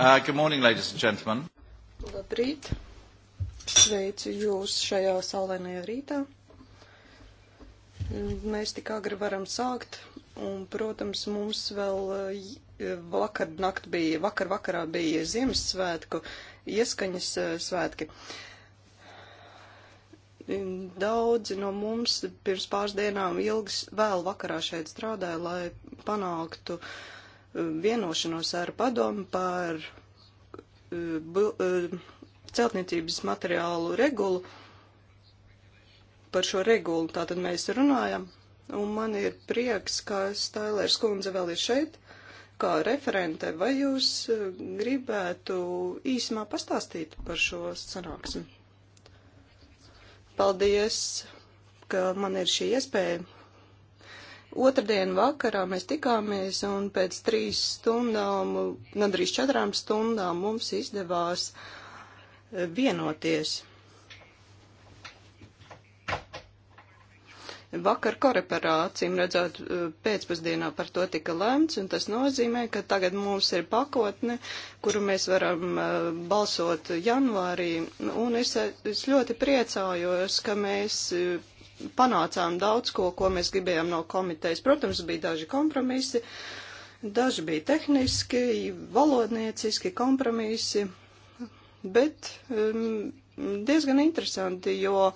Uh, good morning, ladies and gentlemen. Labrīt. Sveicu jūs šajā saulainajā rītā. Mēs tik agri varam sākt, un, protams, mums vēl uh, vakar nakt bija, vakar vakarā bija Ziemassvētku ieskaņas uh, svētki. Daudzi no mums pirms pāris dienām ilgas vēl vakarā šeit strādāja, lai panāktu uh, vienošanos ar padomu par eh, eh, celtniecības materiālu regulu, par šo regulu tātad mēs runājam, un man ir prieks, ka Stailers kundze vēl ir šeit, kā referente, vai jūs eh, gribētu īsumā pastāstīt par šo sanāksmi? Paldies, ka man ir šī iespēja Otradien vakarā mēs tikāmies un pēc trīs stundām, gandrīz četrām stundām mums izdevās eh, vienoties. Vakar koreperācijām redzot eh, pēcpusdienā par to tika lemts, un tas nozīmē, ka tagad mums ir pakotne, kuru mēs varam eh, balsot janvārī, un es, es ļoti priecājos, ka mēs panācām daudz ko, ko mēs gribējām no komitejas. Protams, bija daži kompromisi, daži bija tehniski, valodnieciski kompromisi, bet um, diezgan interesanti, jo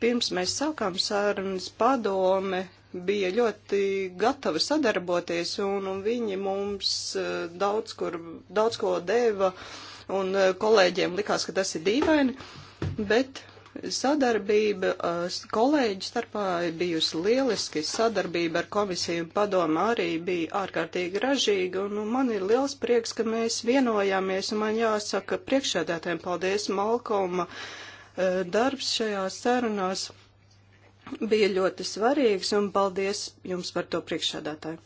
pirms mēs sākām sarunas padome bija ļoti gatavi sadarboties, un, un viņi mums uh, daudz, kur, daudz ko deva, un uh, kolēģiem likās, ka tas ir dīvaini, bet Sadarbība kolēģi starpā ir bijusi lieliski, sadarbība ar komisiju un padomu arī bija ārkārtīgi ražīga, un nu, man ir liels prieks, ka mēs vienojāmies, un man jāsaka priekšēdētēm paldies Malkoma darbs šajās sarunās bija ļoti svarīgs, un paldies jums par to priekšēdētāju.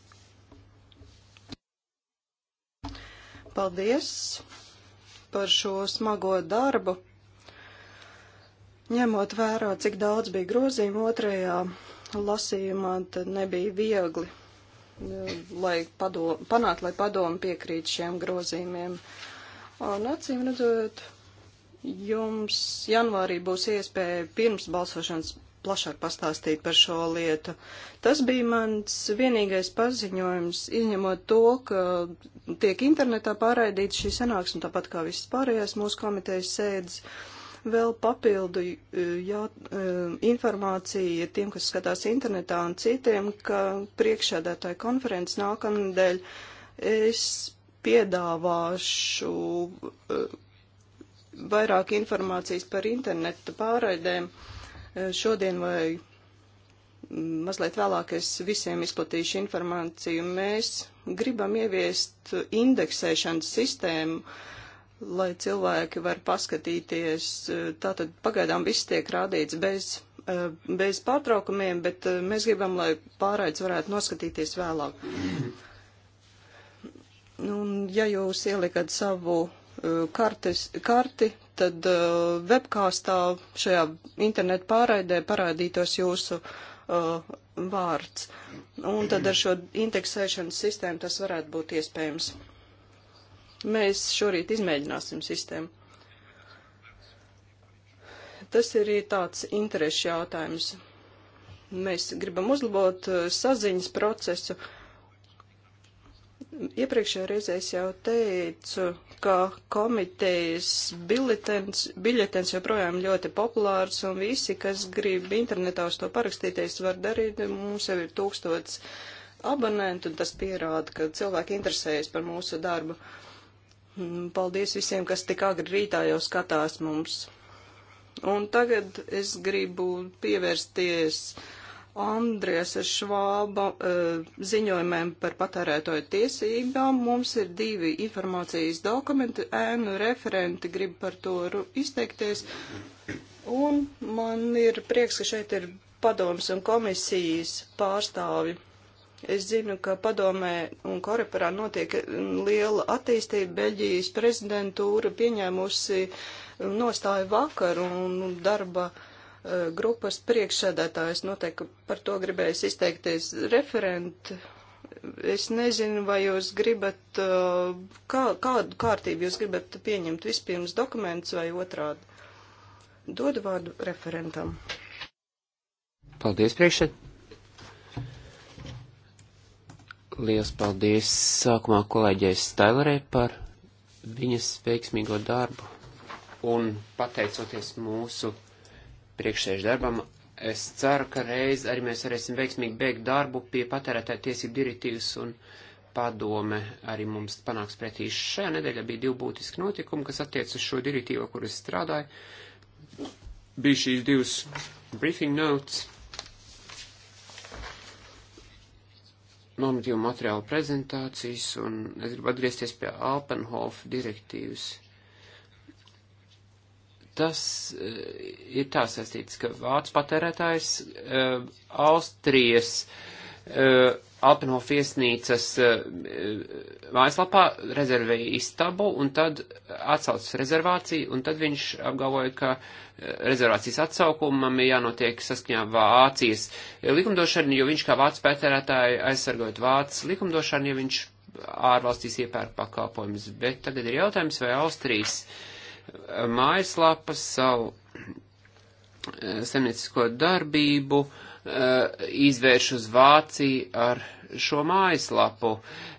Paldies par šo smago darbu Ņemot vērā, cik daudz bija grozījumu otrajā lasījumā, tad nebija viegli e, lai padom, panākt, lai padomu piekrīt šiem grozījumiem. Un acīm redzot, jums janvārī būs iespēja pirms balsošanas plašāk pastāstīt par šo lietu. Tas bija mans vienīgais paziņojums, izņemot to, ka tiek internetā pārraidīts šī sanāksme, tāpat kā visas pārējās mūsu komitejas sēdes. Uh, Vēl papildu e, jā, e, informācija tiem, kas skatās internetā un citiem, ka priekšādātāja konferences nākamnedēļ es piedāvāšu e, vairāk informācijas par interneta pārraidēm šodien vai mazliet vēlāk es visiem izplatīšu informāciju. Mēs gribam ieviest indeksēšanas sistēmu lai cilvēki var paskatīties. Eh, tātad pagaidām viss tiek rādīts bez, eh, bez pārtraukumiem, bet eh, mēs gribam, lai pārraids varētu noskatīties vēlāk. Nu, un, ja jūs ieliekat savu kartes, karti, tad uh, webkāstā šajā internetu pārraidē parādītos jūsu uh, vārds. Un tad ar šo indeksēšanas sistēmu tas varētu būt iespējams. Mēs šorīt izmēģināsim sistēmu. Tas ir tāds interešu jautājums. Mēs gribam uzlabot uh, saziņas procesu. Iepriekšējā reizē es jau teicu, ka komitejas biļetens, biļetens joprojām ļoti populārs un visi, kas grib internetā uz to parakstīties, var darīt. Mums jau ir tūkstots abonentu un tas pierāda, ka cilvēki interesējas par mūsu darbu. Uh, Mm, paldies visiem, kas tik agri rītā jau skatās mums. Un tagad es gribu pievērsties Andriesa Švāba eh, ziņojumiem par patērētoju tiesībām. Mums ir divi informācijas dokumenti, ēnu referenti grib par to izteikties. Un man ir prieks, ka šeit ir padoms un komisijas pārstāvi Es zinu, ka padomē un koreperā notiek liela attīstība. Beļģijas prezidentūra pieņēmusi nostāju vakar un darba e, grupas priekšsēdētājs noteikti par to gribēs izteikties referenti. Es nezinu, vai jūs gribat, e, kā, kādu kārtību jūs gribat pieņemt vispirms dokumentus vai otrādi. Dodu vārdu referentam. Paldies, priekšsēdētāj. Liels paldies sākumā kolēģei Stailerei par viņas veiksmīgo darbu. Un pateicoties mūsu priekšsēžu darbam, es ceru, ka reiz arī mēs varēsim veiksmīgi beigt darbu pie patērētāja tiesību direktīvas un padome arī mums panāks pretī. Šajā nedēļā bija divi būtiski notikumi, kas attiec uz šo direktīvu, kur es strādāju. Bija šīs divas briefing notes normatīvu materiālu prezentācijas, un es gribu atgriezties pie Alpenhof direktīvas. Tas uh, ir tā saistīts, ka vācu patērētājs uh, Austrijas uh, Alpenhof viesnīcas eh, mājaslapā rezervēja istabu un tad atsaucas rezervāciju, un tad viņš apgalvoja, ka eh, rezervācijas atsaukumam ir jānotiek saskaņā Vācijas likumdošanu, jo viņš kā Vācu pētērētāji aizsargojot Vācijas likumdošanu, jo viņš ārvalstīs iepērk pakalpojumus. Bet tagad ir jautājums, vai Austrijas eh, mājaslapas savu semniecisko darbību uh, Eh, izvērš uz Vāciju ar šo mājaslapu.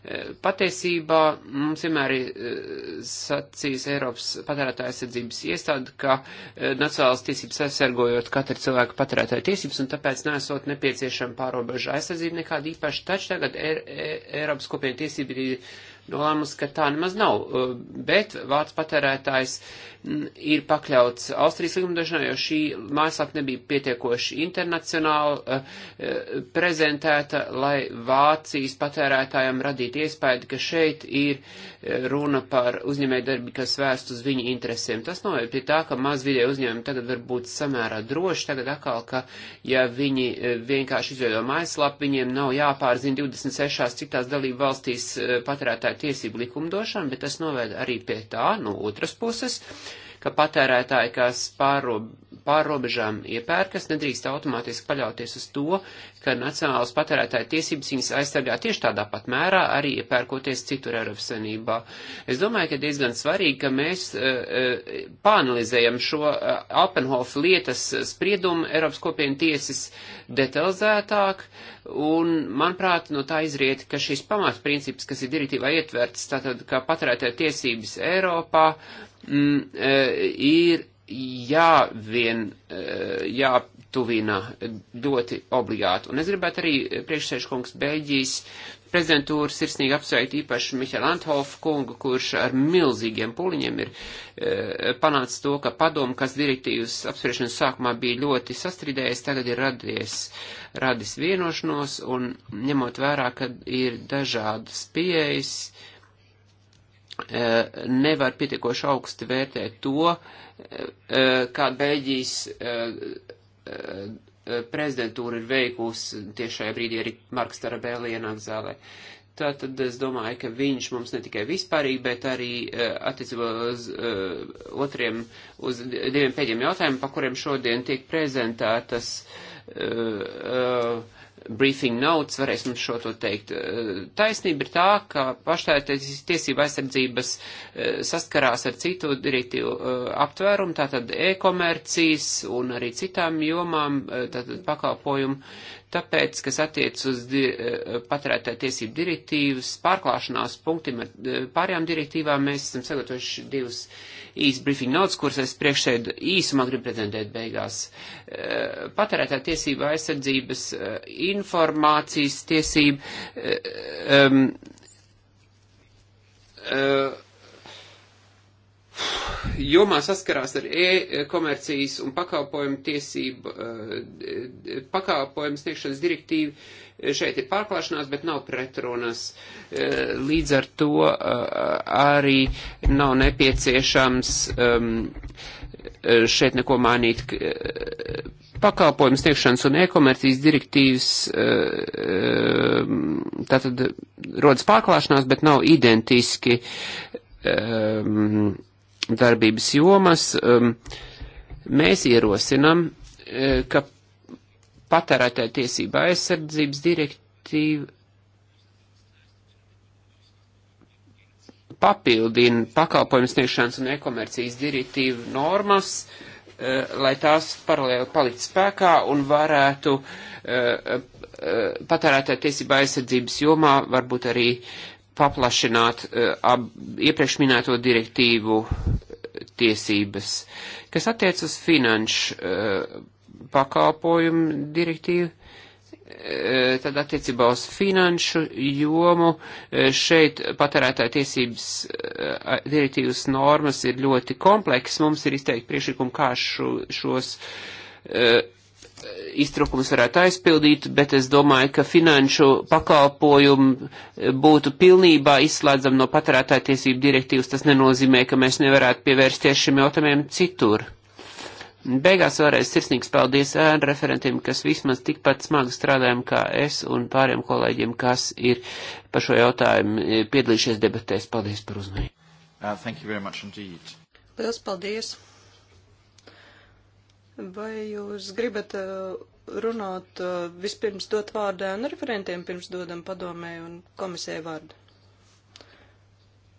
Eh, patiesībā mums vienmēr ir eh, sacījis Eiropas patērētāja aizsardzības iestāde, ka nacionālas tiesības aizsargojot katru cilvēku patērētāju tiesības, un tāpēc nesot nepieciešama pārobežu aizsardzība nekāda īpaša. Taču tagad e- Eiropas kopienu tiesība ir nolēmusi, ka tā nemaz nav, uh, bet vārds patērētājs mm, ir pakļauts Austrijas likumdošanai, jo šī mājaslapa nebija pietiekoši internacionāli uh, uh, prezentēta, lai Vācijas patērētājiem radītu iespēju, ka šeit ir runa par uzņēmējdarbi, kas vērst uz viņu interesēm. Tas noved pie tā, ka mazvidēji uzņēmumi tagad var būt samērā droši, tagad atkal, ka ja viņi vienkārši izveido mājaslapu, viņiem nav jāpārzina 26 citās dalību valstīs patērētāju tiesību likumdošanu, bet tas noved arī pie tā no otras puses, uh, ka patērētāji, kas pārrob, pārrobežām iepērkas, nedrīkst automātiski paļauties uz to, ka nacionālas patērētāja tiesības viņas aizsargā tieši tādā pat mērā, arī iepērkoties citur Eiropas Savienībā. Es domāju, ka diezgan svarīgi, ka mēs uh, pāanalizējam šo uh, Alpenhof lietas spriedumu Eiropas kopienu tiesas detalizētāk, un, manuprāt, no tā izriet, ka šis pamatprincips, kas ir direktīvā ietverts, tātad, ka patērētāja tiesības Eiropā, uh, Mm, e, ir jāvien, e, jātuvina doti obligāti. Un es gribētu arī priekšsēžkungs Beļģijas prezidentūru sirsnīgi apsveikt īpaši Mihail Anthof kungu, kurš ar milzīgiem puliņiem ir e, panācis to, ka padomu, kas direktīvas apspriešanas sākumā bija ļoti sastrīdējis, tagad ir radies, radis vienošanos un ņemot vērā, ka ir dažādas pieejas, uh, Eh, nevar pietiekoši augsti vērtēt to, eh, eh, kā Beļģijas prezidentūra ir veikusi tieši šajā brīdī arī Marks Tarabēla ienāk zālē. Tātad es domāju, ka viņš mums ne tikai vispārīgi, bet arī attiecībā uz uh, otriem, uz diviem pēdējiem jautājumiem, pa kuriem šodien tiek prezentētas uh, uh, briefing notes varēs mums šo to teikt. Eh, taisnība ir tā, ka paštājoties tiesība aizsardzības eh, saskarās ar citu direktīvu eh, aptvērumu, tātad e-komercijas un arī citām jomām, tātad pakalpojumu, tāpēc, kas attiec uz di patērētā tiesību direktīvas pārklāšanās punktiem ar pārējām direktīvām, mēs esam sagatavojuši divus īs briefing notes, kuras es priekšēdu īsumā gribu prezentēt beigās. Patērētā tiesība aizsardzības informācijas tiesību. Um, jomā saskarās ar e-komercijas un pakalpojumu tiesību, eh, pakalpojumu sniegšanas direktīvu. Šeit ir pārklāšanās, bet nav pretrunas. Līdz ar to arī nav nepieciešams šeit neko mainīt pakalpojums tiekšanas un e-komercijas direktīvas, e, e, tātad rodas pārklāšanās, bet nav identiski e, darbības jomas. Mēs ierosinam, ka patērētāja tiesība aizsardzības direktīva papildina pakalpojums sniegšanas un e-komercijas direktīvu normas, uh, Eh, lai tās paralēli palikt spēkā un varētu eh, eh, patērētāju tiesībā aizsardzības jomā varbūt arī paplašināt ab, iepriekš minēto direktīvu tiesības. Kas attiec uz finanšu pakalpojumu direktīvu, Eh, tad attiecībā uz finanšu jomu eh, šeit patērētāja tiesības eh, direktīvas normas ir ļoti kompleks. Mums ir izteikti priekšlikumi, kā šo, šos uh, iztrukums varētu aizpildīt, bet es domāju, ka finanšu pakalpojumu būtu pilnībā izslēdzam no patērētāja tiesību direktīvas. Tas nenozīmē, ka mēs nevarētu pievērsties šiem jautājumiem citur. Beigās vēlreiz sirsnīgs paldies ēnu referentiem, kas vismaz tikpat smagi strādājam kā es un pāriem kolēģiem, kas ir par šo jautājumu eh, piedalījušies debatēs. Paldies par uzmanību. Uh, Lielas paldies. Vai jūs gribat uh, runāt uh, vispirms dot vārdu ēnu referentiem, pirms dodam padomē un komisē vārdu?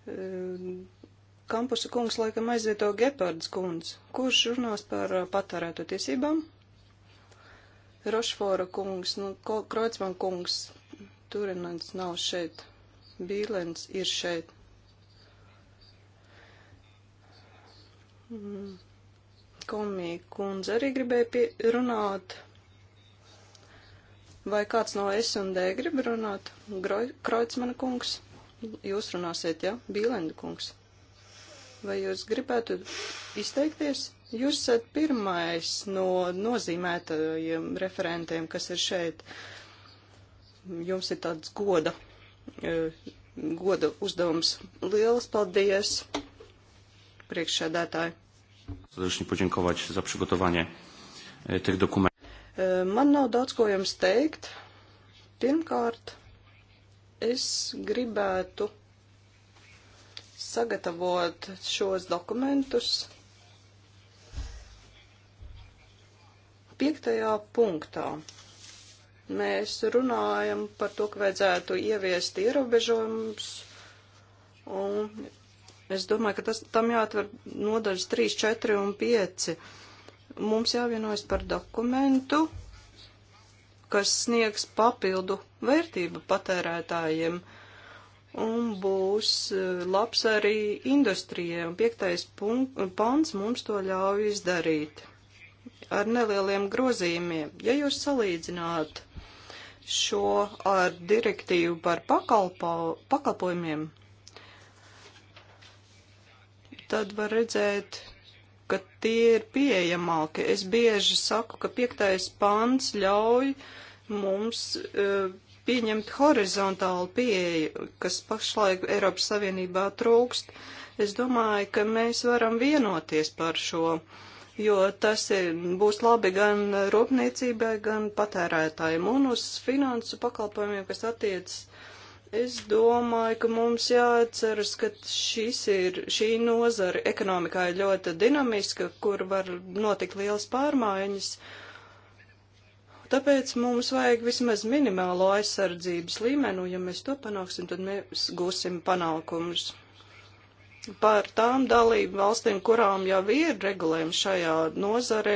Uh, Kampusa kungs laikam aizvieto Gepards kundz, kurš runās par uh, patērēto tiesībām. Rošfora kungs, nu, Kreutzmann kungs, Turinants nav šeit, Bīlens ir šeit. Mm. Komija kundze arī gribēja pie, runāt. Vai kāds no S&D grib runāt? Kreutzmann kungs, jūs runāsiet, ja? Bīlenda kungs vai jūs gribētu izteikties? Jūs esat pirmais no nozīmētajiem referentiem, kas ir šeit. Jums ir tāds goda, e, goda uzdevums. Lielas paldies, priekšsēdētāji. Serdecznie podziękować za przygotowanie e, tych dokumentów. E, man nav daudz ko jums teikt. Pirmkārt, es gribētu sagatavot šos dokumentus. Piektajā punktā mēs runājam par to, ka vajadzētu ieviest ierobežojumus, un es domāju, ka tas, tam jāatver nodaļas 3, 4 un 5. Mums jāvienojas par dokumentu, kas sniegs papildu vērtību patērētājiem. Uh, un būs e, labs arī industrijai, un piektais pants mums to ļauj izdarīt ar nelieliem grozījumiem. Ja jūs salīdzināt šo ar direktīvu par pakalpo, pakalpojumiem, tad var redzēt, ka tie ir pieejamāki. Es bieži saku, ka piektais pants ļauj mums uh, pieņemt horizontālu pieeju, kas pašlaik Eiropas Savienībā trūkst. Es domāju, ka mēs varam vienoties par šo, jo tas ir, būs labi gan rūpniecībai, gan patērētājiem un uz finansu pakalpojumiem, kas attiecas. Es domāju, ka mums jāatceras, ka šis ir, šī nozara ekonomikā ir ļoti dinamiska, kur var notikt liels pārmaiņas. Uh, Tāpēc mums vajag vismaz minimālo aizsardzības līmeni, un ja mēs to panāksim, tad mēs gūsim panākumus. Par tām dalību valstīm, kurām jau ir regulējums šajā nozarē,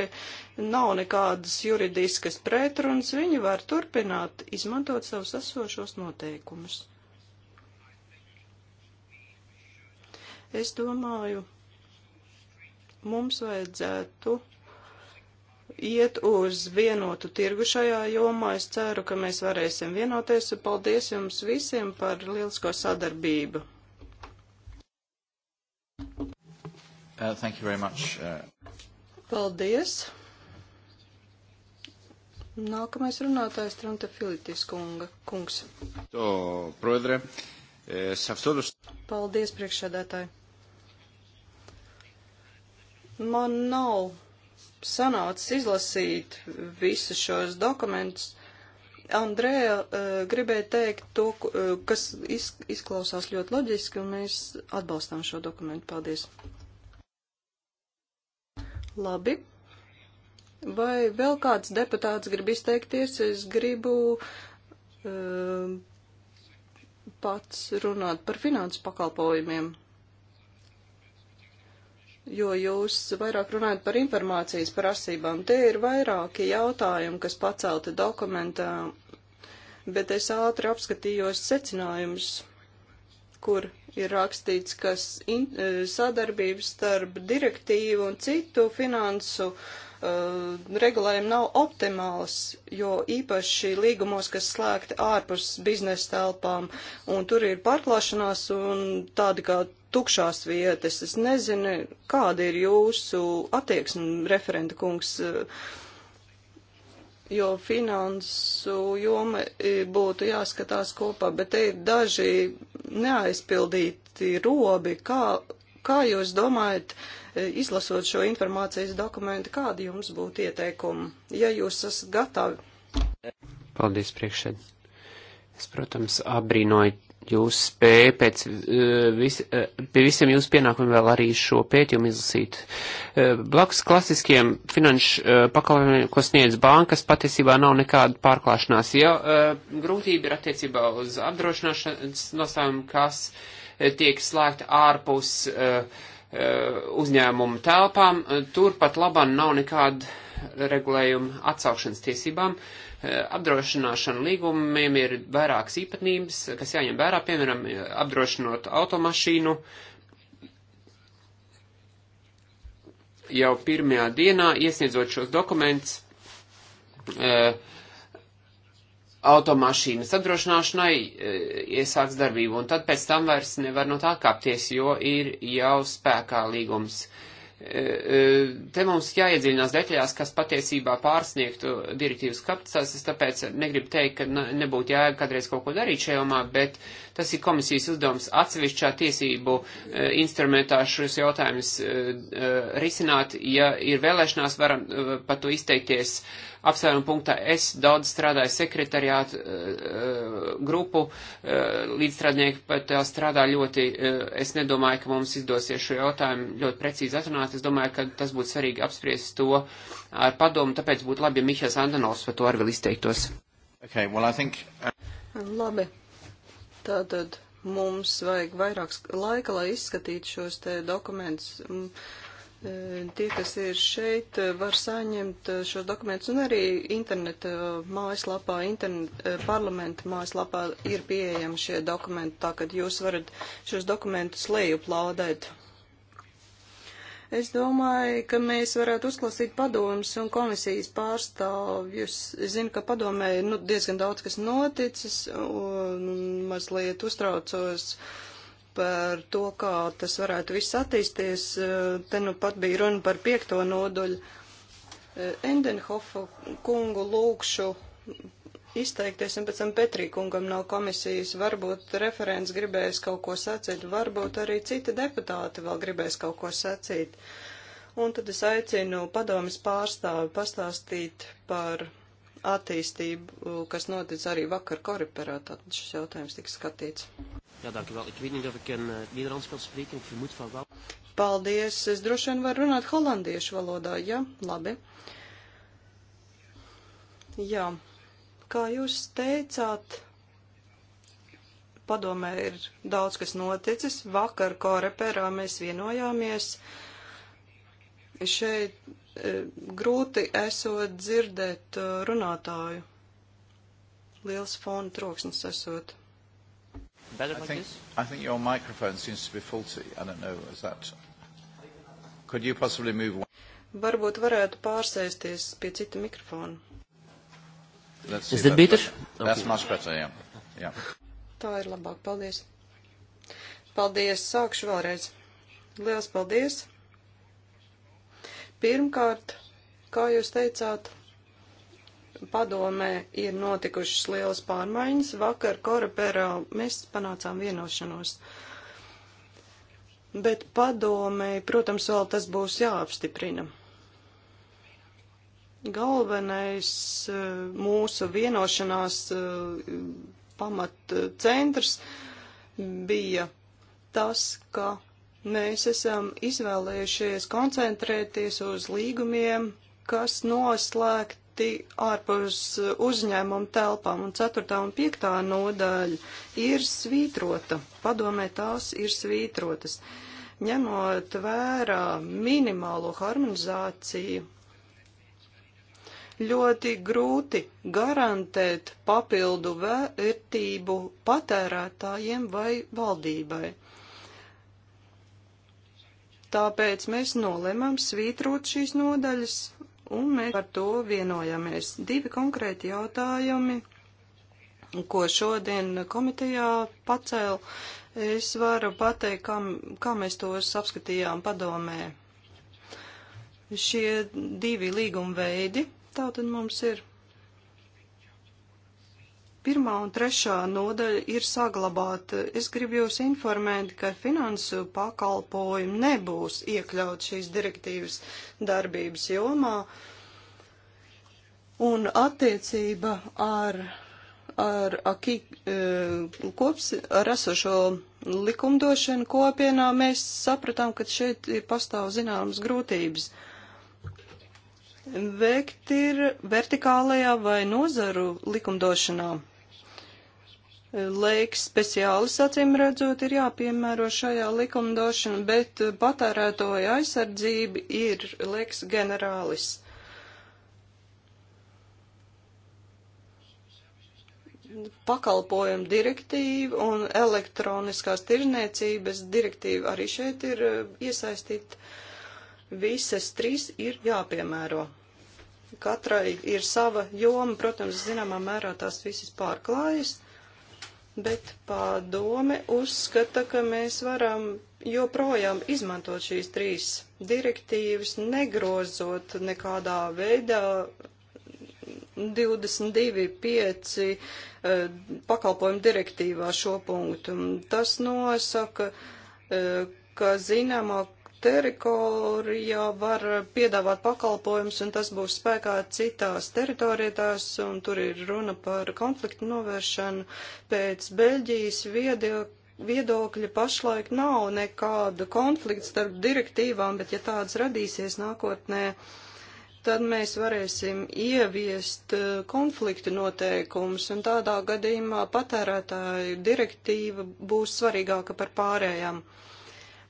nav nekādas juridiskas pretrunas, viņi var turpināt izmantot savus esošos noteikumus. Es domāju, mums vajadzētu iet uz vienotu tirgu šajā jomā. Es ceru, ka mēs varēsim vienoties. Paldies jums visiem par lielisko sadarbību. Uh, thank you very much. Uh... Paldies. Nākamais runātājs Trunta Filitis kunga, kungs. To, prodre, es apsodus. Paldies, priekšsēdētāji. Man nav sanācis izlasīt visus šos dokumentus. Andrēja uh, eh, gribēja teikt to, uh, kas iz, izklausās ļoti loģiski, un mēs atbalstām šo dokumentu. Paldies! Labi. Vai vēl kāds deputāts grib izteikties? Es gribu uh, pats runāt par finansu pakalpojumiem jo jūs vairāk runājat par informācijas prasībām. Tie ir vairāki jautājumi, kas pacelti dokumentā, bet es ātri apskatījos secinājumus, kur ir rakstīts, ka eh, sadarbības starp direktīvu un citu finansu uh, Uh, regulējumi nav optimāls, jo īpaši līgumos, kas slēgti ārpus biznesa telpām, un tur ir pārklāšanās un tādi kā tukšās vietas. Es nezinu, kāda ir jūsu attieksme, referenta kungs, uh, jo finansu joma e, būtu jāskatās kopā, bet te ir daži neaizpildīti robi, kā, kā jūs domājat, uh, E, izlasot šo informācijas dokumentu, kādi jums būtu ieteikumi, ja jūs esat gatavi? Paldies, priekšēd. Es, protams, abrīnoju jūs spēju pēc e, vis, e, pie visiem jūsu pienākumiem vēl arī šo pētījumu izlasīt. Blakus klasiskiem finanšu pakalpojumiem, ko sniedz bankas, patiesībā nav nekāda pārklāšanās. Ja grūtība ir attiecībā uz apdrošināšanas nostājumu, kas tiek slēgta ārpus uh, Eh, uzņēmumu telpām, eh, turpat labam nav nekāda regulējuma atsaukšanas tiesībām. Eh, apdrošināšana līgumiem ir vairākas īpatnības, kas jāņem vērā, piemēram, apdrošinot automašīnu. Jau pirmajā dienā iesniedzot šos dokumentus, automašīnas apdrošināšanai e, iesāks darbību, un tad pēc tam vairs nevar no tā kāpties, jo ir jau spēkā līgums. E, e, te mums jāiedziļinās detaļās, kas patiesībā pārsniegtu direktīvas kapacitātes, tāpēc negribu teikt, ka nebūtu jēga kādreiz kaut ko darīt šajā jomā, bet tas ir komisijas uzdevums atsevišķā tiesību instrumentā šos jautājumus risināt. Ja ir vēlēšanās, varam par to izteikties apsvērumu punktā es daudz strādāju sekretariātu eh, eh, grupu, eh, līdzstrādnieki pat strādā ļoti, es nedomāju, ka mums izdosies šo jautājumu ļoti precīzi atrunāt, es domāju, ka tas būtu svarīgi apspriest to ar padomu, tāpēc būtu labi, ja Mihēls Andanovs par to arī vēl izteiktos. Okay, well, I think... Uh, labi, tātad mums vajag vairāk laika, lai izskatītu šos te dokumentus. Mm, E, tie, kas ir šeit, e, var saņemt e, šos dokumentus un arī interneta mājaslapā, interneta parlamenta mājaslapā ir pieejami šie dokumenti, tā kad jūs varat šos dokumentus lejuplaudēt. Es domāju, ka mēs varētu uzklausīt padomus un komisijas pārstāvjus. Es zinu, ka padomē ir nu, diezgan daudz kas noticis un mazliet uztraucos. Uh, par to, kā tas varētu viss attīsties. Te nu pat bija runa par piekto nodaļu. Endenhofa kungu lūkšu izteikties, un pēc tam Petrī kungam no komisijas varbūt referents gribēs kaut ko sacīt, varbūt arī citi deputāti vēl gribēs kaut ko sacīt. Un tad es aicinu padomis pārstāvi pastāstīt par attīstību, kas notic arī vakar koriperā, tad šis jautājums tiks skatīts. Ja, dank u wel. Ik weet niet of ik in uh, eh, Nederlands kan spreken. Ik vermoed van wel. Paldies. Es droši vien varu runāt holandiešu valodā, ja? Labi. Jā. Kā jūs teicāt, padomē ir daudz kas noticis. Vakar koreperā mēs vienojāmies. Šeit e, grūti esot dzirdēt eh, runātāju. Liels fona troksnis esot better I like think, this? I think your microphone seems to be faulty. I don't know, is that... Could you possibly move one? Varbūt varētu pārsēsties pie cita mikrofona. Let's is that better? Okay. That's much better, yeah. yeah. Tā ir labāk, paldies. Paldies, sākšu vēlreiz. Liels paldies. Pirmkārt, kā jūs teicāt, padomē ir notikušas lielas pārmaiņas. Vakar Koreperā mēs panācām vienošanos. Bet padomē, protams, vēl tas būs jāapstiprina. Galvenais eh, mūsu vienošanās eh, pamat eh, centrs bija tas, ka mēs esam izvēlējušies koncentrēties uz līgumiem, kas noslēgt iekļauti ārpus uzņēmuma telpām, un 4. un 5. nodaļa ir svītrota. Padomē, tās ir svītrotas. Ņemot vērā minimālo harmonizāciju, ļoti grūti garantēt papildu vērtību patērētājiem vai valdībai. Tāpēc mēs nolemam svītrot šīs nodaļas un mēs par to vienojamies. Divi konkrēti jautājumi, ko šodien komitejā pacēl, es varu pateikt, kā, kā mēs tos apskatījām padomē. Šie divi līguma veidi, tā tad mums ir Pirmā un trešā nodaļa ir saglabāta. Es gribu jūs informēt, ka finansu pakalpojumi nebūs iekļaut šīs direktīvas darbības jomā, un attiecība ar, ar, aki, e, kops, ar esošo likumdošanu kopienā mēs sapratām, ka šeit pastāv zināmas grūtības veikt ir vertikālajā vai nozaru likumdošanā. Laiks speciālis, acīm redzot, ir jāpiemēro šajā likumdošana, bet patērētoja aizsardzība ir laiks generālis. Pakalpojumu direktīva un elektroniskās tirzniecības direktīva arī šeit ir eh, iesaistīta. Visas trīs ir jāpiemēro. Katrai ir sava joma, protams, zināmā mērā tās visas pārklājas bet padome uzskata, ka mēs varam joprojām izmantot šīs trīs direktīvas, negrozot nekādā veidā 22.5 eh, pakalpojumu direktīvā šo punktu. Tas nosaka, eh, ka zināmā teritorijā var piedāvāt pakalpojumus, un tas būs spēkā citās teritorijās, un tur ir runa par konfliktu novēršanu. Pēc Beļģijas viedokļa pašlaik nav nekāda konflikta starp direktīvām, bet ja tāds radīsies nākotnē, tad mēs varēsim ieviest eh, konfliktu noteikumus, un tādā gadījumā patērētāju direktīva būs svarīgāka par pārējām.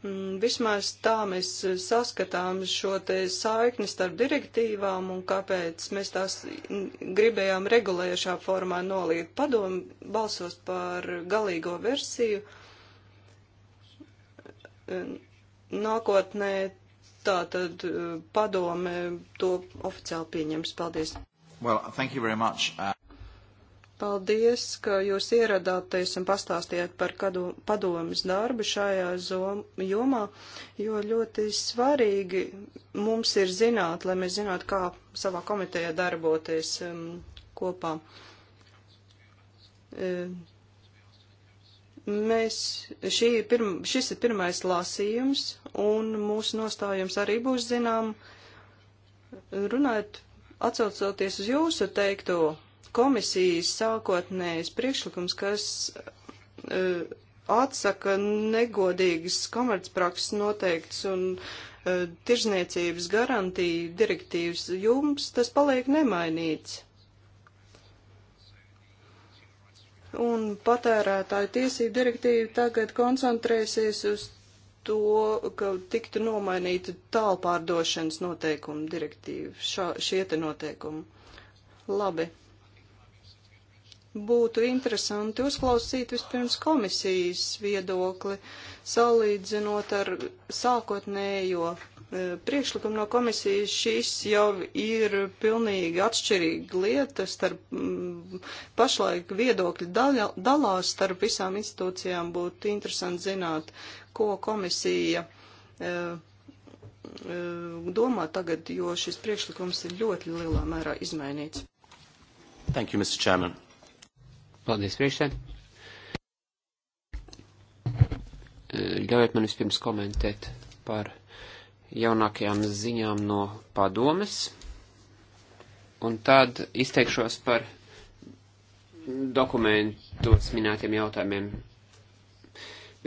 Mm, vismaz tā mēs saskatām šo te saikni starp direktīvām un kāpēc mēs tās mm, gribējām regulējušā formā noliegt. Padomu balsos par galīgo versiju. Mm, nākotnē tā tad padome to oficiāli pieņems. Paldies. Well, thank you very much. Uh... Paldies, ka jūs ieradāties un pastāstījāt par padomas darbu šajā jomā, jo ļoti svarīgi mums ir zināt, lai mēs zinātu, kā savā komitejā darboties um, kopā. Um, mēs, šī ir pirma, šis ir pirmais lasījums, un mūsu nostājums arī būs zinām. Runājot, atsaucoties uz jūsu teikto, komisijas sākotnējs priekšlikums, kas uh, atsaka negodīgas komercprakses noteikts un uh, tirzniecības garantija direktīvas, jums tas paliek nemainīts. Un patērētāju tiesību direktīva tagad koncentrēsies uz to, ka tiktu nomainīta tālpārdošanas noteikuma direktīva, šā, šie te noteikumi. Labi, būtu interesanti uzklausīt vispirms komisijas viedokli, salīdzinot ar sākotnējo e, priekšlikumu no komisijas. Šis jau ir pilnīgi atšķirīga lieta starp mm, pašlaik viedokļu daļa, dalās starp visām institūcijām. Būtu interesanti zināt, ko komisija e, e, domā tagad, jo šis priekšlikums ir ļoti lielā mērā izmainīts. Thank you, Mr. Chairman. Paldies, priekšsēd. Eh, ļaujiet man vispirms komentēt par jaunākajām ziņām no padomes, un tad izteikšos par dokumentos minētiem jautājumiem.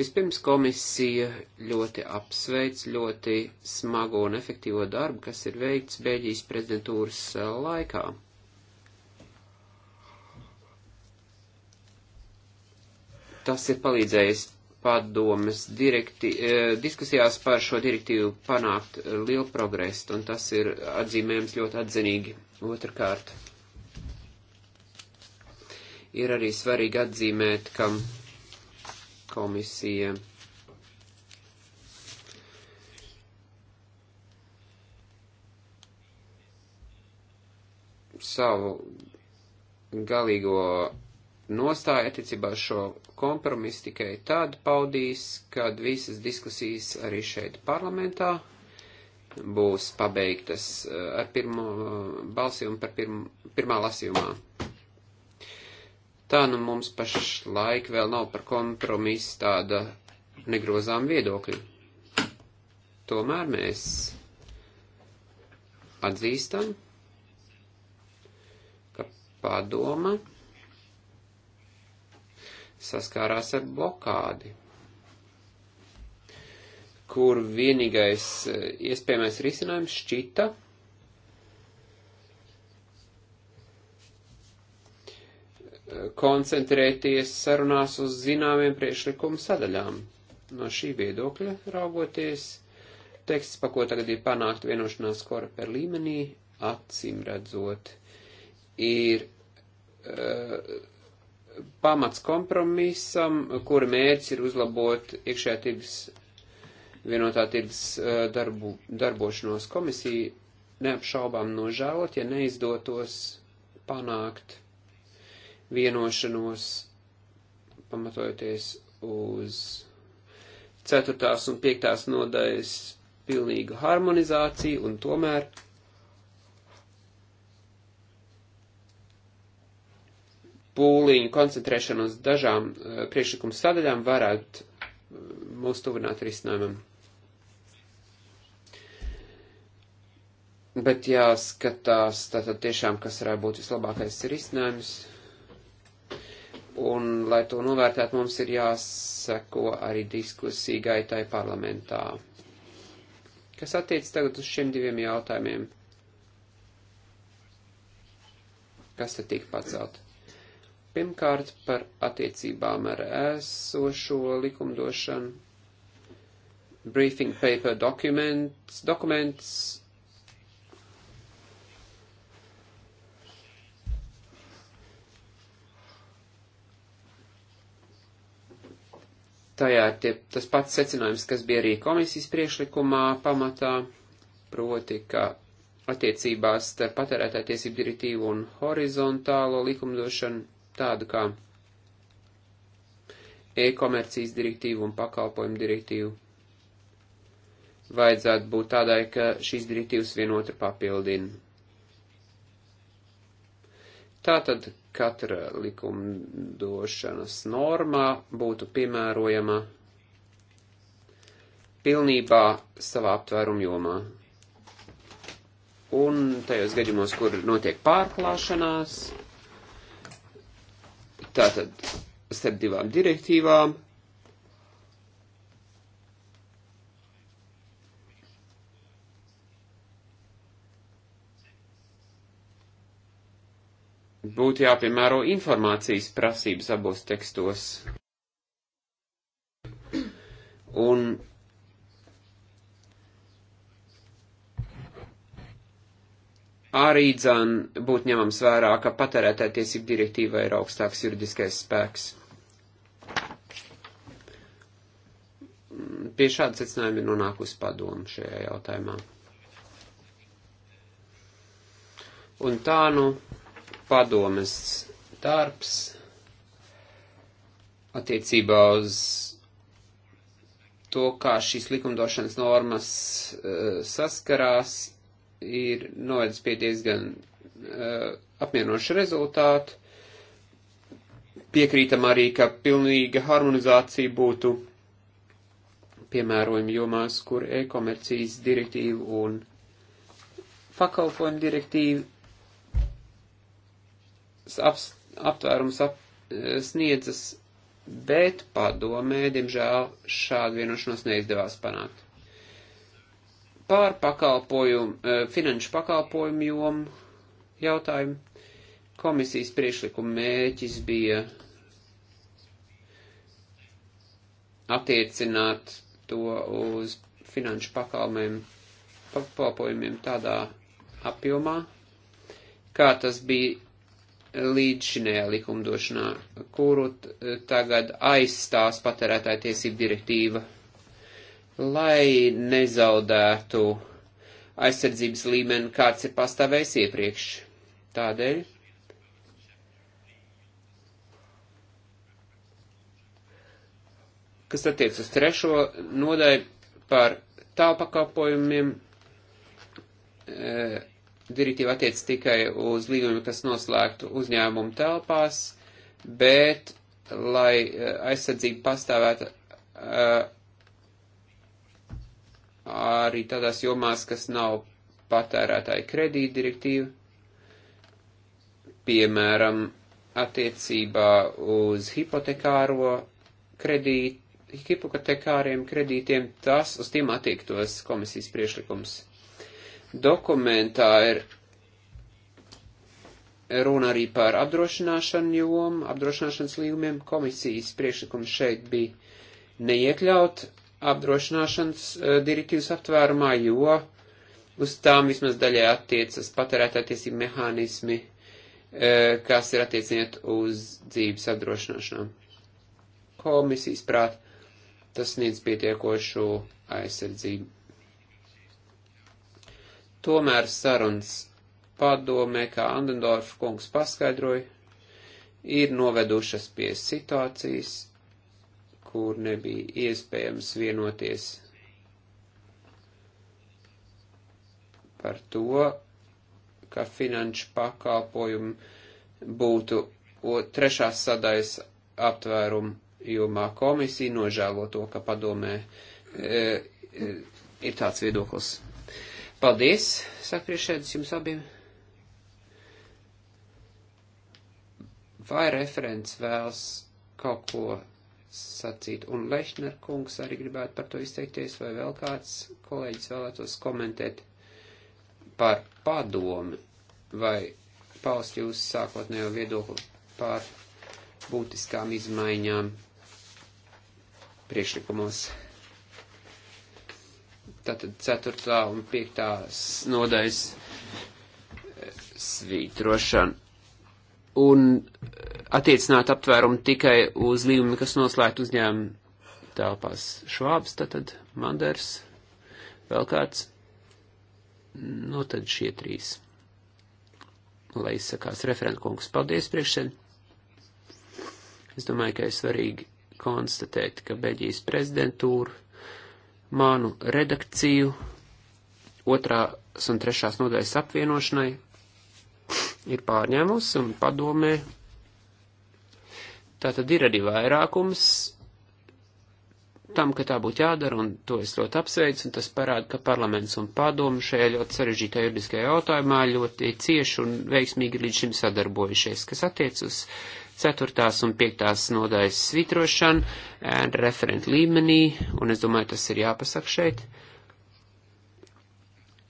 Vispirms komisija ļoti apsveic ļoti smago un efektīvo darbu, kas ir veikts Bēļģijas prezidentūras eh, laikā. Tas ir palīdzējis padomes direkti, e, diskusijās par šo direktīvu panākt e, lielu progresu, un tas ir atzīmējams ļoti atzinīgi. Otrakārt, ir arī svarīgi atzīmēt, ka komisija savu galīgo nostāja attiecībā uz šo kompromisu tikai tad paudīs, kad visas diskusijas arī šeit parlamentā būs pabeigtas eh, ar pirmo eh, balsījumu par pirm, pirmā lasījumā. Tā nu mums pašlaik vēl nav par kompromisu tāda negrozām viedokļa. Tomēr mēs atzīstam, ka padoma saskārās ar blokādi, kur vienīgais eh, iespējamais risinājums šķita eh, koncentrēties sarunās uz zināmiem priekšlikumu sadaļām. No šī viedokļa raugoties, teksts, pa ko tagad ir panākt vienošanās korper līmenī, acīm redzot, ir uh, pamats kompromisam, kura mērķis ir uzlabot iekšējā tirgus vienotā tirgus eh, darbu, darbošanos komisija neapšaubām nožēlot, ja neizdotos panākt vienošanos pamatojoties uz 4. un 5. nodaļas pilnīgu harmonizāciju un tomēr pūliņu koncentrēšanu uz dažām uh, eh, priekšlikumu sadaļām varētu uh, mūs tuvināt risinājumam. Bet jāskatās, tātad tiešām, kas varētu būt vislabākais risinājums. Un, lai to novērtētu, mums ir jāseko arī diskusija gaitai parlamentā. Kas attiec tagad uz šiem diviem jautājumiem? Kas te tika pacelt? Pirmkārt, par attiecībām ar esošo likumdošanu. Briefing paper dokuments, dokuments tajā ir tie, tas pats secinājums, kas bija arī komisijas priekšlikumā pamatā, proti, ka attiecībās starp patērētāju tiesību direktīvu un horizontālo likumdošanu tādu kā e-komercijas direktīvu un pakalpojumu direktīvu. Vajadzētu būt tādai, ka šīs direktīvas vienotru papildina. Tātad katra likumdošanas normā būtu piemērojama pilnībā savā aptvērumu jomā. Un tajos gadījumos, kur notiek pārklāšanās, Tātad starp divām direktīvām. Būtu jāpiemēro informācijas prasības abos tekstos. Un Arī dzan būtu ņemams vērā, ka patērētāja tiesība direktīva ir augstāks juridiskais spēks. Pie šāda secinājuma ir nonākusi padomu šajā jautājumā. Un tā nu padomes darbs attiecībā uz to, kā šīs likumdošanas normas uh, saskarās, ir novedis pie diezgan uh, eh, apmienošu rezultātu. Piekrītam arī, ka pilnīga harmonizācija būtu piemērojumi jomās, kur e-komercijas direktīva un pakalpojumu direktīva ap, aptvērums ap, eh, sniedzas, bet padomē, diemžēl, šādu vienošanos neizdevās panākt. Pār pakalpojumu, eh, finanšu pakalpojumu jomu jautājumu. Komisijas priešlikuma mēķis bija attiecināt to uz finanšu pakalmēm, pakalpojumiem tādā apjomā, kā tas bija līdz šinējā likumdošanā, kuru tagad aizstās patērētāja tiesību direktīva lai nezaudētu aizsardzības līmeni, kāds ir pastāvējis iepriekš. Tādēļ kas attiec uz trešo nodaļu par tālpakalpojumiem, e, direktīva attiec tikai uz līgumiem, kas noslēgtu uzņēmumu telpās, bet, lai eh, aizsardzība pastāvētu e, arī tādās jomās, kas nav patērētāja kredīta direktīva, piemēram, attiecībā uz hipotekāro kredītu, hipotekāriem kredītiem, tas uz tiem attiektos komisijas priešlikums. Dokumentā ir runa arī par apdrošināšanu jomu, apdrošināšanas līgumiem. Komisijas priekšlikums šeit bija neiekļaut apdrošināšanas eh, direktīvas aptvērumā, jo uz tām vismaz daļai attiecas patērētā tiesība mehānismi, eh, kas ir attieciniet uz dzīves apdrošināšanām. Komisijas prāt, tas sniedz pietiekošu aizsardzību. Tomēr sarunas padomē, kā Andendorf kungs paskaidroja, ir novedušas pie situācijas, kur nebija iespējams vienoties par to, ka finanšu pakalpojumu būtu trešās sadaļas aptvērumā komisija nožēlo to, ka padomē e, e, ir tāds viedoklis. Paldies, saka priekšēdus jums abiem. Vai referents vēlas kaut ko sacīt. Un Lešner kungs arī gribētu par to izteikties, vai vēl kāds kolēģis vēlētos komentēt par padomi vai paust jūsu sākotnējo viedokli par būtiskām izmaiņām priekšlikumos. Tātad 4. un 5. nodaļas e, svītrošana un eh, attiecināt aptvērumu tikai uz līgumu, kas noslēgt uzņēmumu telpās. Švābs, tātad Manders, vēl kāds. Nu, no tad šie trīs. Lai izsakās referentkungs, paldies priekšsēdē. Es domāju, ka ir svarīgi konstatēt, ka Beļģijas prezidentūra manu redakciju otrās un trešās nodaļas apvienošanai ir pārņēmusi un padomē. Tā tad ir arī vairākums tam, ka tā būtu jādara, un to es ļoti apsveicu, un tas parāda, ka parlaments un padomu šajā ļoti sarežģītā juridiskajā jautājumā ļoti cieši un veiksmīgi līdz šim sadarbojušies, kas attiec uz ceturtās un piektās nodaļas svītrošanu referent līmenī, un es domāju, tas ir jāpasaka šeit. Uh,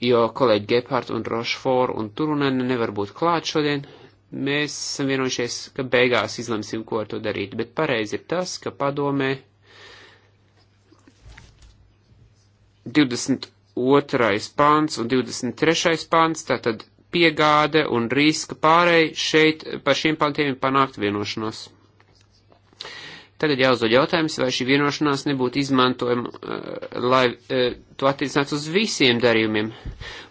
jo kolēģi Gephardt un Rošfor un Turunen nevar būt klāt šodien. Mēs esam vienojušies, ka beigās izlemsim, ko ar to darīt, bet pareizi ir tas, ka padomē 22. pāns un 23. pāns, tātad piegāde un riska pārēj šeit par šiem pantiem panākt vienošanos. Tagad jāuzdod jautājums, vai šī vienošanās nebūtu izmantojama, uh, lai uh, to attiecināt uz visiem darījumiem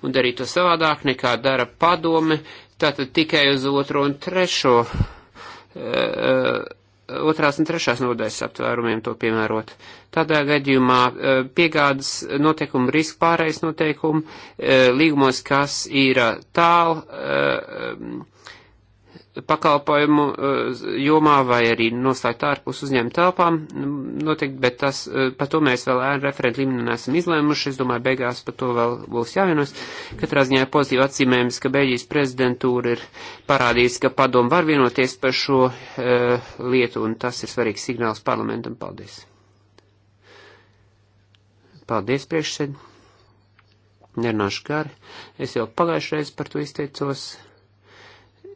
un darīt to savādāk nekā dara padome, tātad tikai uz otro un trešo, uh, otrās un trešās nodaļas aptvērumiem to piemērot. Tādā gadījumā piegādas noteikumi, riska pārējais noteikumi, līgumos, kas ir tālu pakalpojumu e, jomā vai arī noslēgt ārpus uzņēmuma telpām nu, noteikti, bet tas, e, par to mēs vēl ar referentu līmeni neesam izlēmuši. Es domāju, beigās par to vēl būs jāvienos. Katrā ziņā ir pozitīvi atzīmējums, ka Beļģijas prezidentūra ir parādījusi, ka padomu var vienoties par šo uh, lietu, un tas ir svarīgs signāls parlamentam. Paldies! Paldies, priekšsēd! Nerunāšu gari. Es jau pagājušreiz par to izteicos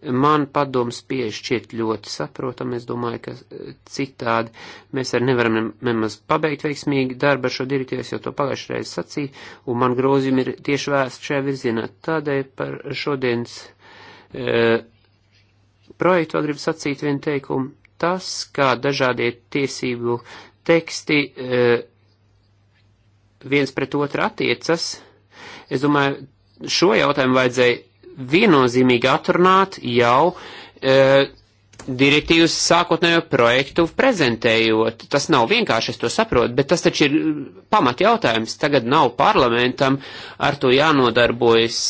man padoms pieeja šķiet ļoti saprotam, es domāju, ka e, citādi mēs arī nevaram nemaz pabeigt veiksmīgi darbu ar šo direktīvu, es jau to pagājušajā reizē sacīju, un man grozījumi ir tieši vērsti šajā virzienā. Tādēļ par šodienas e, projektu vēl gribu sacīt vienu teikumu. Tas, kā dažādie tiesību teksti e, viens pret otru attiecas, es domāju, šo jautājumu vajadzēja viennozīmīgi atrunāt jau e, direktīvas sākotnējo projektu prezentējot. Tas nav vienkārši, es to saprotu, bet tas taču ir pamat jautājums. Tagad nav parlamentam ar to jānodarbojas.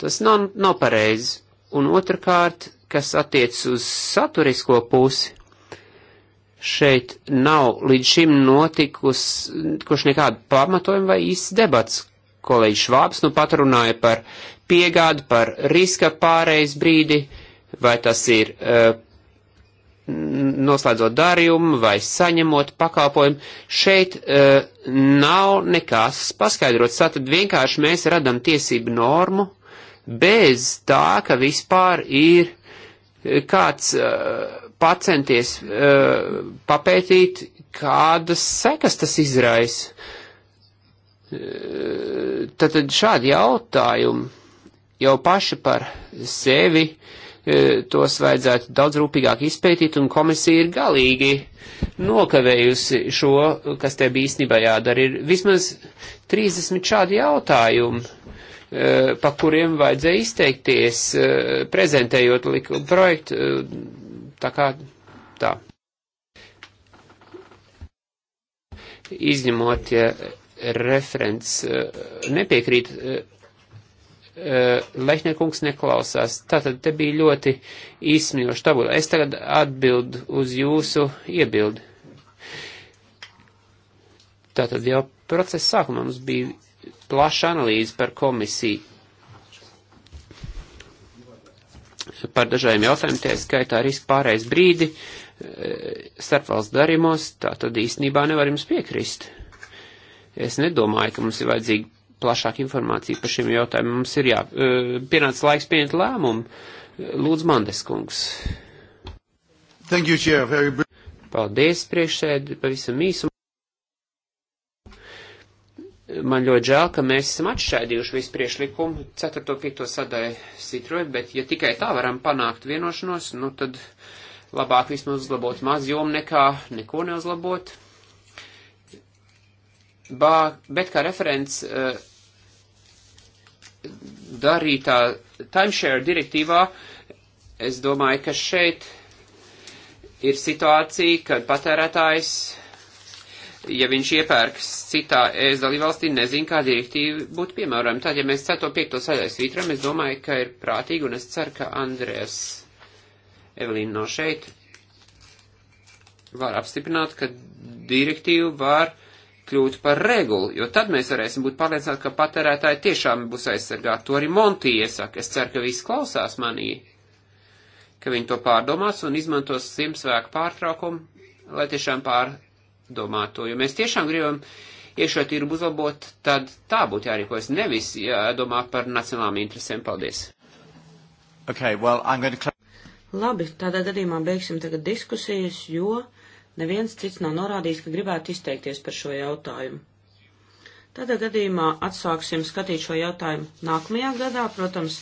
Tas nav, nav pareizi. Un otrkārt, kas attiec uz saturisko pusi, šeit nav līdz šim notikusi nekāda pamatojuma vai īsts debats, kolēģis Švābs nu pat runāja par piegādu, par riska pārejas brīdi, vai tas ir uh, noslēdzot darījumu vai saņemot pakalpojumu. Šeit uh, nav nekas paskaidrots, tātad vienkārši mēs radam tiesību normu bez tā, ka vispār ir eh, kāds uh, pacenties uh, papētīt, kādas sekas tas izraisa Tātad šādi jautājumi jau paši par sevi e, tos vajadzētu daudz rūpīgāk izpētīt, un komisija ir galīgi nokavējusi šo, kas te bija īstenībā jādara. Ir vismaz 30 šādi jautājumi, e, pa kuriem vajadzēja izteikties, e, prezentējot likuma projektu. Tā kā tā. Izņemot, ja referents eh, nepiekrīt, eh, eh, Lehnerkungs neklausās. Tātad te bija ļoti īsmīloši tabula. Es tagad atbildu uz jūsu iebildi. Tātad jau procesa sākumā mums bija plaša analīze par komisiju, par dažādiem jautājumiem, tie skaitā riska pārējais brīdi, starpvalsts darījumos, tā tad īstenībā nevar jums piekrist. Es nedomāju, ka mums ir vajadzīga plašāka informācija par šiem jautājumiem. Mums ir jā, e, pienācis laiks pieņemt lēmumu. Lūdzu, Mandes kungs. Thank you, Chair. Very Paldies, priekšsēdi, pavisam īsu. Man ļoti žēl, ka mēs esam atšķaidījuši visu priešlikumu 4. 5. sadaļu citroju, bet ja tikai tā varam panākt vienošanos, nu tad labāk vismaz uzlabot maz jomu nekā neko neuzlabot bā, bet kā referents uh, darītā timeshare direktīvā, es domāju, ka šeit ir situācija, kad patērētājs, ja viņš iepērks citā ES dalībvalstī, nezin, kā direktīva būtu piemērojama. Tad, ja mēs 4.5. sadaļas vītram, es domāju, ka ir prātīgi, un es ceru, ka Andrēs Evelīna no šeit var apstiprināt, ka direktīvu var kļūt par regulu, jo tad mēs varēsim būt pārliecināti, ka patērētāji tiešām būs aizsargāti. To arī Monti iesaka. Es ceru, ka visi klausās manī, ka viņi to pārdomās un izmantos Ziemassvētku pārtraukumu, lai tiešām pārdomātu to. Jo mēs tiešām gribam iekšā tirgu uzlabot, tad tā būtu jārīkojas. Nevis jādomā par nacionālām interesēm. Paldies! Okay, well, to... Labi, tādā gadījumā beigsim tagad diskusijas, jo Neviens cits nav norādījis, ka gribētu izteikties par šo jautājumu. Tādā gadījumā atsāksim skatīt šo jautājumu nākamajā gadā. Protams,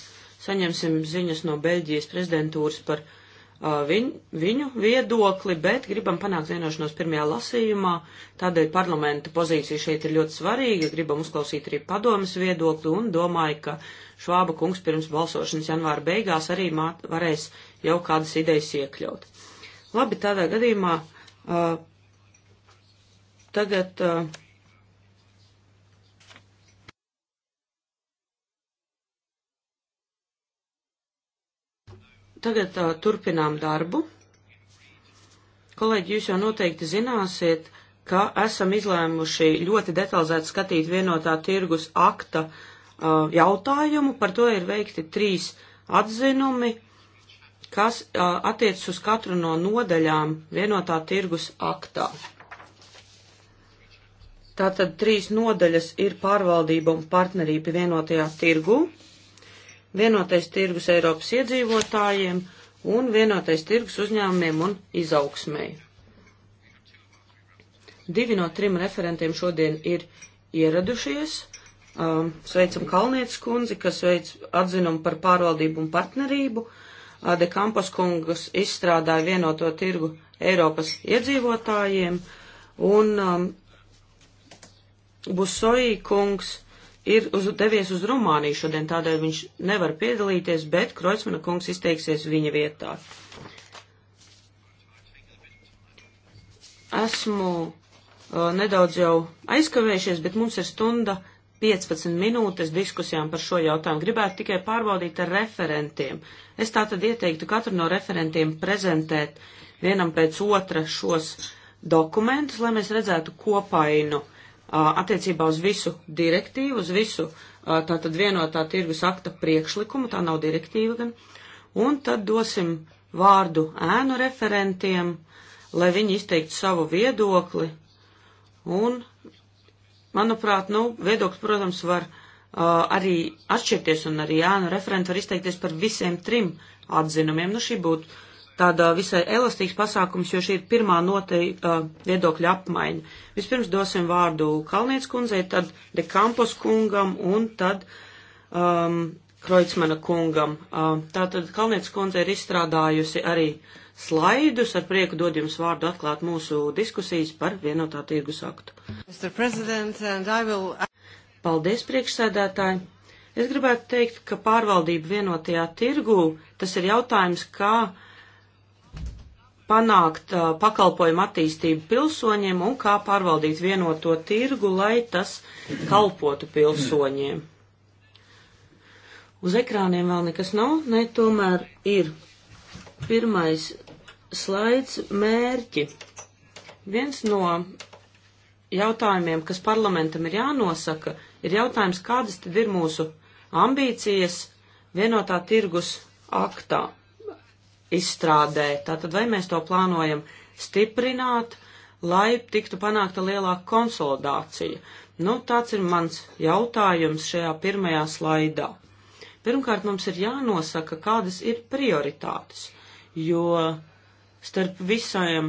saņemsim ziņas no Beļģijas prezidentūras par uh, viņ, viņu viedokli, bet gribam panākt vienošanos pirmajā lasījumā. Tādēļ parlamenta pozīcija šeit ir ļoti svarīga. Gribam uzklausīt arī padomas viedokli un domāju, ka Švāba kungs pirms balsošanas janvāra beigās arī māt, varēs jau kādas idejas iekļaut. Labi, tādā gadījumā Uh, tagad. Uh, Tagad uh, turpinām darbu. Kolēģi, jūs jau noteikti zināsiet, ka esam izlēmuši ļoti detalizēti skatīt vienotā tirgus akta uh, jautājumu. Par to ir veikti trīs atzinumi. Uh, kas attiecas uz katru no nodaļām vienotā tirgus aktā. Tātad trīs nodaļas ir pārvaldība un partnerība vienotajā tirgu, vienotais tirgus Eiropas iedzīvotājiem un vienotais tirgus uzņēmumiem un izaugsmēji. Divi no trim referentiem šodien ir ieradušies. Um, sveicam Kalnietes kundzi, kas veic atzinumu par pārvaldību un partnerību. Uh, De Kampas kungas izstrādāja vienoto tirgu Eiropas iedzīvotājiem, un um, Busoji kungs ir uz, devies uz Rumāniju šodien, tādēļ viņš nevar piedalīties, bet Kreutzmana kungs izteiksies viņa vietā. Esmu uh, nedaudz jau aizkavējušies, bet mums ir stunda 15 minūtes diskusijām par šo jautājumu. Gribētu tikai pārbaudīt ar referentiem. Es tātad ieteiktu katru no referentiem prezentēt vienam pēc otra šos dokumentus, lai mēs redzētu kopainu attiecībā uz visu direktīvu, uz visu tātad vienotā tirgus akta priekšlikumu, tā nav direktīva gan, un tad dosim vārdu ēnu referentiem, lai viņi izteiktu savu viedokli, un Manuprāt, nu, viedoklis, protams, var uh, arī atšķirties, un arī Jāna nu, referenta var izteikties par visiem trim atzinumiem. Nu, šī būtu tāda visai elastīgs pasākums, jo šī ir pirmā noteikta uh, viedokļa apmaiņa. Vispirms dosim vārdu Kalniec kundzei, tad Dekampos kungam un tad um, Kreutzmana kungam. Uh, tātad Kalniec kundze ir izstrādājusi arī slaidus. Ar prieku dod jums vārdu atklāt mūsu diskusijas par vienotā tirgus aktu. Will... Paldies, priekšsēdētāji! Es gribētu teikt, ka pārvaldība vienotajā tirgū tas ir jautājums, kā panākt uh, pakalpojumu attīstību pilsoņiem un kā pārvaldīt vienoto tirgu, lai tas kalpotu pilsoņiem. Uz ekrāniem vēl nekas nav, ne tomēr ir pirmais slaids mērķi. Viens no jautājumiem, kas parlamentam ir jānosaka, ir jautājums, kādas tad ir mūsu ambīcijas vienotā tirgus aktā izstrādē. Tātad vai mēs to plānojam stiprināt, lai tiktu panākta lielāka konsolidācija? Nu, tāds ir mans jautājums šajā pirmajā slaidā. Pirmkārt, mums ir jānosaka, kādas ir prioritātes, jo starp visiem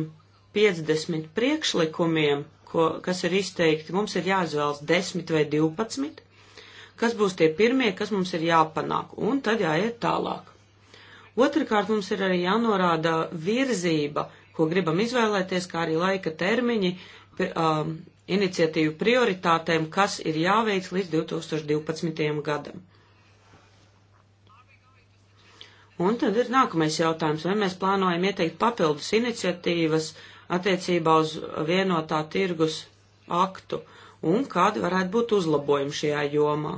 50 priekšlikumiem, ko, kas ir izteikti, mums ir jāizvēlas 10 vai 12, kas būs tie pirmie, kas mums ir jāpanāk, un tad jāiet tālāk. Otrakārt, mums ir arī jānorāda virzība, ko gribam izvēlēties, kā arī laika termiņi, um, iniciatīvu prioritātēm, kas ir jāveic līdz 2012. gadam. Un tad ir nākamais jautājums, vai mēs plānojam ieteikt papildus iniciatīvas attiecībā uz vienotā tirgus aktu un kādi varētu būt uzlabojumi šajā jomā.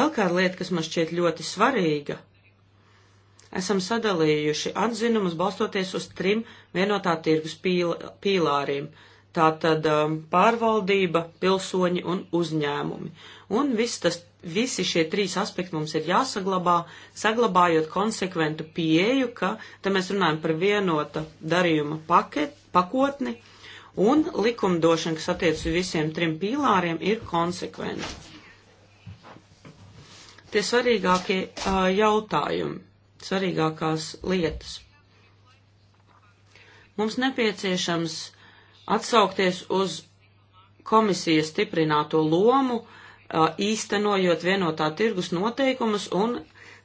Vēl kāda lieta, kas man šķiet ļoti svarīga, esam sadalījuši atzinumus balstoties uz trim vienotā tirgus pīl pīlāriem Tātad um, pārvaldība, pilsoņi un uzņēmumi. Un viss tas, visi šie trīs aspekti mums ir jāsaglabā, saglabājot konsekventu pieeju, ka te mēs runājam par vienota darījuma paket, pakotni un likumdošana, kas attiec uz visiem trim pīlāriem, ir konsekventa. Tie svarīgākie uh, jautājumi, svarīgākās lietas. Mums nepieciešams atsaukties uz komisijas stiprināto lomu, īstenojot vienotā tirgus noteikumus un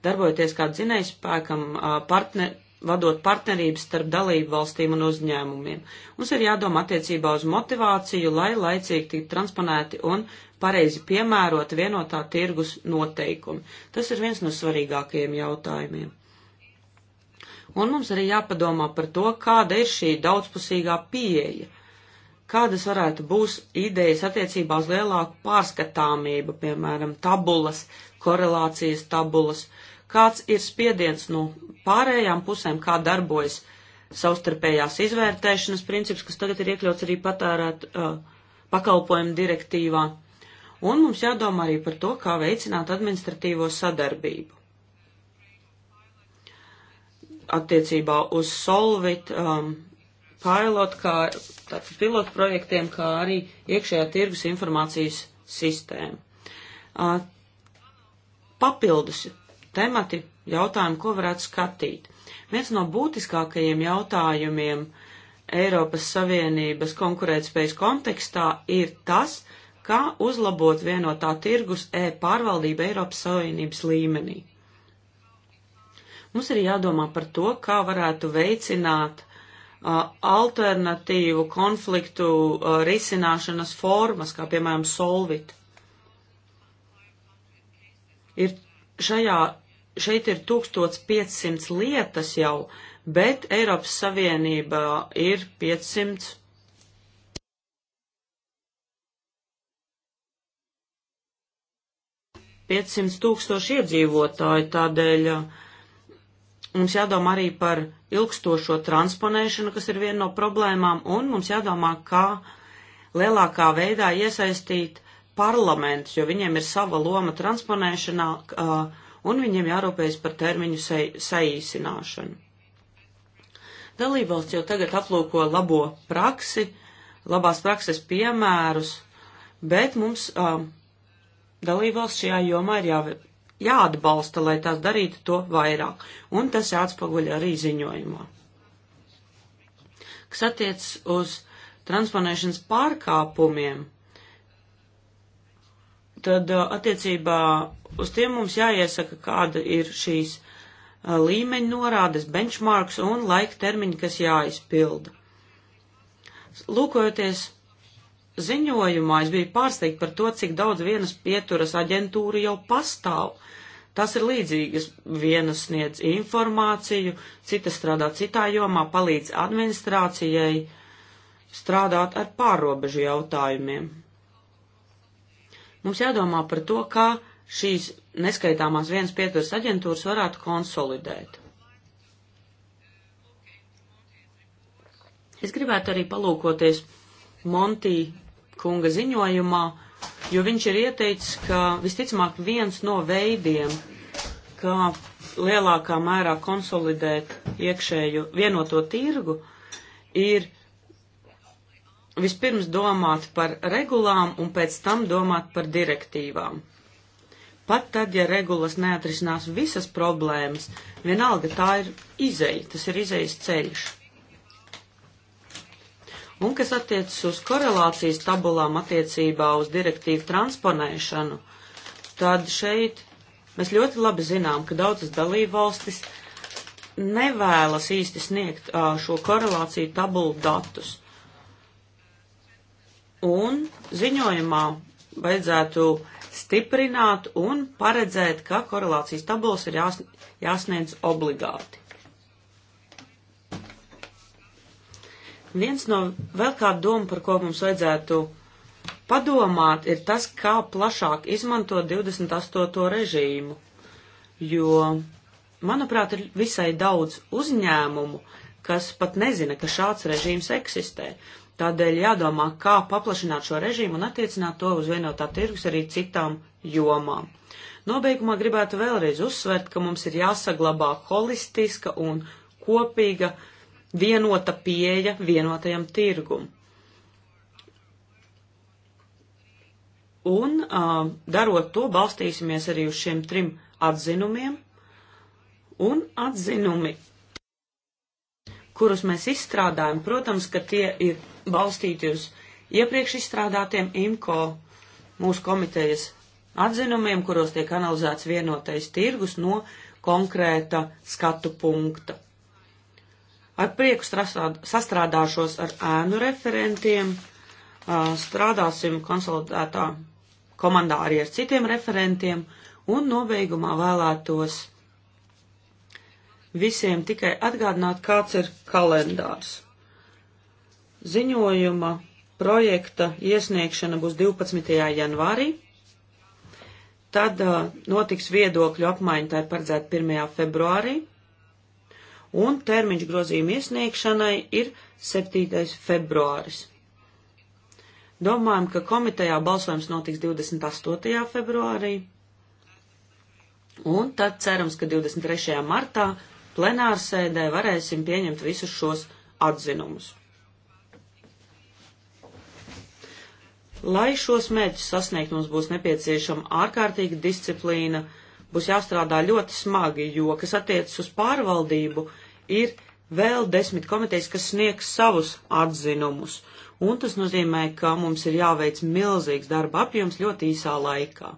darbojoties kā dzinējspēkam, partner, vadot partnerības starp dalību valstīm un uzņēmumiem. Mums ir jādomā attiecībā uz motivāciju, lai laicīgi tiktu transponēti un pareizi piemērot vienotā tirgus noteikumi. Tas ir viens no svarīgākajiem jautājumiem. Un mums arī jāpadomā par to, kāda ir šī daudzpusīgā pieeja kādas varētu būs idejas attiecībā uz lielāku pārskatāmību, piemēram, tabulas, korelācijas tabulas, kāds ir spiediens no pārējām pusēm, kā darbojas savstarpējās izvērtēšanas princips, kas tagad ir iekļauts arī patērēt uh, pakalpojumu direktīvā. Un mums jādomā arī par to, kā veicināt administratīvo sadarbību. Attiecībā uz Solvit um, pilot, kā, tātad pilotu projektiem, kā arī iekšējā tirgus informācijas sistēma. Uh, papildus temati jautājumi, ko varētu skatīt. Viens no būtiskākajiem jautājumiem Eiropas Savienības konkurētspējas kontekstā ir tas, kā uzlabot vienotā tirgus e-pārvaldību Eiropas Savienības līmenī. Mums ir jādomā par to, kā varētu veicināt alternatīvu konfliktu risināšanas formas, kā piemēram solvit. Ir šajā, šeit ir 1500 lietas jau, bet Eiropas Savienībā ir 500. Piecsimt tūkstoši iedzīvotāji, tādēļ uh, Mums jādomā arī par ilgstošo transponēšanu, kas ir viena no problēmām, un mums jādomā, kā lielākā veidā iesaistīt parlamentus, jo viņiem ir sava loma transponēšanā, un viņiem jārūpējas par termiņu saīsināšanu. Dalībvalsts jau tagad aplūko labo praksi, labās prakses piemērus, bet mums dalībvalsts šajā jomā ir jāve jāatbalsta, lai tās darītu to vairāk, un tas jāatspaguļ arī ziņojumā. Kas attiec uz transponēšanas pārkāpumiem, tad uh, attiecībā uz tiem mums jāiesaka, kāda ir šīs uh, līmeņa norādes, benchmarks un laika termiņi, kas jāizpilda. Lūkojoties ziņojumā es biju pārsteigta par to, cik daudz vienas pieturas aģentūra jau pastāv. Tas ir līdzīgas vienas sniedz informāciju, cita strādā citā jomā, palīdz administrācijai strādāt ar pārobežu jautājumiem. Mums jādomā par to, kā šīs neskaitāmās vienas pieturas aģentūras varētu konsolidēt. Es gribētu arī palūkoties Monti kunga ziņojumā, jo viņš ir ieteicis, ka visticamāk viens no veidiem, kā lielākā mērā konsolidēt iekšēju vienoto tirgu, ir vispirms domāt par regulām un pēc tam domāt par direktīvām. Pat tad, ja regulas neatrisinās visas problēmas, vienalga tā ir izeja, tas ir izejas ceļš. Un kas attiecas uz korelācijas tabulām attiecībā uz direktīvu transponēšanu, tad šeit mēs ļoti labi zinām, ka daudzas dalībvalstis nevēlas īsti sniegt uh, šo korelāciju tabulu datus. Un ziņojumā vajadzētu stiprināt un paredzēt, ka korelācijas tabulas ir jās, jāsniedz obligāti. Viens no vēl kāda doma, par ko mums vajadzētu padomāt, ir tas, kā plašāk izmantot 28. režīmu, jo, manuprāt, ir visai daudz uzņēmumu, kas pat nezina, ka šāds režīms eksistē. Tādēļ jādomā, kā paplašināt šo režīmu un attiecināt to uz vienotā tirgus arī citām jomām. Nobeigumā gribētu vēlreiz uzsvērt, ka mums ir jāsaglabā holistiska un kopīga uh, vienota pieeja vienotajam tirgum. Un uh, darot to, balstīsimies arī uz šiem trim atzinumiem. Un atzinumi, kurus mēs izstrādājam, protams, ka tie ir balstīti uz iepriekš izstrādātiem IMCO mūsu komitejas atzinumiem, kuros tiek analizēts vienotais tirgus no konkrēta skatu punkta. Ar prieku sastrādāšos ar ēnu referentiem, strādāsim konsolidētā komandā arī ar citiem referentiem un nobeigumā vēlētos visiem tikai atgādināt, kāds ir kalendārs. Ziņojuma projekta iesniegšana būs 12. janvārī, tad uh, notiks viedokļu apmaiņa, tā ir paredzēta 1. februārī, un termiņš grozījuma iesniegšanai ir 7. februāris. Domājam, ka komitejā balsojums notiks 28. februārī, un tad cerams, ka 23. martā plenārsēdē varēsim pieņemt visus šos atzinumus. Lai šos mērķus sasniegt, mums būs nepieciešama ārkārtīga disciplīna, uh, būs jāstrādā ļoti smagi, jo, kas attiecas uz pārvaldību, ir vēl desmit komitejas, kas sniegs savus atzinumus. Un tas nozīmē, ka mums ir jāveic milzīgs darba apjoms ļoti īsā laikā.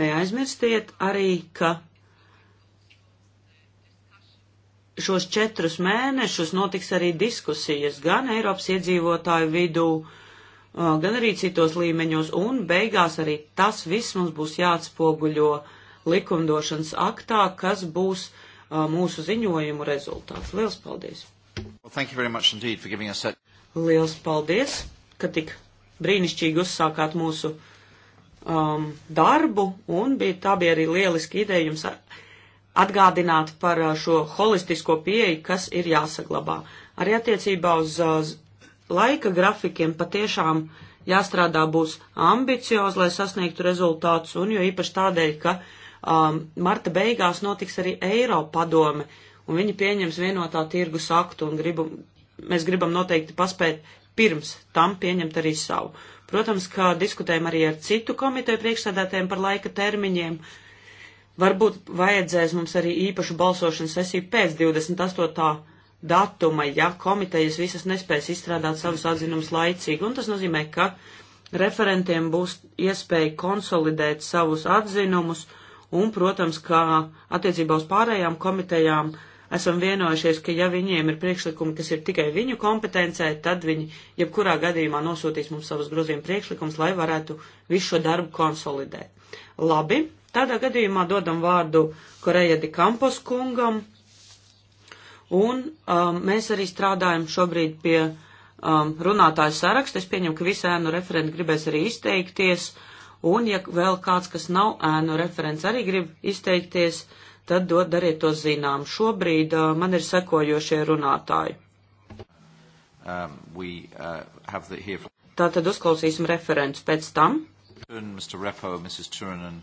Neaizmirstiet arī, ka šos četrus mēnešus notiks arī diskusijas gan Eiropas iedzīvotāju vidū, gan arī citos līmeņos, un beigās arī tas viss mums būs jāatspoguļo uh, likumdošanas aktā, kas būs uh, mūsu ziņojumu rezultāts. Liels paldies! Well, a... Liels paldies, ka tik brīnišķīgi uzsākāt mūsu um, darbu, un bija, tā bija arī lieliski ideja jums atgādināt par uh, šo holistisko pieeju, kas ir jāsaglabā. Arī attiecībā uz, uz uh, laika grafikiem patiešām jāstrādā būs ambiciozi, lai sasniegtu rezultātus, un jo īpaši tādēļ, ka um, marta beigās notiks arī Eiropa padome, un viņi pieņems vienotā tirgus aktu, un gribu, mēs gribam noteikti paspēt pirms tam pieņemt arī savu. Protams, ka diskutējam arī ar citu komiteju priekšsēdētājiem par laika termiņiem. Varbūt vajadzēs mums arī īpašu balsošanas sesiju pēc 28. datuma, ja komitejas visas nespēs izstrādāt savus atzinumus laicīgi, un tas nozīmē, ka referentiem būs iespēja konsolidēt savus atzinumus Un, protams, kā attiecībā uz pārējām komitejām esam vienojušies, ka ja viņiem ir priekšlikumi, kas ir tikai viņu kompetencē, tad viņi jebkurā gadījumā nosūtīs mums savus grozījuma priekšlikumus, lai varētu visu šo darbu konsolidēt. Labi, tādā gadījumā dodam vārdu Koreja di Kampos kungam, un um, mēs arī strādājam šobrīd pie um, runātāju saraksta. Es pieņemu, ka visi ēnu referenti gribēs arī izteikties. Uh, un ja vēl kāds, kas nav ēnu referents, arī grib izteikties, tad dod, dariet to zinām. Šobrīd uh, man ir sekojošie runātāji. Um, we, uh, the, here... Tātad uzklausīsim referents pēc tam. Mr. Repo, Mrs. Turunen,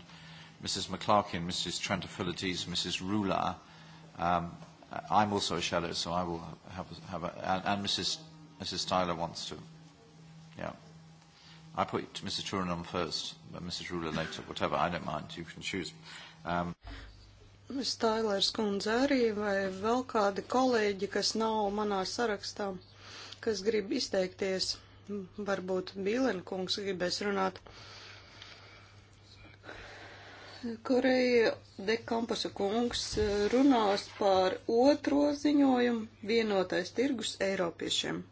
Mrs. McClarkin, Mrs. Trantafilides, Mrs. Rula. Um, I'm also a shadow, so I will have, have a, and, and Mrs. Mrs. Styler wants to. Yeah. I put Mrs. Turin on first, but Mrs. Ruler later, whatever, I don't mind, you can choose. Um, Miss Tailers kundze arī vai vēl kādi kolēģi, kas nav manā sarakstā, kas grib izteikties. Varbūt Bīlen kungs gribēs runāt. Koreja de Kampusa kungs eh, runās par otro ziņojumu vienotais tirgus Eiropiešiem.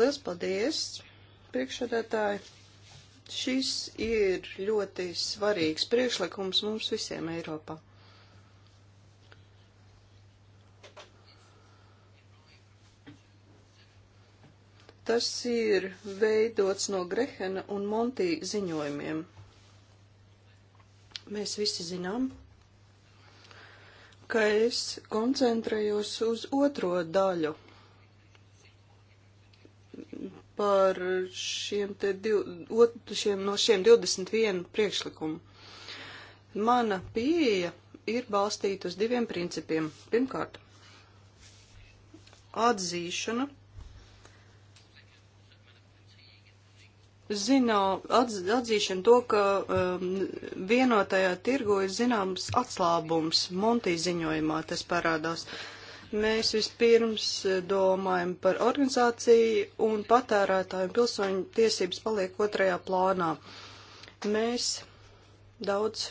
Liels paldies, priekšsēdētāji! Šis ir ļoti svarīgs priekšlikums mums visiem Eiropā. Tas ir veidots no Grehena un Montī ziņojumiem. Mēs visi zinām, ka es koncentrējos uz otro daļu par šiem te div, ot, šiem, no šiem 21 priekšlikumu. Mana pieeja ir balstīta uz diviem principiem. Pirmkārt, atzīšana. Zinā, atz, atzīšana to, ka um, vienotajā tirgu ir zināms atslābums, Montī ziņojumā tas parādās. Uh, Mēs vispirms eh, domājam par organizāciju un patērētāju un pilsoņu tiesības paliek otrajā plānā. Mēs daudz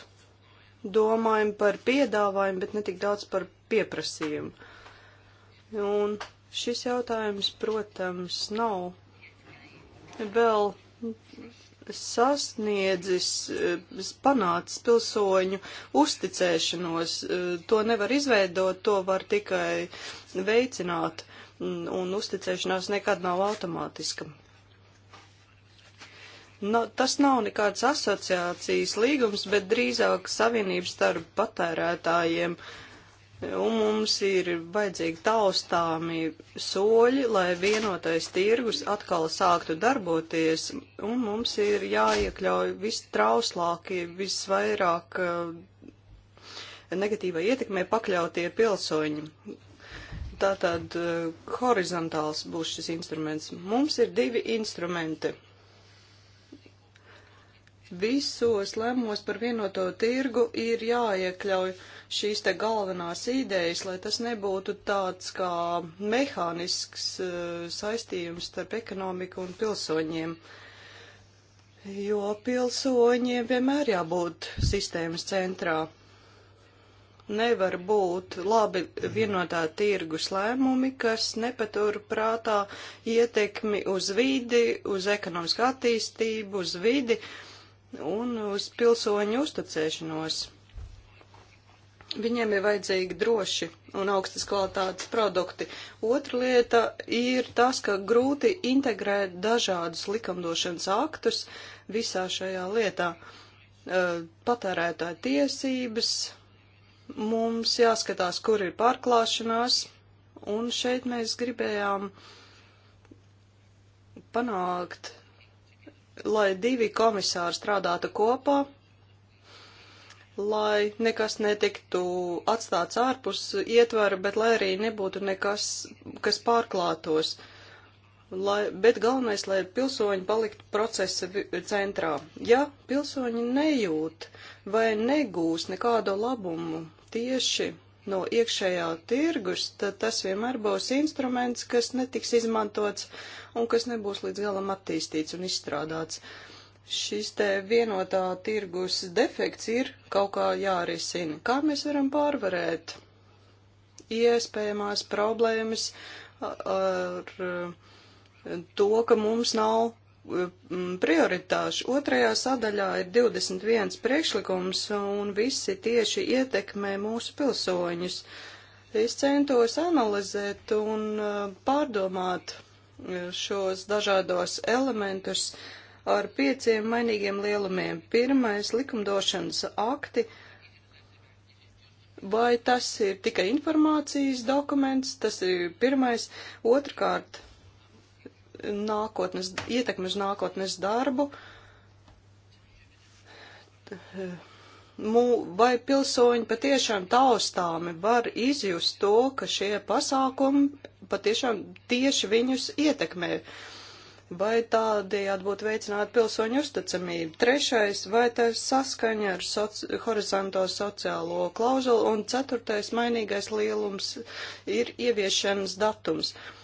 domājam par piedāvājumu, bet netik daudz par pieprasījumu. Un šis jautājums, protams, nav vēl sasniedzis, eh, panācis pilsoņu uzticēšanos. Eh, to nevar izveidot, to var tikai veicināt, mm, un uzticēšanās nekad nav automātiska. No, tas nav nekāds asociācijas līgums, bet drīzāk savienības starp patērētājiem. Uh, Un mums ir vajadzīgi taustāmi soļi, lai vienotais tirgus atkal sāktu darboties, un mums ir jāiekļauj vistrauslākie, visvairāk uh, negatīvai ietekmē pakļautie pilsoņi. Tātad uh, horizontāls būs šis instruments. Mums ir divi instrumenti visos lemos par vienoto tirgu ir jāiekļauj šīs te galvenās idejas, lai tas nebūtu tāds kā mehānisks eh, saistījums starp ekonomiku un pilsoņiem. Jo pilsoņiem vienmēr jābūt sistēmas centrā. Nevar būt labi vienotā tirgus lēmumi, kas nepatur prātā ietekmi uz vidi, uz ekonomisku attīstību, uz vidi. Uh, un uz pilsoņu uzticēšanos. Viņiem ir vajadzīgi droši un augstas kvalitātes produkti. Otra lieta ir tas, ka grūti integrēt dažādus likumdošanas aktus visā šajā lietā. Patērētāja tiesības, mums jāskatās, kur ir pārklāšanās, un šeit mēs gribējām panākt lai divi komisāri strādātu kopā, lai nekas netiktu atstāts ārpus ietvara, bet lai arī nebūtu nekas, kas pārklātos. Lai, bet galvenais, lai pilsoņi paliktu procesa centrā. Ja pilsoņi nejūt vai negūs nekādu labumu tieši no iekšējā tirgus, tad tas vienmēr būs instruments, kas netiks izmantots un kas nebūs līdz galam attīstīts un izstrādāts. Šis te vienotā tirgus defekts ir kaut kā jārisina. Kā mēs varam pārvarēt iespējamās problēmas ar to, ka mums nav Mm, prioritāšu. Otrajā sadaļā ir 21 priekšlikums, un visi tieši ietekmē mūsu pilsoņus. Es centos analizēt un uh, pārdomāt uh, šos dažādos elementus ar pieciem mainīgiem lielumiem. Pirmais - likumdošanas akti. Vai tas ir tikai informācijas dokuments? Tas ir pirmais. Otrkārt, nākotnes, ietekmi uz nākotnes darbu, vai pilsoņi patiešām taustāmi var izjust to, ka šie pasākumi patiešām tieši viņus ietekmē. Vai tādējādi būtu veicināta pilsoņu uzticamība? Trešais, vai tā ir saskaņa ar soci horizonto sociālo klauzulu? Un ceturtais, mainīgais lielums ir ieviešanas datums. Uh,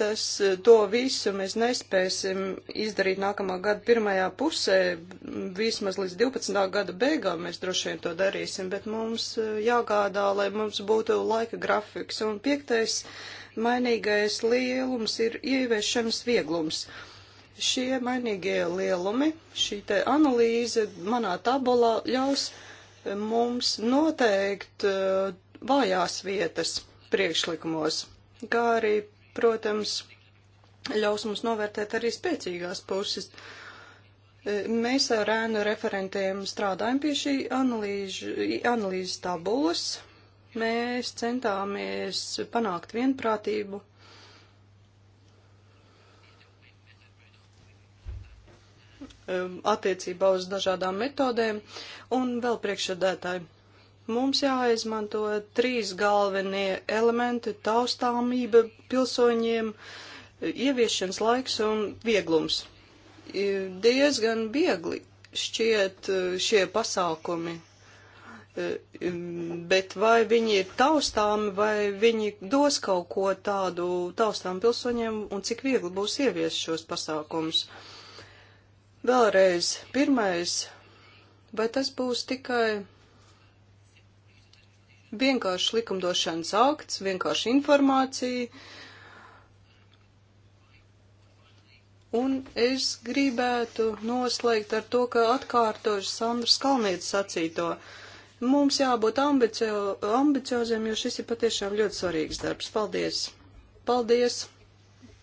tas, to visu mēs nespēsim izdarīt nākamā gada pirmajā pusē, vismaz līdz 12. gada beigām mēs droši vien to darīsim, bet mums eh, jāgādā, lai mums būtu laika grafiks. Un piektais mainīgais lielums ir ieviešams vieglums. Šie mainīgie lielumi, šī te analīze manā tabulā ļaus eh, mums noteikt eh, vājās vietas priekšlikumos, kā arī protams, ļaus mums novērtēt arī spēcīgās puses. E, mēs ar ēnu referentiem strādājam pie šī analīžu, analīzes tabulas. Mēs centāmies panākt vienprātību. E, attiecībā uz dažādām metodēm un vēl priekšsēdētāju Mums jāizmanto trīs galvenie elementi - taustāmība pilsoņiem, ieviešanas laiks un vieglums. Diezgan viegli šķiet e, šie pasākumi, e, bet vai viņi ir taustāmi, vai viņi dos kaut ko tādu taustām pilsoņiem un cik viegli būs ievies šos pasākumus. Vēlreiz, pirmais, vai tas būs tikai vienkārši likumdošanas akts, vienkārši informācija. Un es gribētu noslēgt ar to, ka atkārtošu Sandra Skalnietes sacīto. Mums jābūt ambicio ambicioziem, jo šis ir patiešām ļoti svarīgs darbs. Paldies! Paldies!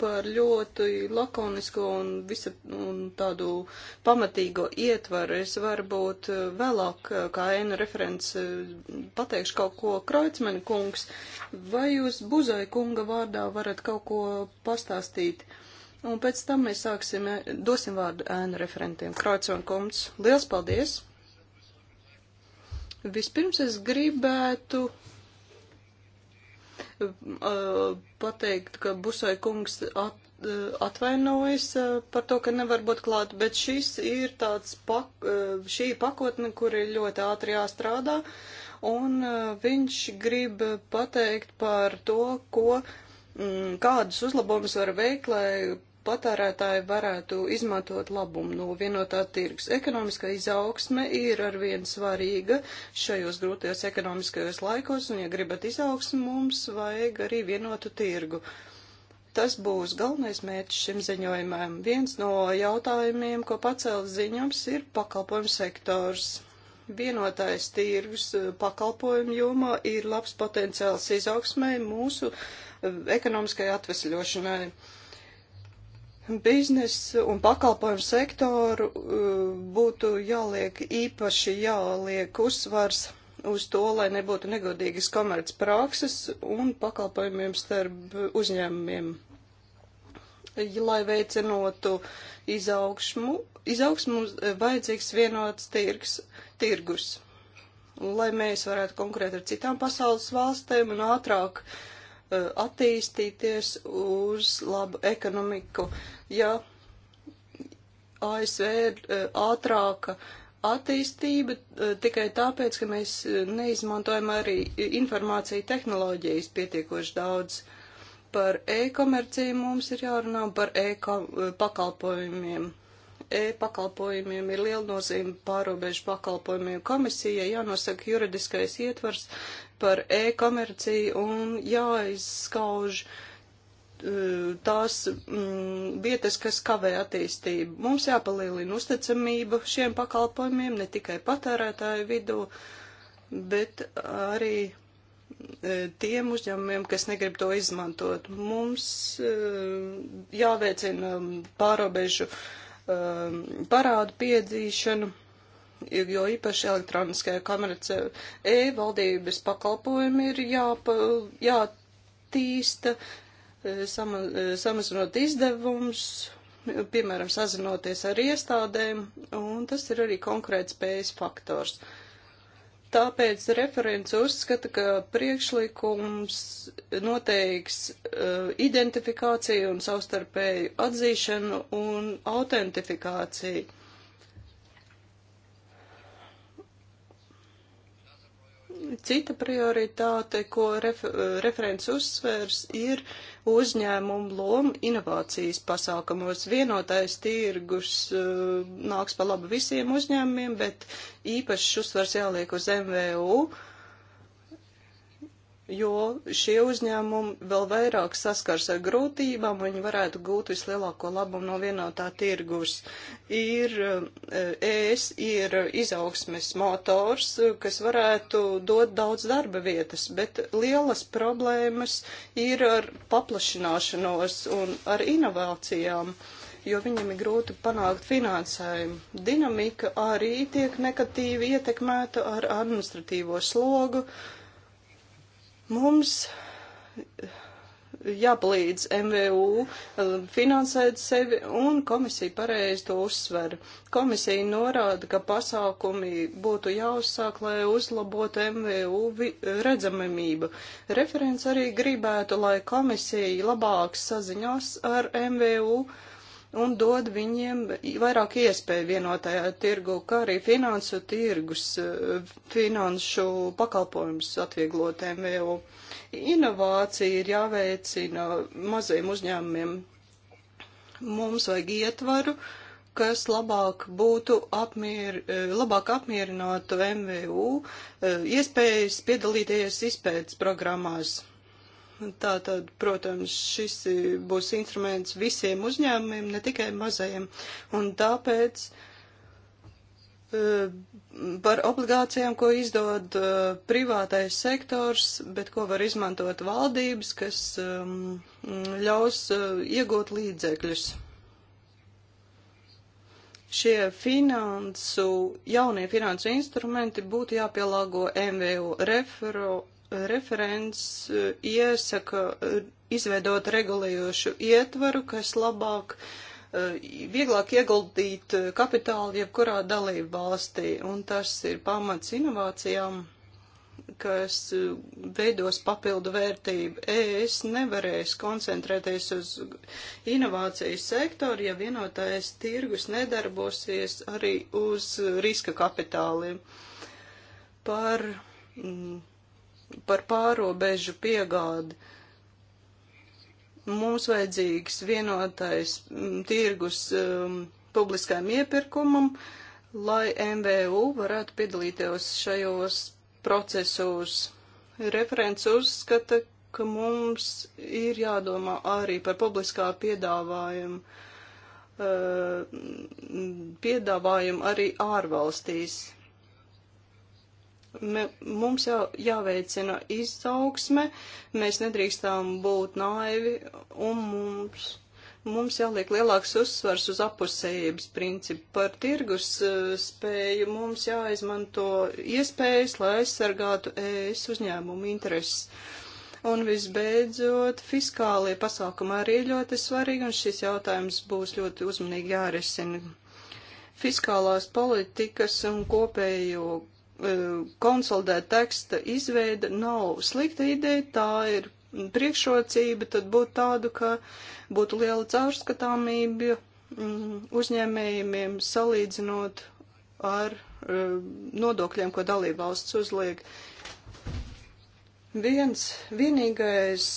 par ļoti lakonisko un, visa, un tādu pamatīgo ietvaru. Es varbūt eh, vēlāk, eh, kā ēnu referents, eh, pateikšu kaut ko Kreutzmanu kungs. Vai jūs Buzai kunga vārdā varat kaut ko pastāstīt? Un pēc tam mēs sāksim, dosim vārdu ēnu referentiem. Kreutzman kungs, liels paldies! Vispirms es gribētu pateikt, ka Busai kungs at, atvainojas par to, ka nevar būt klāt, bet šis ir tāds pak, šī pakotne, kur ir ļoti ātri jāstrādā, un viņš grib pateikt par to, ko, mm, kādus uzlabojumus var veikt, lai patērētāji varētu izmantot labumu no vienotā tirgus. Ekonomiskā izaugsme ir arvien svarīga šajos grūtajos ekonomiskajos laikos, un ja gribat izaugsmu, mums vajag arī vienotu tirgu. Tas būs galvenais mērķis šim ziņojumam. Viens no jautājumiem, ko pacēla ziņojums, ir pakalpojumu sektors. Vienotais tirgus pakalpojumu jomā ir labs potenciāls izaugsmai mūsu eh, ekonomiskai atvesļošanai biznesu un pakalpojumu sektoru uh, būtu jāliek īpaši jāliek uzsvars uz to, lai nebūtu negodīgas komerc prakses un pakalpojumiem starp uzņēmumiem, lai veicinotu izaugsmu, izaugsmu eh, vajadzīgs vienots tirgs, tirgus, lai mēs varētu konkurēt ar citām pasaules valstēm un ātrāk uh, Uh, attīstīties uz labu ekonomiku. Ja ASV ir uh, ātrāka attīstība uh, tikai tāpēc, ka mēs neizmantojam arī informāciju tehnoloģijas pietiekoši daudz. Par e-komerciju mums ir jārunā par e-pakalpojumiem. E-pakalpojumiem ir liela nozīme pārobežu pakalpojumiem. Komisijai jānosaka juridiskais ietvars par e-komerciju un jāizskauž eh, tās mm, vietas, kas kavē attīstību. Mums jāpalielina uzticamība šiem pakalpojumiem ne tikai patērētāju vidū, bet arī eh, tiem uzņēmumiem, kas negrib to izmantot. Mums eh, jāveicina mm, pārobežu parādu piedzīšanu jo īpaši elektroniskajā komerce e-valdības pakalpojumi ir jāpa, jātīsta, e, sama, e, samazinot izdevumus, piemēram, sazinoties ar iestādēm, un tas ir arī konkurētspējas faktors. Tāpēc referents uzskata, ka priekšlikums noteiks uh, identifikāciju un savstarpēju atzīšanu un autentifikāciju. Uh, Cita prioritāte, ko ref, referents uzsvers, ir uzņēmumu loma inovācijas pasākumos. Vienotais tirgus uh, nāks pa labu visiem uzņēmumiem, bet īpašs uzsvars jāliek uz MVU jo šie uzņēmumi vēl vairāk saskars ar grūtībām, viņi varētu gūt vislielāko labumu no vienotā tirgus. Ir ES, e ir izaugsmes motors, kas varētu dot daudz darba vietas, bet lielas problēmas ir ar paplašināšanos un ar inovācijām jo viņam ir grūti panākt finansējumu. Dinamika arī tiek negatīvi ietekmēta ar administratīvo slogu, uh, Mums jāpalīdz MVU eh, finansēt sevi, un komisija pareizi to uzsver. Komisija norāda, ka pasākumi būtu jāuzsāk, lai uzlabotu MVU redzamamību. Referents arī gribētu, lai komisija labāk saziņās ar MVU un dod viņiem vairāk iespēju vienotajā tirgu, kā arī finansu tirgus, finanšu pakalpojumus atvieglot MVU. Inovācija ir jāveicina maziem uzņēmumiem. Mums vajag ietvaru, kas labāk būtu apmier, labāk apmierinātu MVU iespējas piedalīties izpētes programmās Tātad, protams, šis būs instruments visiem uzņēmumiem, ne tikai mazajiem. Un tāpēc e, par obligācijām, ko izdod e, privātais sektors, bet ko var izmantot valdības, kas ļaus e, iegūt līdzekļus. Šie finansu, jaunie finansu instrumenti būtu jāpielāgo MVU refero, referents eh, iesaka eh, izveidot regulējošu ietvaru, kas labāk, eh, vieglāk ieguldīt kapitālu jebkurā dalību valstī, un tas ir pamats inovācijām, kas veidos papildu vērtību. ES nevarēs koncentrēties uz inovāciju sektoru, ja vienotais tirgus nedarbosies arī uz riska kapitāliem. Par mm, par pārobežu piegādi. Mums vajadzīgs vienotais mm, tirgus um, publiskajam iepirkumam, lai MVU varētu piedalīties šajos procesos. Referents uzskata, ka mums ir jādomā arī par publiskā piedāvājumu, uh, piedāvājumu arī ārvalstīs mums jau jāveicina izaugsme, mēs nedrīkstām būt naivi un mums. Mums jāliek lielāks uzsvars uz apusējības principu. Par tirgus e, spēju mums jāizmanto iespējas, lai aizsargātu ES uzņēmumu intereses. Un visbeidzot, fiskālie pasākumi arī ļoti svarīgi, un šis jautājums būs ļoti uzmanīgi jārisina. Fiskālās politikas un kopējo E, konsolidēt teksta izveida nav slikta ideja, tā ir priekšrocība, tad būtu tādu, ka būtu liela caurskatāmība mm, uzņēmējumiem salīdzinot ar e, nodokļiem, ko dalībvalsts uzliek. Viens vienīgais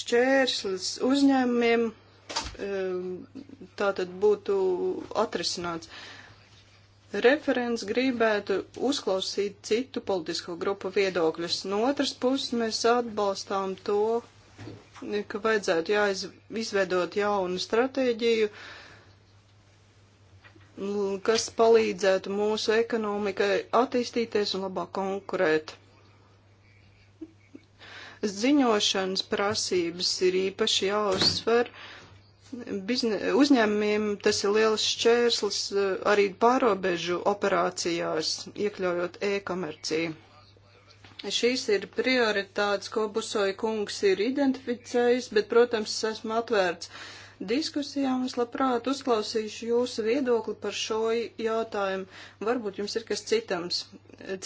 šķērslis uzņēmumiem e, tātad būtu atrisināts. Uh, Referents gribētu uzklausīt citu politisko grupu viedokļus. No otras puses, mēs atbalstām to, ka vajadzētu jāizveidot jaunu stratēģiju, kas palīdzētu mūsu ekonomikai attīstīties un labāk konkurēt. Ziņošanas prasības ir īpaši jāuzsver. Uh, Bizne, uzņēmumiem tas ir liels šķērslis eh, arī pārobežu operācijās, iekļaujot e-komerciju. Šīs ir prioritātes, ko Busoja kungs ir identificējis, bet, protams, esmu atvērts diskusijām. Es labprāt uzklausīšu jūsu viedokli par šo jautājumu. Varbūt jums ir kas citams,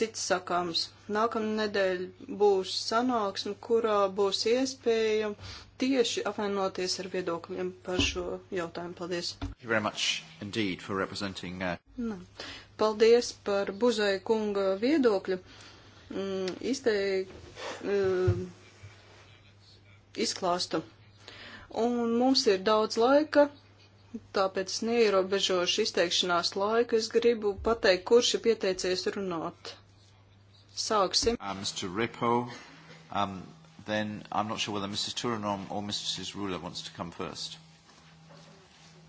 cits sakāms. Nākamnedēļ būs sanāksme, kurā būs iespēja tieši apvienoties ar viedokļiem par šo jautājumu. Paldies! Uh, nu, paldies par Buzai kunga viedokļu. Mm, izteik, mm, izklāstu. Un mums ir daudz laika, tāpēc es neierobežošu izteikšanās laiku. Es gribu pateikt, kurš ir pieteicies runāt. Sāksim. Uh, um, Ripo, um, then I'm not sure whether Mrs. Turanon or Mrs. Ruler wants to come first.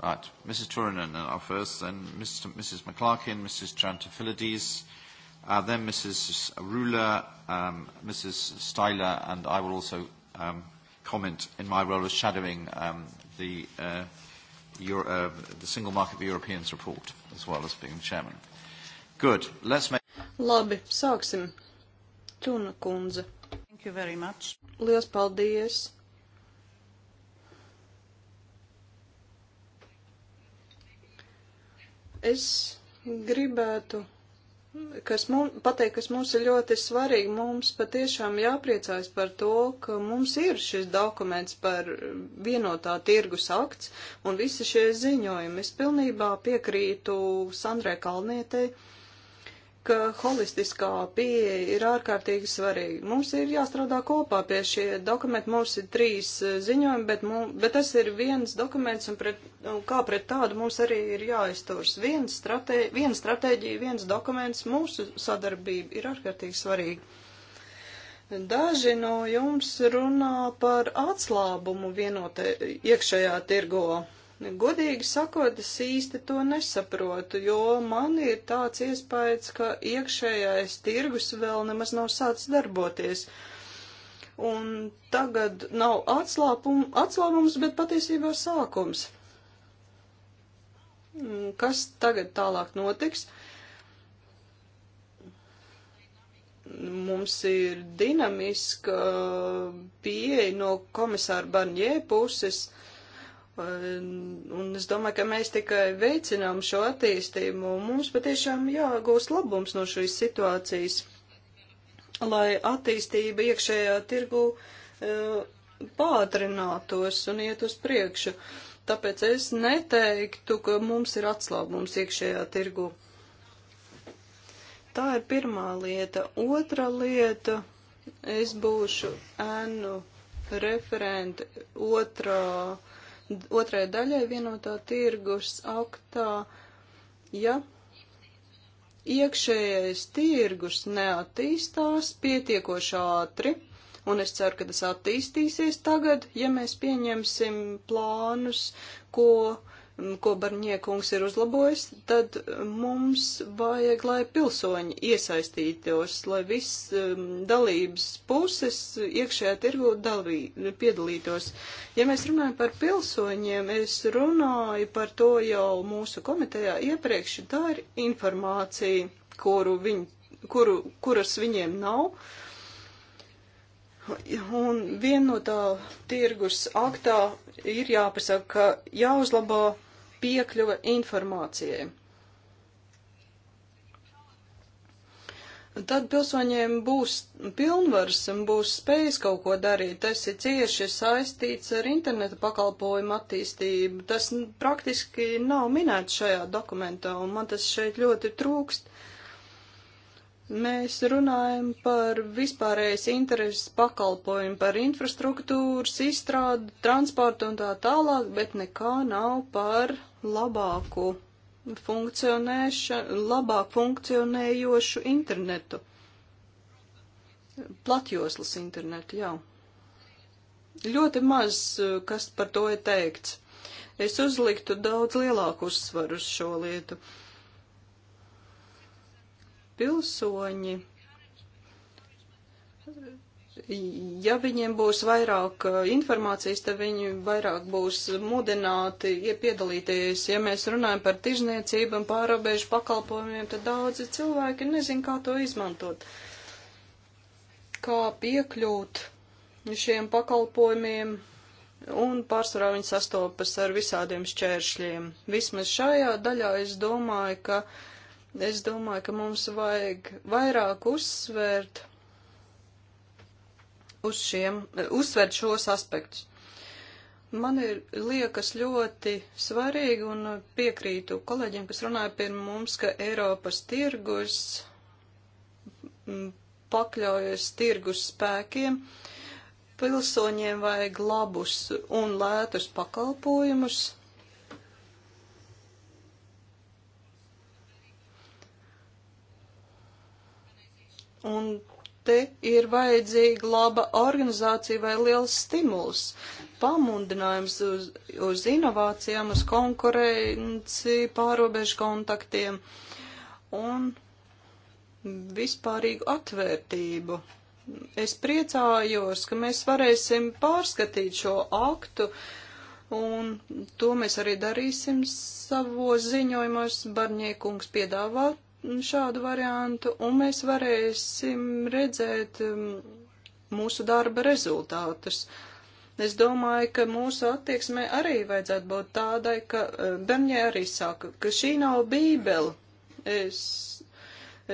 Right, Mrs. Turanon are uh, first, then Mr. Mrs. McClarkin, Mrs. Trantafilides, uh, then Mrs. Ruler, um, Mrs. Styler, and I will also um, comment in my role as shadowing um, the, uh, Euro, uh, the Single Market for Europeans report, as well as being chairman. Good, let's make... Labi, sāksim. Tuna kundze. Thank you very much. Lielas paldies! Es gribētu kas mums, pateikt, kas mums ir ļoti svarīgi. Mums patiešām jāpriecājas par to, ka mums ir šis dokuments par vienotā tirgus akts un visi šie ziņojumi. Es pilnībā piekrītu Sandrē Kalnietei. Uh, ka holistiskā pieeja ir ārkārtīgi svarīga. Mums ir jāstrādā kopā pie šie dokumenti. Mums ir trīs eh, ziņojumi, bet, mums, bet tas ir viens dokuments, un, pret, un kā pret tādu mums arī ir jāizturs. Viena stratē, vien stratēģija, viens dokuments, mūsu sadarbība ir ārkārtīgi svarīga. Daži no jums runā par atslābumu vienotē iekšējā tirgo Godīgi sakot, es īsti to nesaprotu, jo man ir tāds iespējas, ka iekšējais tirgus vēl nemaz nav sācis darboties. Un tagad nav atslāpum, atslābums, bet patiesībā sākums. Mm, kas tagad tālāk notiks? Mums ir dinamiska pieeja no komisāra Barņē puses. Uh, Un es domāju, ka mēs tikai veicinām šo attīstību. Mums patiešām jāgūst labums no šīs situācijas, lai attīstība iekšējā tirgu eh, pātrinātos un iet uz priekšu. Tāpēc es neteiktu, ka mums ir atslābums iekšējā tirgu. Tā ir pirmā lieta. Otra lieta, es būšu ēnu referente otrā otrai daļai vienotā tirgus aktā, ja iekšējais tirgus neattīstās pietiekoši ātri, un es ceru, ka tas attīstīsies tagad, ja mēs pieņemsim plānus, ko ko Barņiekungs ir uzlabojis, tad mums vajag, lai pilsoņi iesaistītos, lai viss um, dalības puses iekšējā tirgu dalī, piedalītos. Ja mēs runājam par pilsoņiem, es runāju par to jau mūsu komitejā iepriekš, tā ir informācija, kuru viņ, kuru, kuras viņiem nav. Un viena no tā tirgus aktā ir jāpasaka, ka jāuzlabo piekļuva informācijai. Tad pilsoņiem būs pilnvars un būs spējas kaut ko darīt. Tas ir cieši saistīts ar interneta pakalpojumu attīstību. Tas praktiski nav minēts šajā dokumentā, un man tas šeit ļoti trūkst. Uh, Mēs runājam par vispārējais intereses pakalpojumu, par infrastruktūras izstrādu, transportu un tā tālāk, bet nekā nav par labāku funkcionēšanu, labāk funkcionējošu internetu. Platjoslas internetu, jā. Ļoti maz, eh, kas par to ir teikts. Es uzliktu daudz lielāku uzsvaru uz šo lietu. Uh, pilsoņi, ja viņiem būs vairāk eh, informācijas, tad viņi vairāk būs mudināti iepiedalīties. Ja mēs runājam par tirzniecību un pārobežu pakalpojumiem, tad daudzi cilvēki nezin, kā to izmantot. Kā piekļūt šiem pakalpojumiem, un pārsvarā viņi sastopas ar visādiem šķēršļiem. Vismaz šajā daļā es domāju, ka uh, Es domāju, ka mums vajag vairāk uzsvērt uz šiem, uzsvērt šos aspektus. Man ir liekas ļoti svarīgi un piekrītu kolēģiem, kas runāja pirms mums, ka Eiropas tirgus pakļaujas tirgus spēkiem. Pilsoņiem vajag labus un lētus pakalpojumus, Un te ir vajadzīga laba organizācija vai liels stimuls, pamudinājums uz, uz inovācijām, uz konkurenci, pārobežu kontaktiem un vispārīgu atvērtību. Es priecājos, ka mēs varēsim pārskatīt šo aktu, un to mēs arī darīsim savos ziņojumos. Barņiekungs piedāvā šādu variantu, un mēs varēsim redzēt um, mūsu darba rezultātus. Es domāju, ka mūsu attieksmē arī vajadzētu būt tādai, ka uh, Bemņē arī saka, ka šī nav bībele. Es,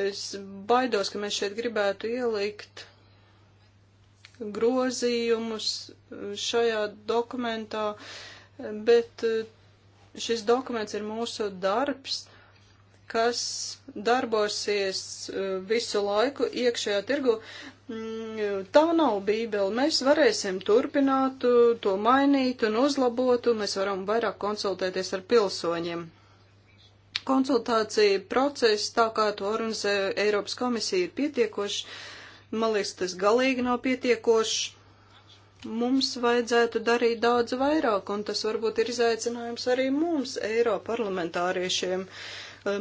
es baidos, ka mēs šeit gribētu ielikt grozījumus uh, šajā dokumentā, bet uh, šis dokuments ir mūsu darbs kas darbosies e, visu laiku iekšējā tirgu. Mm, tā nav bībele. Mēs varēsim turpināt e, to mainīt un uzlabot, un mēs varam vairāk konsultēties ar pilsoņiem. Konsultācija process, tā kā to organizē Eiropas komisija, ir pietiekoši. Man liekas, tas galīgi nav pietiekoši. Mums vajadzētu darīt daudz vairāk, un tas varbūt ir izaicinājums arī mums, Eiroparlamentāriešiem. parlamentāriešiem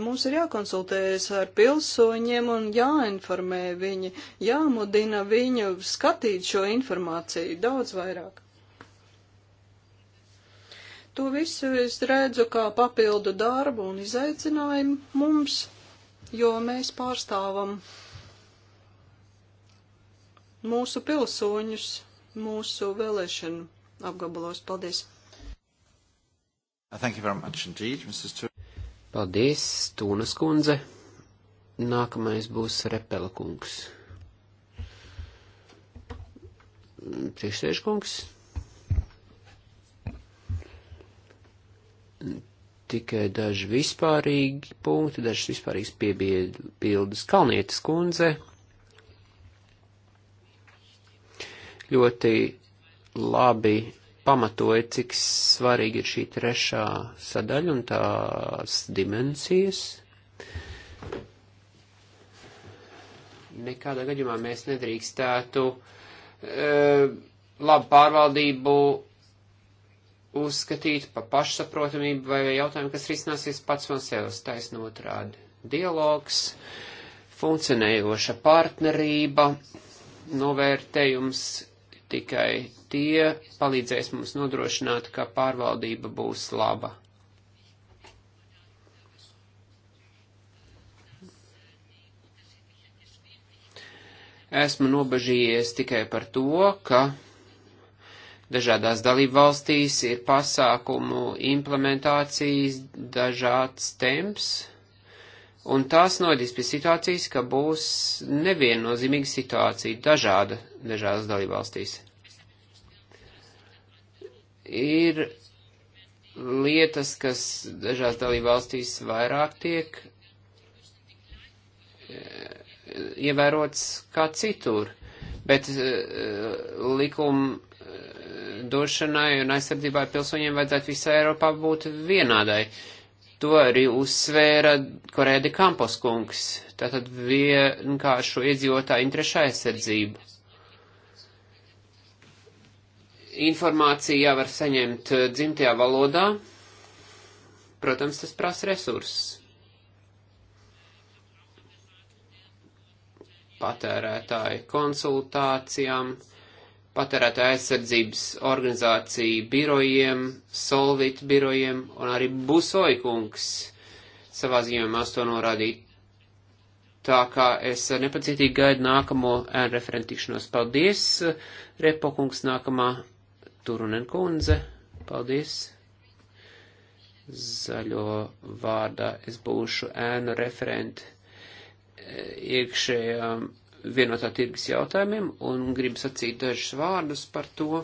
Mums ir jākonsultējas ar pilsoņiem un jāinformē viņi, jāmudina viņu skatīt šo informāciju daudz vairāk. To visu es redzu kā papildu darbu un izaicinājumu mums, jo mēs pārstāvam mūsu pilsoņus, mūsu vēlēšanu apgabalos. Paldies! Thank you very much indeed, Mrs. Tur Paldies, Tūnas kundze. Nākamais būs Repela kungs. Priekšsēž kungs. Tikai daži vispārīgi punkti, dažas vispārīgas piebildes. Kalnietis kundze ļoti labi pamatoja, cik svarīga ir šī trešā sadaļa un tās dimensijas. Nekādā gadījumā mēs nedrīkstētu e, labu pārvaldību uzskatīt pa pašsaprotamību vai jautājumu, kas risināsies pats no sevis taisn otrādi. Dialogs, funkcionējoša partnerība, novērtējums tikai tie palīdzēs mums nodrošināt, ka pārvaldība būs laba. Esmu nobežījies tikai par to, ka dažādās dalībvalstīs ir pasākumu implementācijas dažāds temps, un tās nodīs pie situācijas, ka būs neviennozīmīga situācija dažāda dažādās dalībvalstīs ir lietas, kas dažās dalībvalstīs vairāk tiek eh, ievērots kā citur, bet eh, likuma eh, došanai un aizsardzībai pilsoņiem vajadzētu visā Eiropā būt vienādai. To arī uzsvēra Korēdi Kampos kungs, tātad vienkāršu iedzīvotāju interešu aizsardzību. Informāciju jāvar saņemt eh, dzimtajā valodā. Protams, tas prasa resursus. Patērētāju konsultācijām, patērētāju aizsardzības organizāciju birojiem, solvit birojiem un arī busoikungs savā ziņojumā to norādīt. Tā kā es nepacietīgi gaidu nākamo referentikšanos. Paldies, Repokungs, nākamā Turunen kundze, paldies! Zaļo vārdā es būšu ēnu referenti e, iekšējām vienotā tirgus jautājumiem un gribu sacīt dažus vārdus par to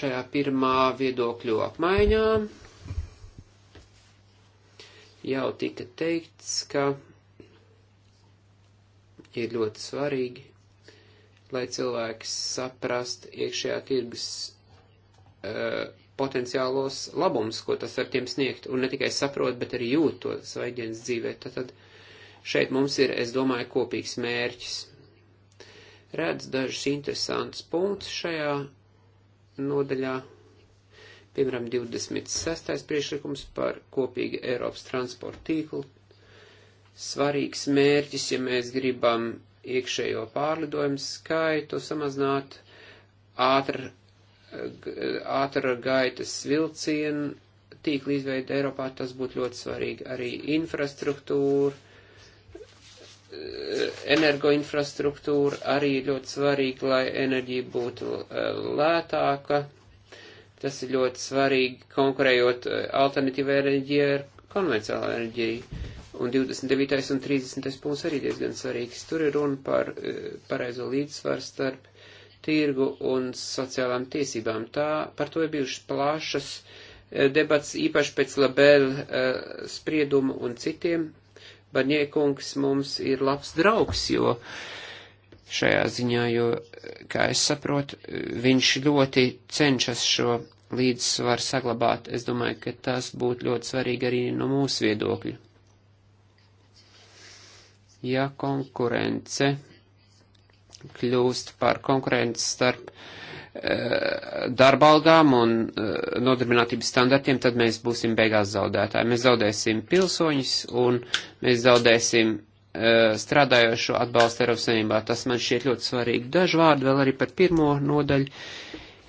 šajā pirmā viedokļu apmaiņā. Jau tika teikts, ka ir ļoti svarīgi, lai cilvēks saprast iekšējā tirgus Eh, potenciālos labumus, ko tas var tiem sniegt, un ne tikai saprot, bet arī jūt to savā ikdienas dzīvē. Tad šeit mums ir, es domāju, kopīgs mērķis. Redz dažus interesantus punktus šajā nodaļā, piemēram, 26. priekšlikums par kopīgu Eiropas transporta tīklu. Svarīgs mērķis, ja mēs gribam iekšējo pārlidojumu skaitu samazināt, ātri ātra gaitas vilcienu tīkla izveida Eiropā, tas būtu ļoti svarīgi. Arī infrastruktūra, energoinfrastruktūra arī ļoti svarīga, lai enerģija būtu eh, lētāka. Tas ir ļoti svarīgi konkurējot eh, alternatīvai enerģijai ar konvencionālu enerģiju. Un 29. un 30. punkts arī diezgan svarīgs. Tur ir runa par eh, pareizo līdzsvaru starp tirgu un sociālām tiesībām. Tā, par to ir bijušas plašas eh, debats, īpaši pēc labēla uh, eh, sprieduma un citiem. Barņiekungs mums ir labs draugs, jo šajā ziņā, jo, eh, kā es saprotu, viņš ļoti cenšas šo līdzsvaru saglabāt. Es domāju, ka tas būtu ļoti svarīgi arī no mūsu viedokļa. Ja konkurence kļūst par konkurenci starp eh, darba algām un eh, nodarbinātības standartiem, tad mēs būsim beigās zaudētāji. Mēs zaudēsim pilsoņus un mēs zaudēsim eh, strādājošo atbalstu Eiropas Savienībā. Tas man šķiet ļoti svarīgi. Dažu vārdu vēl arī par pirmo nodaļu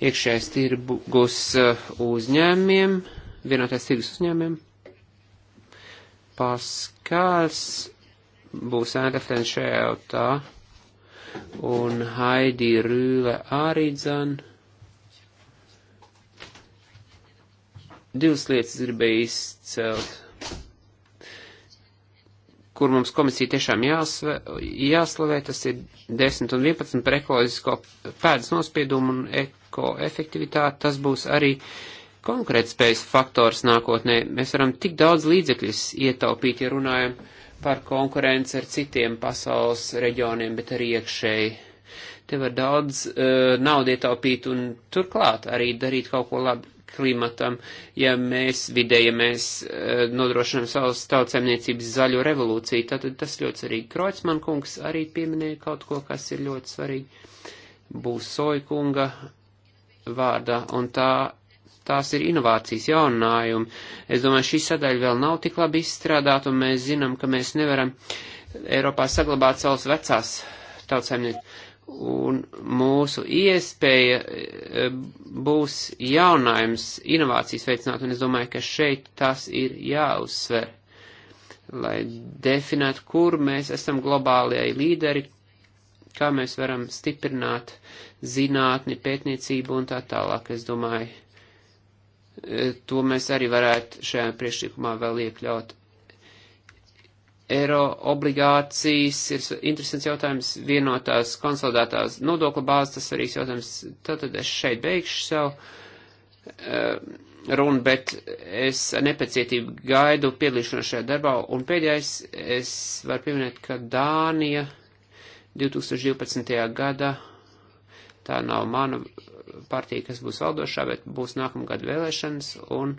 iekšējais tirgus uzņēmiem, vienotais tirgus uzņēmiem. Paskāls būs ēdefrens šajā jautā un Haidi Rūle arī dzan. Divas lietas gribēju izcelt, kur mums komisija tiešām jāsve, jāslavē, tas ir 10 un 11 par ekoloģisko pēdas nospiedumu un ekoefektivitāti, tas būs arī konkrētspējas faktors nākotnē. Mēs varam tik daudz līdzekļus ietaupīt, ja runājam uh, par konkurenci ar citiem pasaules reģioniem, bet arī iekšēji. Te var daudz uh, naudu ietaupīt un turklāt arī darīt kaut ko labu klimatam, ja mēs vidē, ja mēs uh, nodrošinām savas tautsēmniecības zaļo revolūciju, tad tas ļoti svarīgi. Kroicman kungs arī pieminēja kaut ko, kas ir ļoti svarīgi. Būs Soikunga vārdā, un tā tās ir inovācijas jauninājumi. Es domāju, šī sadaļa vēl nav tik labi izstrādāta, un mēs zinām, ka mēs nevaram Eiropā saglabāt savas vecās tautsēmniecības. Un mūsu iespēja e, būs jaunājums, inovācijas veicināt, un es domāju, ka šeit tas ir jāuzsver, lai definētu, kur mēs esam globālajai līderi, kā mēs varam stiprināt zinātni, pētniecību un tā tālāk. Es domāju, E, to mēs arī varētu šajā priekšlikumā vēl iekļaut. Eiro obligācijas ir interesants jautājums, vienotās konsolidētās nodokla bāzes, tas arī jautājums, tātad es šeit beigšu savu uh, runu, bet es nepacietību gaidu piedalīšanos šajā darbā, un pēdējais es varu pieminēt, ka Dānija 2012. gada, tā nav mana partija, kas būs valdošā, bet būs nākamgad vēlēšanas, un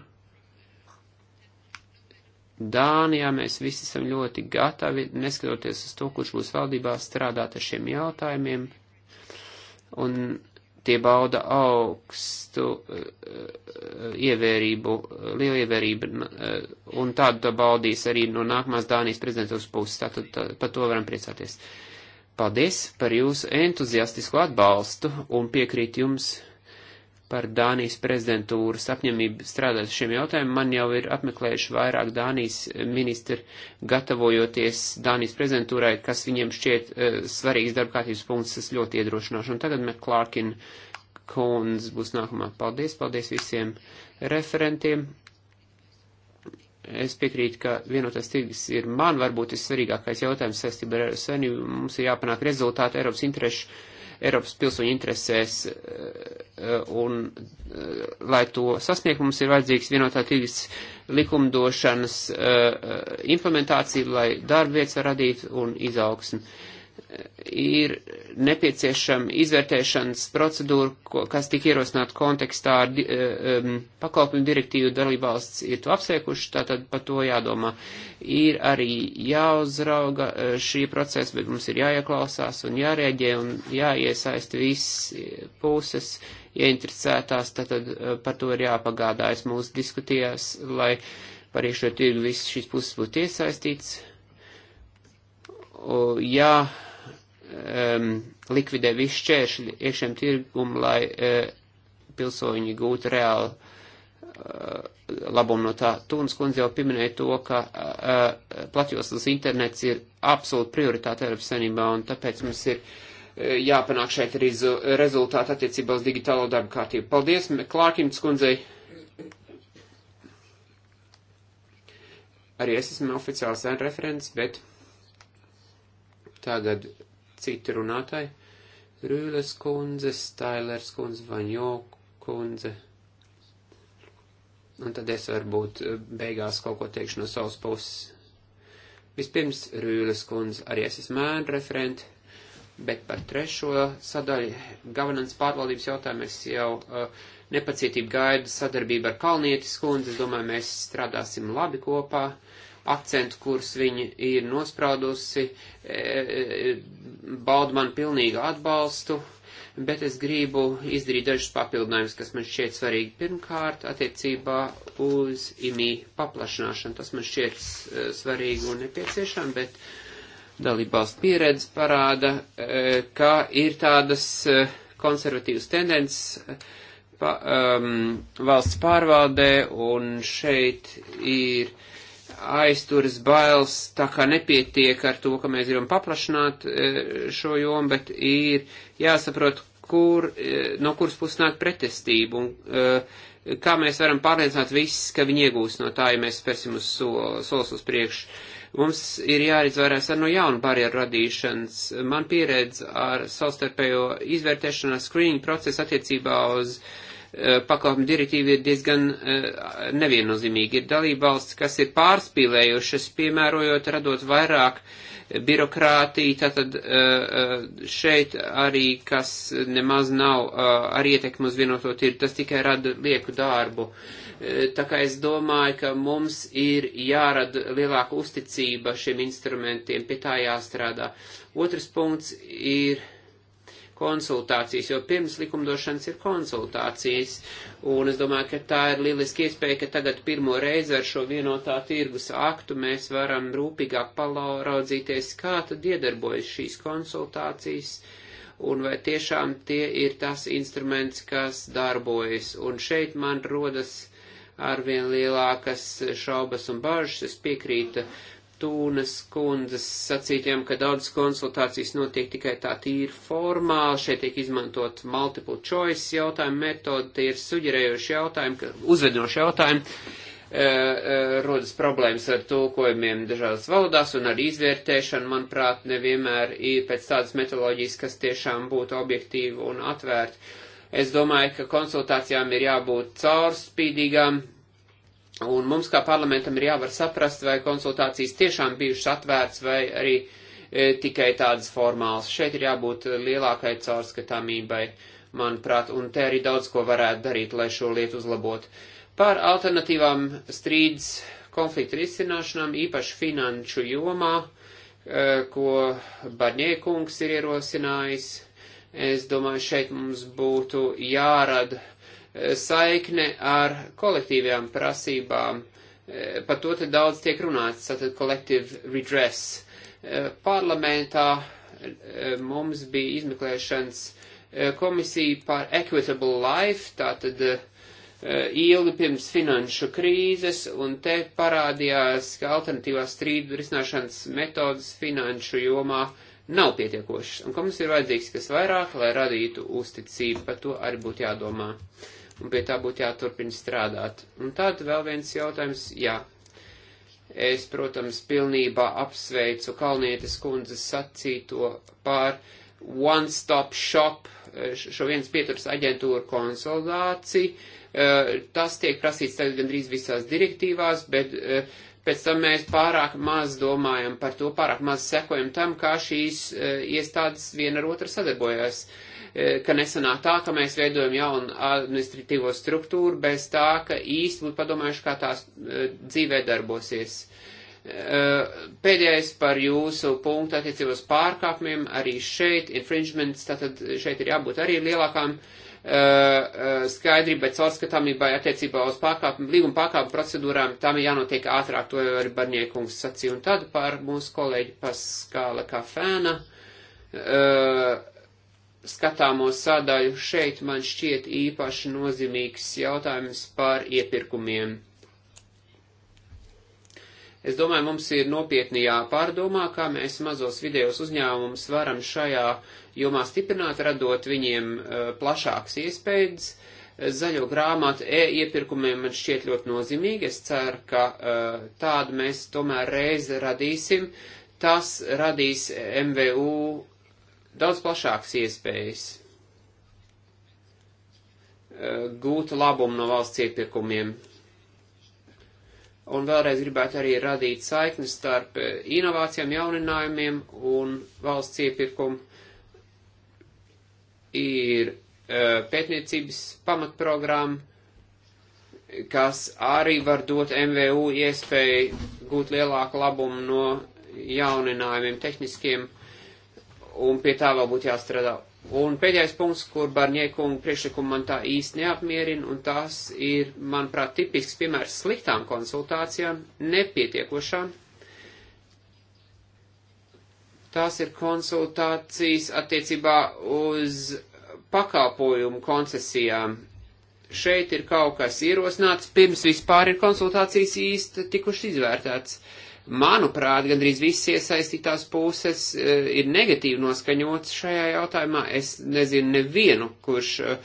Dānijā mēs visi esam ļoti gatavi, neskatoties uz to, kurš būs valdībā, strādāt ar šiem jautājumiem, un tie bauda augstu uh, ievērību, lielu ievērību, uh, un tādu to baudīs arī no nākamās Dānijas prezidentūras puses, tātad tā, par to varam priecāties. Uh, Paldies par jūsu entuziastisko atbalstu un piekrīt jums par Dānijas prezidentūras apņemību strādāt šiem jautājumiem. Man jau ir apmeklējuši vairāk Dānijas ministri, gatavojoties Dānijas prezidentūrai, kas viņiem šķiet uh, svarīgs darbkārtības punkts, tas ļoti iedrošināšu. Un tagad Meklārkin Kons būs nākamā. Paldies, paldies visiem referentiem. Es piekrītu, ka vienotais tirgus ir man varbūt vissvarīgākais jautājums saistībā ar Eiropas Savienību. Mums ir jāpanāk rezultāti Eiropas interešu, Eiropas pilsoņu interesēs, eh, un eh, lai to sasniegt, mums ir vajadzīgs vienotā tirgus likumdošanas eh, implementācija, lai darbvietas radītu un izaugsmi ir nepieciešama izvērtēšanas procedūra, ko, kas tika ierosināta kontekstā ar di, um, pakalpojumu direktīvu dalībvalsts ir to apsveikuši, tātad par to jādomā. Ir arī jāuzrauga eh, šī procesa, bet mums ir jāieklausās un jārēģē un jāiesaista viss puses ieinteresētās, tātad eh, par to ir jāpagādājas mūsu diskutijās, lai par iekšējo tirgu visas šīs puses būtu iesaistīts. O, jā, ja um, likvidē visu šķēršļu iekšējiem tirgumu, lai uh, pilsoņi gūtu reāli uh, labumu no tā. Tūnas kundze jau pieminēja to, ka uh, platjoslas internets ir absolūta prioritāte Eiropas Savienībā, un tāpēc mums ir uh, jāpanāk šeit arī rezultāti attiecībā uz digitālo darbu kārtību. Paldies, Klārkins kundzei. Arī es esmu oficiāls referents, bet tagad citi runātāji. Rūles kundze, Stailers kundze, Vaņo kundze. Un tad es varbūt eh, beigās kaut ko teikšu no savas puses. Vispirms Rūles kundze, arī es esmu mēn referenti, bet par trešo sadaļu governance pārvaldības jautājumu es jau uh, nepacietību gaidu sadarbību ar Kalnietis kundzi. Es domāju, mēs strādāsim labi kopā. Uh, akcentu, kurus viņa ir nospraudusi, e, e, baudu man pilnīgu atbalstu, bet es gribu izdarīt dažus papildinājumus, kas man šķiet svarīgi. Pirmkārt, attiecībā uz imī paplašināšanu, tas man šķiet e, svarīgi un nepieciešami, bet dalībvalstu pieredze parāda, ka ir tādas konservatīvas tendences pa, um, valsts pārvaldē, un šeit ir aizturas bailes, tā kā nepietiek ar to, ka mēs gribam paplašināt e, šo jomu, bet ir jāsaprot, kur, e, no kuras puses nāk pretestība un e, kā mēs varam pārliecināt visus, ka viņi iegūs no tā, ja mēs spērsim uz sol, solis uz priekšu. Mums ir jāredz vairāk ar no jaunu barjeru radīšanas. Man pieredze ar savstarpējo izvērtēšanā screening procesu attiecībā uz uh, Eh, pakalpojumu direktīva ir diezgan eh, neviennozīmīga. Ir dalībvalsts, kas ir pārspīlējušas, piemērojot, radot vairāk birokrātiju, tātad eh, šeit arī, kas nemaz nav ar ietekmu uz vienoto tirgu, tas tikai rada lieku darbu. Tā kā es domāju, ka mums ir jārada lielāka uzticība šiem instrumentiem, pie tā jāstrādā. Otrs punkts ir konsultācijas, jo pirms likumdošanas ir konsultācijas, un es domāju, ka tā ir lieliski iespēja, ka tagad pirmo reizi ar šo vienotā tirgus aktu mēs varam rūpīgāk palaudzīties, kā tad iedarbojas šīs konsultācijas, un vai tiešām tie ir tas instruments, kas darbojas, un šeit man rodas arvien lielākas šaubas un bažas, es piekrītu. Uh, Tūnes kundzes sacītiem, ka daudzas konsultācijas notiek tikai tā tīri formāli, šeit tiek izmantot multiple choice jautājumu metodi, tie ir suģerējoši jautājumi, uzvedinoši jautājumi, e, e, rodas problēmas ar tulkojumiem dažādās valodās un ar izvērtēšanu, manuprāt, nevienmēr ir pēc tādas metoloģijas, kas tiešām būtu objektīva un atvērta. Es domāju, ka konsultācijām ir jābūt caurspīdīgām, Un mums kā parlamentam ir jāvar saprast, vai konsultācijas tiešām bijušas atvērts vai arī e, tikai tādas formālas. Šeit ir jābūt lielākai caurskatāmībai, manuprāt, un te arī daudz ko varētu darīt, lai šo lietu uzlabotu. Par alternatīvām strīdus konfliktu risināšanām, īpaši finanšu jomā, e, ko Barņēkungs ir ierosinājis. Es domāju, šeit mums būtu jārada Eh, saikne ar kolektīvajām prasībām. Eh, par to te daudz tiek runāts, tātad collective redress. Eh, parlamentā mums bija izmeklēšanas komisija par equitable life, tātad ilgi pirms finanšu krīzes, un te parādījās, ka alternatīvās strīdu risināšanas metodas finanšu jomā nav pietiekošas, un ka mums ir vajadzīgs kas vairāk, lai radītu uzticību, par to arī būtu jādomā. Uh, un pie tā būtu jāturpina strādāt. Un tad vēl viens jautājums, jā. Es, protams, pilnībā apsveicu Kalnietes kundzes sacīto par one-stop shop, eh, šo viens pieturs aģentūru konsolidāciju. Eh, tas tiek prasīts tagad gandrīz visās direktīvās, bet eh, pēc tam mēs pārāk maz domājam par to, pārāk maz sekojam tam, kā šīs iestādes viena ar otru sadarbojas. Uh, E, ka nesanāk tā, ka mēs veidojam jaunu administratīvo struktūru bez tā, ka īsti būtu padomājuši, kā tās e, dzīvē darbosies. E, pēdējais par jūsu punktu attiecībos pārkāpumiem, arī šeit infringements, tātad šeit ir jābūt arī lielākām skaidrībai, caurskatāmībai attiecībā uz pārkāpumu, līguma pārkāpumu procedūrām, tam ir jānotiek ātrāk, to jau arī Barņiekungs sacīja. Un tad par mūsu kolēģi Paskāla Kafēna. Uh, skatāmo sādaļu šeit man šķiet īpaši nozīmīgs jautājums par iepirkumiem. Es domāju, mums ir nopietni jāpārdomā, kā mēs mazos vidējos uzņēmumus varam šajā jomā stiprināt, radot viņiem e, plašāks iespējas. Zaļo grāmatu e-iepirkumiem man šķiet ļoti nozīmīgi. Es ceru, ka e, tādu mēs tomēr reizi radīsim. Tas radīs MVU daudz plašākas iespējas eh, gūt labumu no valsts iepirkumiem. Un vēlreiz gribētu arī radīt saiknes starp eh, inovācijām, jauninājumiem un valsts iepirkumu. Ir eh, pētniecības pamatprogramma, kas arī var dot MVU iespēju gūt lielāku labumu no jauninājumiem, tehniskiem un pie tā vēl būtu jāstrādā. Un pēdējais punkts, kur Barņiekunga priekšlikuma man tā īsti neapmierina, un tās ir, manuprāt, tipisks piemērs sliktām konsultācijām, nepietiekošām. Tās ir konsultācijas attiecībā uz pakalpojumu koncesijām. Šeit ir kaut kas ierosināts, pirms vispār ir konsultācijas īsti tikuši izvērtēts. Uh, Manuprāt, gandrīz visas iesaistītās puses e, ir negatīvi noskaņotas šajā jautājumā. Es nezinu nevienu, kurš e,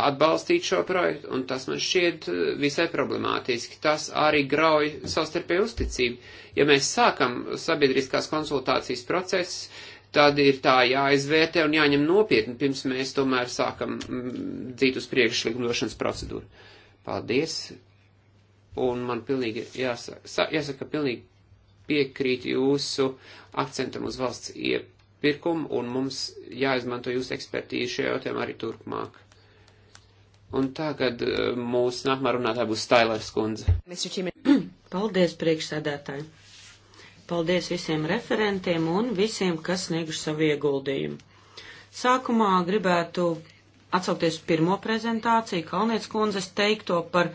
atbalstīt šo projektu, un tas man šķiet e, visai problemātiski. Tas arī grauj savstarpēju uzticību. Ja mēs sākam sabiedriskās konsultācijas procesus, tad ir tā jāizvērtē un jāņem nopietni, pirms mēs tomēr sākam dzīt uz priekšu likumdošanas procedūru. Paldies, un man pilnīgi jāsaka, jāsaka pilnīgi piekrīt jūsu akcentam uz valsts iepirkumu, un mums jāizmanto jūsu ekspertīzi šajā jautājumā arī turpmāk. Un tagad eh, mūsu nākamā runātāja būs Stailers kundze. Paldies, priekšsēdētāji! Paldies visiem referentiem un visiem, kas snieguši savu ieguldījumu. Sākumā gribētu atsaukties pirmo prezentāciju Kalnietes kundzes teikto par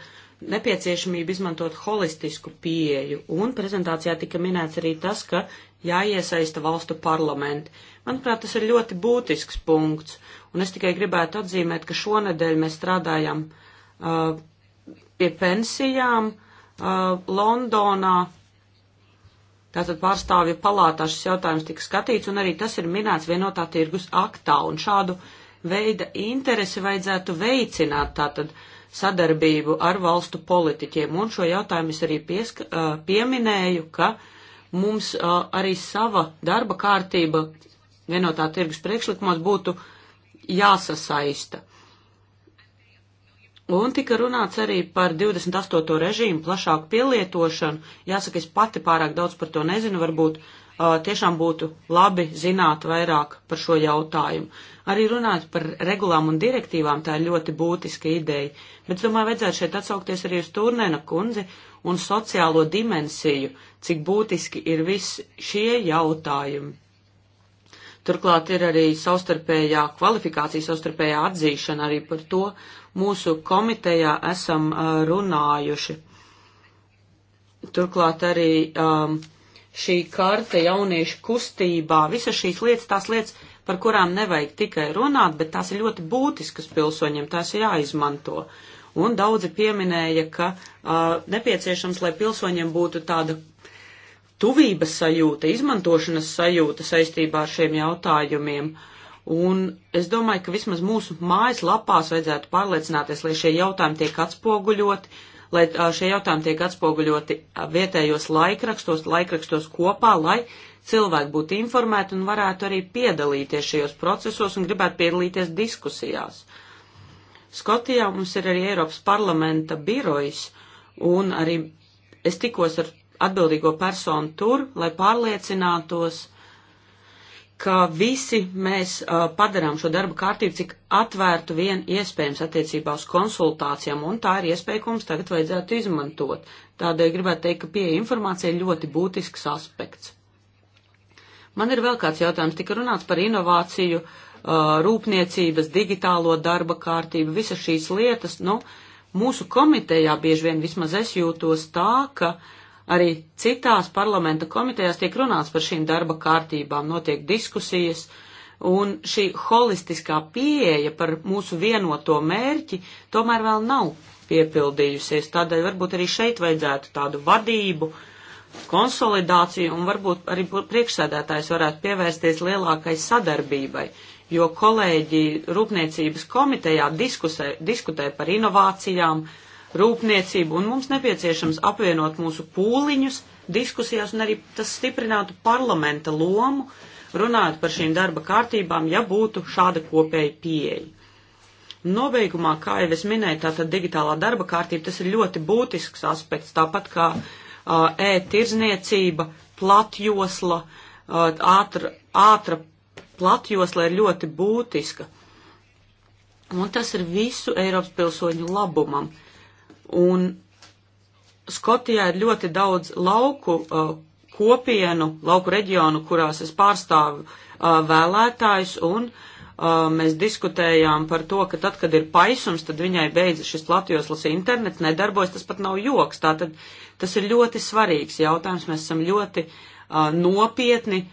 nepieciešamību izmantot holistisku pieeju, un prezentācijā tika minēts arī tas, ka jāiesaista valstu parlamenti. Manuprāt, tas ir ļoti būtisks punkts, un es tikai gribētu atzīmēt, ka šonedēļ mēs strādājam uh, pie pensijām uh, Londonā. Tātad pārstāvju palātā šis jautājums tika skatīts, un arī tas ir minēts vienotā tirgus aktā, un šādu veidu interesi vajadzētu veicināt. Tātad uh, sadarbību ar valstu politiķiem. Un šo jautājumu es arī pieska, pieminēju, ka mums arī sava darba kārtība vienotā tirgus priekšlikumos būtu jāsasaista. Un tika runāts arī par 28. režīmu plašāku pielietošanu. Jāsaka, es pati pārāk daudz par to nezinu, varbūt uh, tiešām būtu labi zināt vairāk par šo jautājumu. Arī runāt par regulām un direktīvām tā ir ļoti būtiska ideja, bet es domāju, vajadzētu šeit atsaukties arī uz Turnēna kundzi un sociālo dimensiju, cik būtiski ir visi šie jautājumi. Turklāt ir arī savstarpējā kvalifikācija, savstarpējā atzīšana, arī par to mūsu komitejā esam uh, runājuši. Turklāt arī um, šī karte jauniešu kustībā, visas šīs lietas, tās lietas, par kurām nevajag tikai runāt, bet tās ir ļoti būtiskas pilsoņiem, tās ir jāizmanto. Un daudzi pieminēja, ka uh, nepieciešams, lai pilsoņiem būtu tāda tuvības sajūta, izmantošanas sajūta saistībā ar šiem jautājumiem. Un es domāju, ka vismaz mūsu mājas lapās vajadzētu pārliecināties, lai šie jautājumi tiek atspoguļoti, lai šie jautājumi tiek atspoguļoti vietējos laikrakstos, laikrakstos kopā, lai cilvēki būtu informēti un varētu arī piedalīties šajos procesos un gribētu piedalīties diskusijās. Skotijā mums ir arī Eiropas parlamenta birojs, un arī es tikos ar atbildīgo personu tur, lai pārliecinātos, ka visi mēs uh, padarām šo darbu kārtību, cik atvērtu vien iespējams attiecībā uz konsultācijām, un tā ir iespēja, ko mums tagad vajadzētu izmantot. Tādēļ gribētu teikt, ka pieeja informācija ir ļoti būtisks aspekts. Man ir vēl kāds jautājums, tika runāts par inovāciju, uh, rūpniecības, digitālo darba kārtību, visas šīs lietas, nu, mūsu komitejā bieži vien vismaz es jūtos tā, ka uh, Arī citās parlamenta komitejās tiek runāts par šīm darba kārtībām, notiek diskusijas, un šī holistiskā pieeja par mūsu vienoto mērķi tomēr vēl nav piepildījusies. Tādēļ varbūt arī šeit vajadzētu tādu vadību, konsolidāciju, un varbūt arī priekšsēdētājs varētu pievērsties lielākai sadarbībai jo kolēģi Rūpniecības komitejā diskusē, diskutē par inovācijām, uh, rūpniecību, un mums nepieciešams apvienot mūsu pūliņus diskusijās un arī tas stiprinātu parlamenta lomu, runājot par šīm darba kārtībām, ja būtu šāda kopēja pieeja. Nobeigumā, kā jau es minēju, tātad digitālā darba kārtība, tas ir ļoti būtisks aspekts, tāpat kā uh, e-tirzniecība, platjosla, uh, ātra, ātra platjosla ir ļoti būtiska. Un tas ir visu Eiropas pilsoņu labumam. Un Skotijā ir ļoti daudz lauku uh, kopienu, lauku reģionu, kurās es pārstāvu uh, vēlētājus, un uh, mēs diskutējām par to, ka tad, kad ir paisums, tad viņai beidzas šis platjoslas internets, nedarbojas, tas pat nav joks. Tātad tas ir ļoti svarīgs jautājums, mēs esam ļoti uh, nopietni,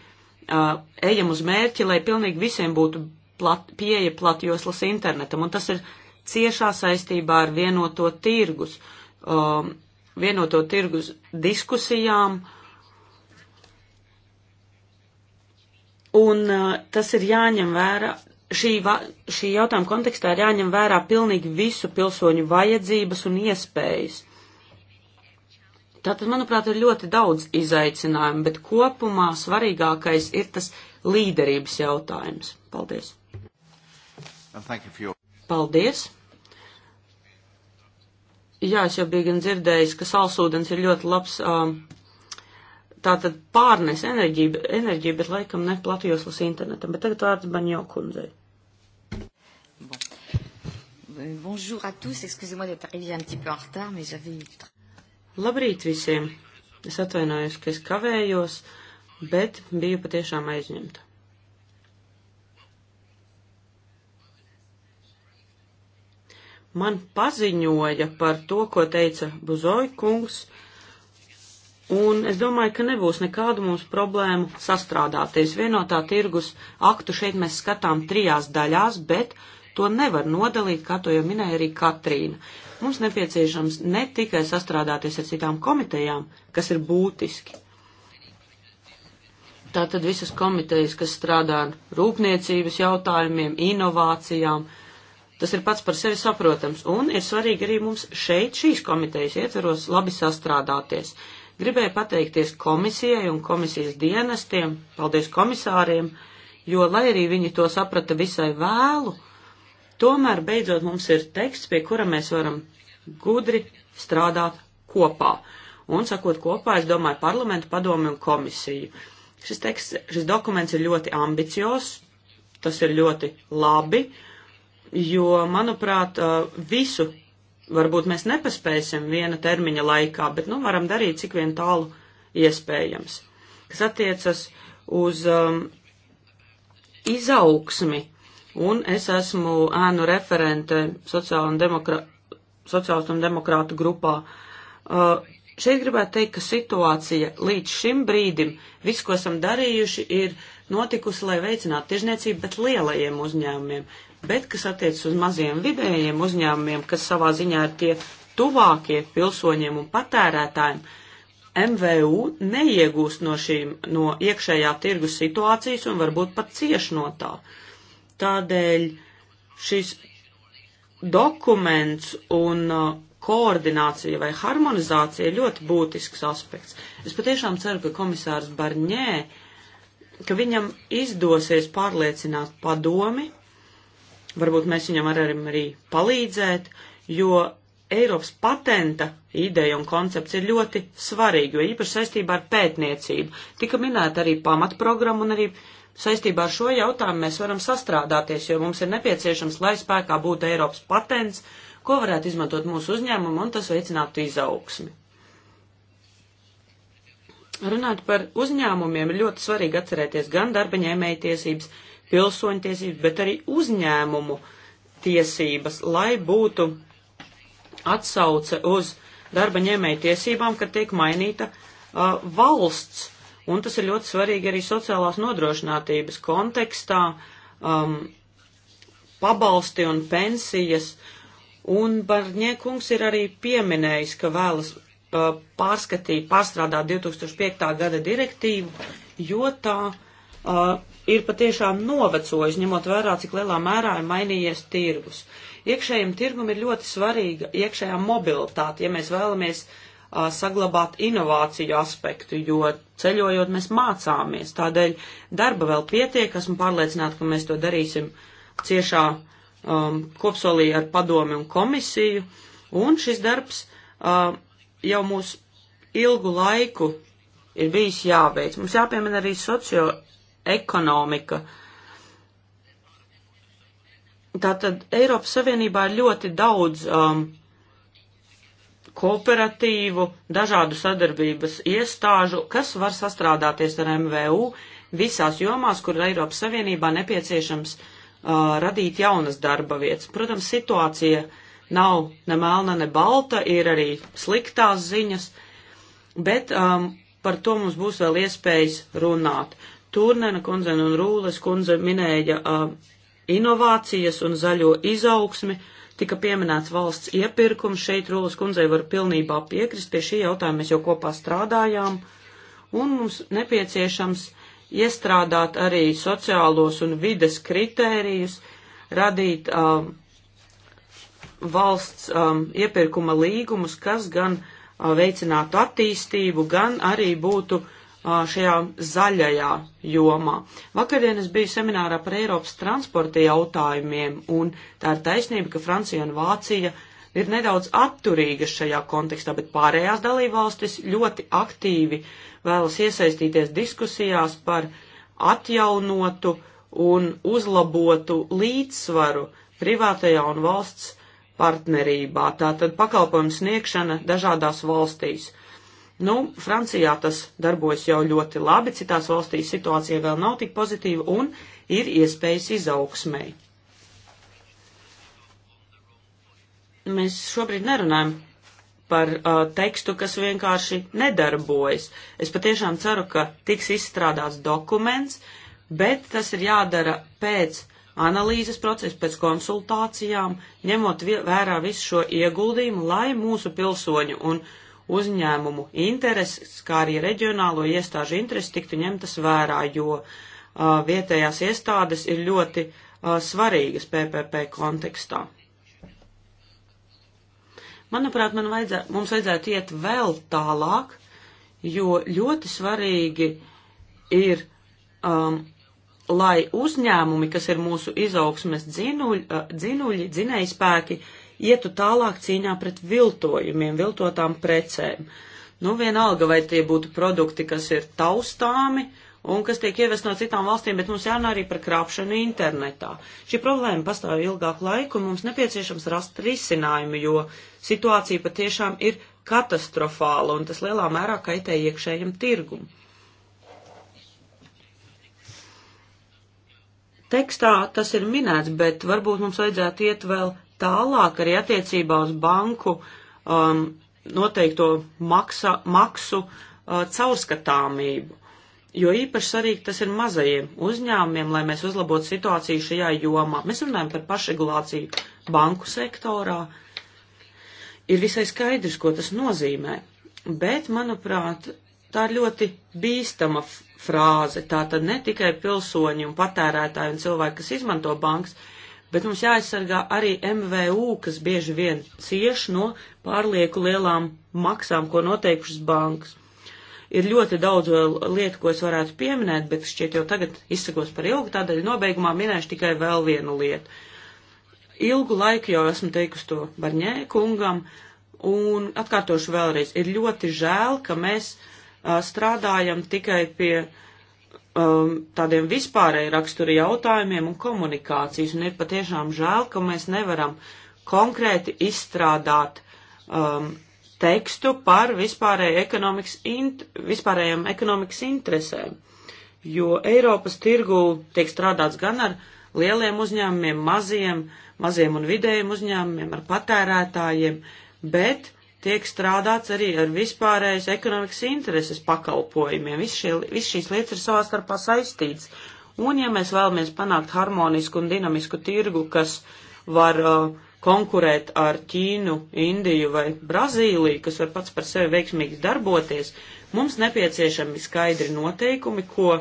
uh, ejam uz mērķi, lai pilnīgi visiem būtu plat, pieeja platjoslas internetam, un tas ir ciešā saistībā ar vienoto tirgus, um, vienoto tirgus diskusijām. Un uh, tas ir jāņem vērā, šī, va, šī jautājuma kontekstā ir jāņem vērā pilnīgi visu pilsoņu vajadzības un iespējas. Tātad, manuprāt, ir ļoti daudz izaicinājumu, bet kopumā svarīgākais ir tas līderības jautājums. Paldies! Paldies! Jā, es jau biju gan dzirdējis, ka salsūdens ir ļoti labs um, tātad pārnes enerģiju, enerģiju, bet laikam ne platjoslas internetam. Bet tagad vārds Baņo kundzei. Bon. Euh, bonjour à tous, excusez-moi d'être arrivé un petit peu en retard, mais j'avais... Labrīt visiem! Es atvainojos, ka es kavējos, bet biju patiešām aizņemta. man paziņoja par to, ko teica Buzoja kungs, un es domāju, ka nebūs nekādu mums problēmu sastrādāties. Vienotā tirgus aktu šeit mēs skatām trijās daļās, bet to nevar nodalīt, kā to jau minēja arī Katrīna. Mums nepieciešams ne tikai sastrādāties ar citām komitejām, kas ir būtiski, Tātad visas komitejas, kas strādā ar rūpniecības jautājumiem, inovācijām, Tas ir pats par sevi saprotams, un ir svarīgi arī mums šeit šīs komitejas ietveros labi sastrādāties. Gribēju pateikties komisijai un komisijas dienestiem, paldies komisāriem, jo, lai arī viņi to saprata visai vēlu, tomēr beidzot mums ir teksts, pie kura mēs varam gudri strādāt kopā. Un, sakot kopā, es domāju parlamentu, padomi un komisiju. Šis teksts, šis dokuments ir ļoti ambicios, tas ir ļoti labi jo, manuprāt, visu varbūt mēs nepaspēsim viena termiņa laikā, bet, nu, varam darīt cik vien tālu iespējams. Kas attiecas uz um, izaugsmi, un es esmu ēnu referente sociāla un demokrā, sociālistu un demokrātu grupā. Uh, šeit gribētu teikt, ka situācija līdz šim brīdim, viss, ko esam darījuši, ir notikusi, lai veicinātu tirzniecību, bet lielajiem uzņēmumiem bet kas attiecas uz maziem vidējiem uzņēmumiem, kas savā ziņā ir tie tuvākie pilsoņiem un patērētājiem, MVU neiegūst no, šī, no iekšējā tirgus situācijas un varbūt pat cieš no tā. Tādēļ šis dokuments un uh, koordinācija vai harmonizācija ir ļoti būtisks aspekts. Es patiešām ceru, ka komisārs Barņē, ka viņam izdosies pārliecināt padomi Varbūt mēs viņam varam arī palīdzēt, jo Eiropas patenta ideja un koncepts ir ļoti svarīgi, jo īpaši saistībā ar pētniecību. Tika minēta arī pamatprogramma un arī saistībā ar šo jautājumu mēs varam sastrādāties, jo mums ir nepieciešams, lai spēkā būtu Eiropas patents, ko varētu izmantot mūsu uzņēmumu un tas veicinātu izaugsmi. Runāt par uzņēmumiem ir ļoti svarīgi atcerēties gan darba ņēmēja tiesības, pilsoņu tiesības, bet arī uzņēmumu tiesības, lai būtu atsauce uz darba ņēmēju tiesībām, kad tiek mainīta uh, valsts. Un tas ir ļoti svarīgi arī sociālās nodrošinātības kontekstā, um, pabalsti un pensijas. Un Barņēkungs ir arī pieminējis, ka vēlas uh, pārskatīt, pārstrādāt 2005. gada direktīvu, jo tā uh, ir patiešām novecojis, ņemot vērā, cik lielā mērā ir mainījies tirgus. Iekšējiem tirgum ir ļoti svarīga iekšējā mobilitāte, ja mēs vēlamies uh, saglabāt inovāciju aspektu, jo ceļojot mēs mācāmies. Tādēļ darba vēl pietiek, esmu pārliecināta, ka mēs to darīsim ciešā um, kopsolī ar padomi un komisiju. Un šis darbs uh, jau mūs ilgu laiku ir bijis jāveic. Mums jāpiemina arī socio ekonomika. Tātad Eiropas Savienībā ir ļoti daudz um, kooperatīvu, dažādu sadarbības iestāžu, kas var sastrādāties ar MVU visās jomās, kur Eiropas Savienībā nepieciešams uh, radīt jaunas darba vietas. Protams, situācija nav ne melna, ne balta, ir arī sliktās ziņas, bet um, par to mums būs vēl iespējas runāt. Turnena kundze un Rūles kundze minēja uh, inovācijas un zaļo izaugsmi, tika pieminēts valsts iepirkums, šeit Rūles kundzei var pilnībā piekrist, pie šī jautājuma mēs jau kopā strādājām, un mums nepieciešams iestrādāt arī sociālos un vides kritērijus, radīt um, valsts um, iepirkuma līgumus, kas gan uh, veicinātu attīstību, gan arī būtu uh, šajā zaļajā jomā. Vakardien es biju seminārā par Eiropas transporta jautājumiem, un tā ir taisnība, ka Francija un Vācija ir nedaudz atturīgas šajā kontekstā, bet pārējās dalībvalstis ļoti aktīvi vēlas iesaistīties diskusijās par atjaunotu un uzlabotu līdzsvaru privātajā un valsts partnerībā, tātad pakalpojumu sniegšana dažādās valstīs. Nu, Francijā tas darbojas jau ļoti labi, citās valstīs situācija vēl nav tik pozitīva un ir iespējas izaugsmēji. Mēs šobrīd nerunājam par uh, tekstu, kas vienkārši nedarbojas. Es patiešām ceru, ka tiks izstrādāts dokuments, bet tas ir jādara pēc analīzes procesu, pēc konsultācijām, ņemot vērā visu šo ieguldījumu, lai mūsu pilsoņu un uh, uzņēmumu intereses, kā arī reģionālo iestāžu intereses tiktu ņemtas vērā, jo uh, vietējās iestādes ir ļoti uh, svarīgas PPP kontekstā. Manuprāt, man vajadzē, mums vajadzētu iet vēl tālāk, jo ļoti svarīgi ir, um, lai uzņēmumi, kas ir mūsu izaugsmes dzinuļi, dzinuļi dzinējspēki, uh, ietu tālāk cīņā pret viltojumiem, viltotām precēm. Nu, vienalga, vai tie būtu produkti, kas ir taustāmi un kas tiek ievest no citām valstīm, bet mums jārunā arī par krāpšanu internetā. Šī problēma pastāv ilgāku laiku un mums nepieciešams rast risinājumu, jo situācija patiešām ir katastrofāla un tas lielā mērā kaitē iekšējiem tirgumam. Tekstā tas ir minēts, bet varbūt mums vajadzētu iet vēl tālāk arī attiecībā uz banku um, noteikto maksa, maksu uh, caurskatāmību. Jo īpaši svarīgi tas ir mazajiem uzņēmumiem, lai mēs uzlabotu situāciju šajā jomā. Mēs runājam par pašregulāciju banku sektorā. Ir visai skaidrs, ko tas nozīmē. Bet, manuprāt, Tā ir ļoti bīstama frāze. Tā tad ne tikai pilsoņi un patērētāji un cilvēki, kas izmanto bankas, bet mums jāaizsargā arī MVU, kas bieži vien cieš no pārlieku lielām maksām, ko noteikušas bankas. Ir ļoti daudz eh, lietu, ko es varētu pieminēt, bet šķiet jau tagad izsakos par ilgu, tādēļ nobeigumā minēšu tikai vēl vienu lietu. Ilgu laiku jau esmu teikusi to Barņē kungam, un atkārtošu vēlreiz, ir ļoti žēl, ka mēs uh, strādājam tikai pie um, tādiem vispārēju raksturu jautājumiem un komunikācijas, un ir patiešām žēl, ka mēs nevaram konkrēti izstrādāt um, tekstu par vispārēju ekonomikas int, vispārējām ekonomikas interesēm, jo Eiropas tirgu tiek strādāts gan ar lieliem uzņēmumiem, maziem, maziem un vidējiem uzņēmumiem, ar patērētājiem, bet tiek strādāts arī ar vispārējais ekonomikas intereses pakalpojumiem. Viss vis šīs lietas ir savā starpā saistīts. Un ja mēs vēlamies panākt harmonisku un dinamisku tirgu, kas var uh, konkurēt ar Ķīnu, Indiju vai Brazīliju, kas var pats par sevi veiksmīgi darboties, mums nepieciešami skaidri noteikumi, ko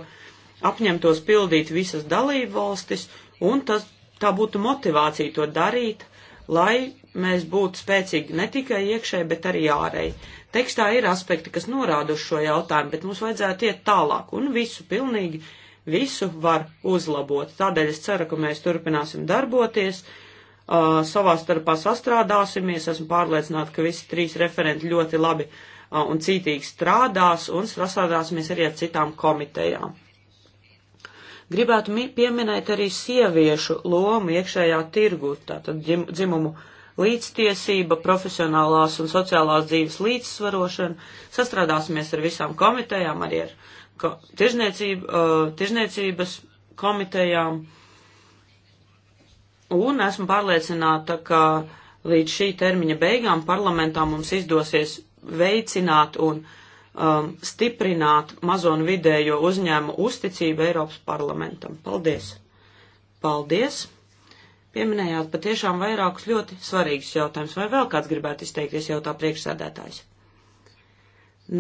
apņemtos pildīt visas dalību valstis, un tas, tā būtu motivācija to darīt, lai mēs būtu spēcīgi ne tikai iekšēji, bet arī ārēji. Tekstā ir aspekti, kas norāda uz šo jautājumu, bet mums vajadzētu iet tālāk un visu pilnīgi, visu var uzlabot. Tādēļ es ceru, ka mēs turpināsim darboties, uh, savā starpā sastrādāsimies, esmu pārliecināta, ka visi trīs referenti ļoti labi uh, un cītīgi strādās un sastrādāsimies arī ar citām komitejām. Gribētu pieminēt arī sieviešu lomu iekšējā tirgu, tātad dzimumu. Uh, līdztiesība, profesionālās un sociālās dzīves līdzsvarošana. Sastrādāsimies ar visām komitejām, arī ar ko, tirzniecība, uh, tirzniecības komitejām. Un esmu pārliecināta, ka līdz šī termiņa beigām parlamentā mums izdosies veicināt un um, stiprināt mazo un vidējo uzņēmu uzticību Eiropas parlamentam. Paldies! Paldies! Pieminējāt patiešām vairākus ļoti svarīgus jautājumus. Vai vēl kāds gribētu izteikties jautā priekšsēdētājs?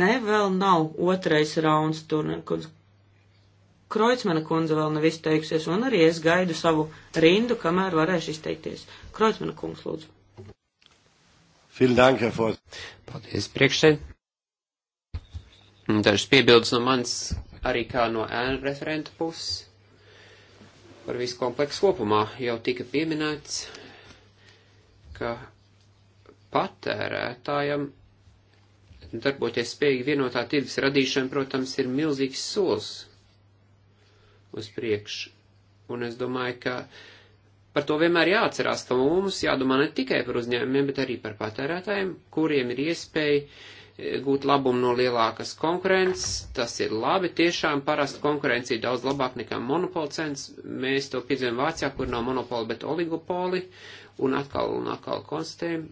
Ne, vēl nav otrais rauns turnēr, kundze. Kreutzmana kundze vēl nav izteikusies, un arī es gaidu savu rindu, kamēr varēšu izteikties. Kreutzmana kungs, lūdzu. Paldies, priekšsēd. Dažas piebildes no manis arī kā no ēnu referentu puses par visu kompleksu kopumā. Jau tika pieminēts, ka patērētājam darboties spējīgi vienotā tirgus radīšana, protams, ir milzīgs solis uz priekšu. Un es domāju, ka par to vienmēr jāatcerās, ka mums jādomā ne tikai par uzņēmumiem, bet arī par patērētājiem, kuriem ir iespēja uh, gūt labumu no lielākas konkurences, tas ir labi, tiešām parasti konkurence ir daudz labāk nekā monopolcents, mēs to piedzīvojam Vācijā, kur nav monopoli, bet oligopoli, un atkal un atkal konstatējam,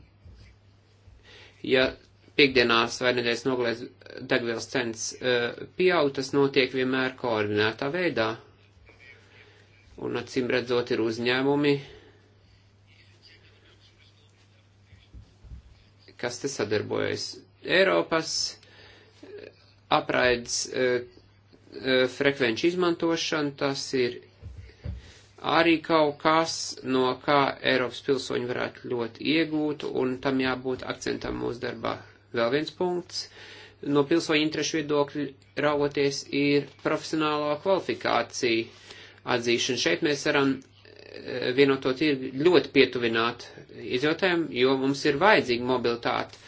ja piekdienās vai nedēļas nogalēs degvielas cenas eh, pieaug, tas notiek vienmēr koordinētā veidā, un acīm redzot ir uzņēmumi, kas te sadarbojas Eiropas eh, apraides eh, eh, frekvenču izmantošana, tas ir arī kaut kas, no kā Eiropas pilsoņi varētu ļoti iegūt, un tam jābūt akcentam mūsu darbā. Vēl viens punkts. No pilsoņu interešu viedokļa raugoties ir profesionālā kvalifikācija atzīšana. Šeit mēs varam vienoto tirgu ļoti pietuvināt izjautājumu, jo mums ir vajadzīga mobilitāte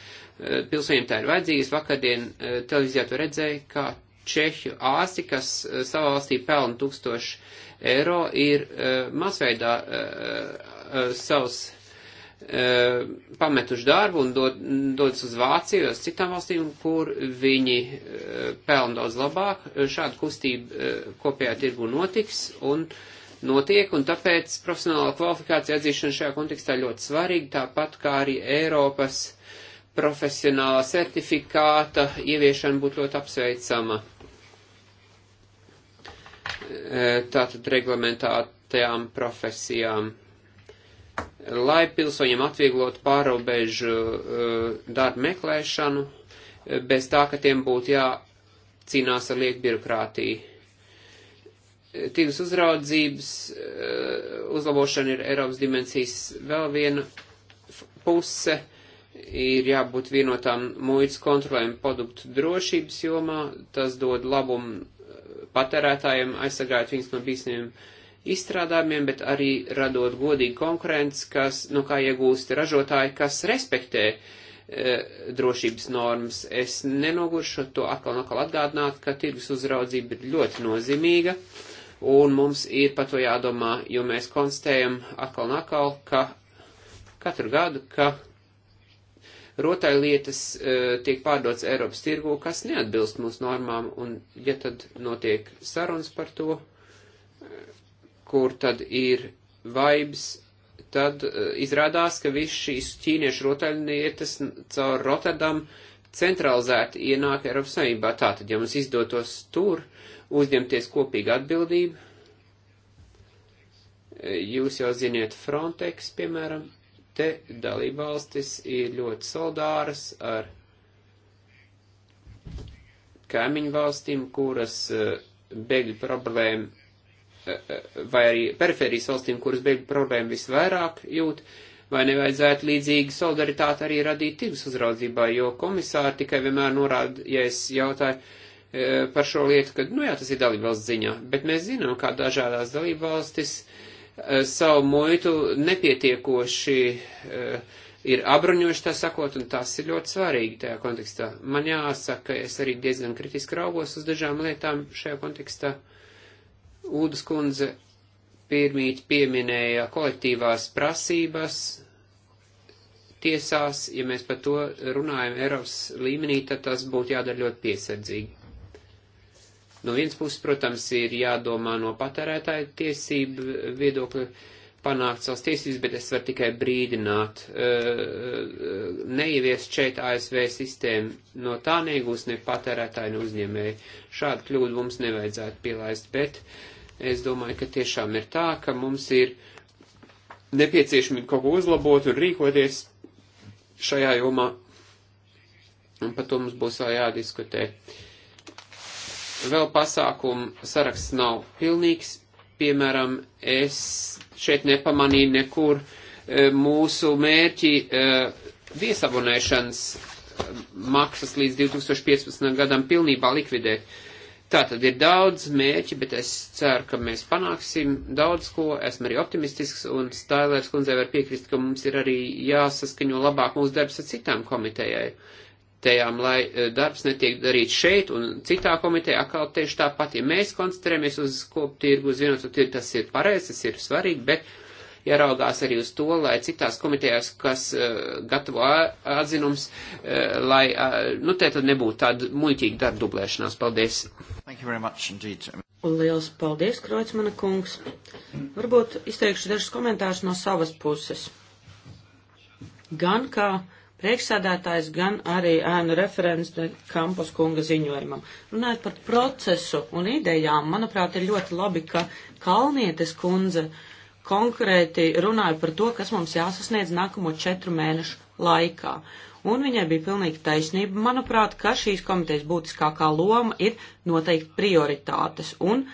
pilsoņiem tā ir vajadzīgas. Vakardien eh, televīzijā to redzēja, kā čehu ārsti, kas eh, savā valstī pelna tūkstoši eiro, ir eh, masveidā savus pametuši darbu un dod, dodas uz Vāciju, uz citām valstīm, kur viņi pelna daudz labāk. Šāda kustība kopējā tirgu notiks un notiek, un tāpēc profesionāla kvalifikācija atzīšana šajā kontekstā ļoti svarīga, tāpat kā arī Eiropas profesionālā certifikāta ieviešana būtu ļoti apsveicama. E, tātad reglamentētajām profesijām. Lai pilsoņiem atvieglotu pārobežu e, darbu meklēšanu, e, bez tā, ka tiem būtu jācīnās ar lieku birokrātiju. Tīras uzraudzības uzlabošana ir Eiropas dimensijas vēl viena puse. Uh, ir jābūt vienotām muitas kontrolēm produktu drošības jomā, tas dod labumu eh, patērētājiem, aizsargājot viņus no bīstamiem izstrādājumiem, bet arī radot godīgu konkurenci, kas, nu kā iegūst ražotāji, kas respektē e, drošības normas. Es nenoguršu to atkal un atkal atgādināt, ka tirgus uzraudzība ir ļoti nozīmīga, un mums ir par to jādomā, jo mēs konstatējam atkal un atkal, ka katru gadu, ka Rotaļlietas e, tiek pārdots Eiropas tirgu, kas neatbilst mūsu normām, un ja tad notiek sarunas par to, e, kur tad ir vaibs, tad e, izrādās, ka viss šīs ķīniešu rotaļlietas caur Rotterdam centralizēti ienāk Eiropas Savienībā. Tātad, ja mums izdotos tur uzņemties kopīgu atbildību, jūs jau ziniet Frontex, piemēram, te dalībvalstis ir ļoti solidāras ar kaimiņu valstīm, kuras eh, bēgļu problēma eh, eh, vai arī periferijas valstīm, kuras bēgļu problēma visvairāk jūt, vai nevajadzētu līdzīgi solidaritāti arī radīt tirgus uzraudzībā, jo komisāri tikai vienmēr norāda, ja es jautāju, par šo lietu, ka, nu jā, tas ir dalībvalsts ziņā, bet mēs zinām, kā dažādās dalībvalstis uh, Eh, savu muitu nepietiekoši eh, ir apbruņojuši, tā sakot, un tas ir ļoti svarīgi tajā kontekstā. Man jāsaka, es arī diezgan kritiski raugos uz dažām lietām šajā kontekstā. Ūdas kundze pirmīt pieminēja kolektīvās prasības tiesās, ja mēs par to runājam Eiropas līmenī, tad tas būtu jādara ļoti piesardzīgi. No vienas puses, protams, ir jādomā no patērētāja tiesību viedokļa panākt savas tiesības, bet es varu tikai brīdināt, eh, eh, neieviest šeit ASV sistēmu, no tā negūs ne patērētāji, ne uzņēmēji. Šādu kļūdu mums nevajadzētu pielaist, bet es domāju, ka tiešām ir tā, ka mums ir nepieciešami kaut ko uzlabot un rīkoties šajā jomā, un par to mums būs vēl jādiskutē. Uh, Vēl pasākumu saraksts nav pilnīgs. Piemēram, es šeit nepamanīju nekur e, mūsu mērķi e, viesabonēšanas e, maksas līdz 2015. gadam pilnībā likvidēt. Tā tad ir daudz mērķi, bet es ceru, ka mēs panāksim daudz ko. Esmu arī optimistisks un Stailers kundzei var piekrist, ka mums ir arī jāsaskaņo labāk mūsu darbs ar citām komitejai, komitejām, lai eh, darbs netiek darīts šeit un citā komiteja atkal tieši tāpat. Ja mēs koncentrējamies uz koptirgu, uz vienotu tirgu, tas ir pareizi, tas ir svarīgi, bet jāraugās arī uz to, lai citās komitejās, kas uh, gatavo atzinums, uh, lai, uh, nu, te tad nebūtu tāda muļķīga darba dublēšanās. Paldies! Un liels paldies, Kroicmana kungs! Varbūt izteikšu dažus komentārus no savas puses. Gan kā priekšsēdētājs, gan arī ēnu referents Kampus kunga ziņojumam. Runājot par procesu un idejām, manuprāt, ir ļoti labi, ka Kalnietes kundze konkrēti runāja par to, kas mums jāsasniedz nākamo četru mēnešu laikā. Un viņai bija pilnīgi taisnība, manuprāt, ka šīs komitejas būtiskākā loma ir noteikti prioritātes un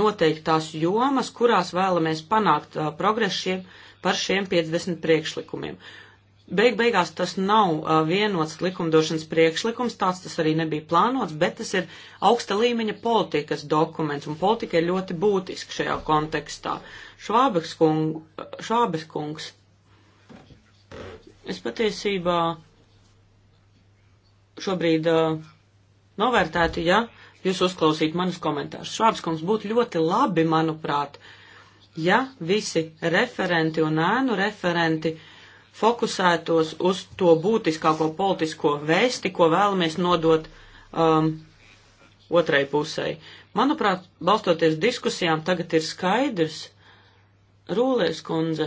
noteikti tās jomas, kurās vēlamies panākt uh, progresu šiem, par šiem 50 priekšlikumiem. Uh, Beig beigās tas nav uh, vienots likumdošanas priekšlikums, tāds tas arī nebija plānots, bet tas ir augsta līmeņa politikas dokuments, un politika ir ļoti būtiska šajā kontekstā. Švābes kung, kungs, es patiesībā šobrīd uh, novērtētu, ja jūs uzklausītu manus komentārus. Švābes kungs būtu ļoti labi, manuprāt, ja visi referenti un ēnu referenti uh, fokusētos uz to būtiskāko politisko vēsti, ko vēlamies nodot um, otrai pusē. Manuprāt, balstoties diskusijām, tagad ir skaidrs, Rūlēs kundze,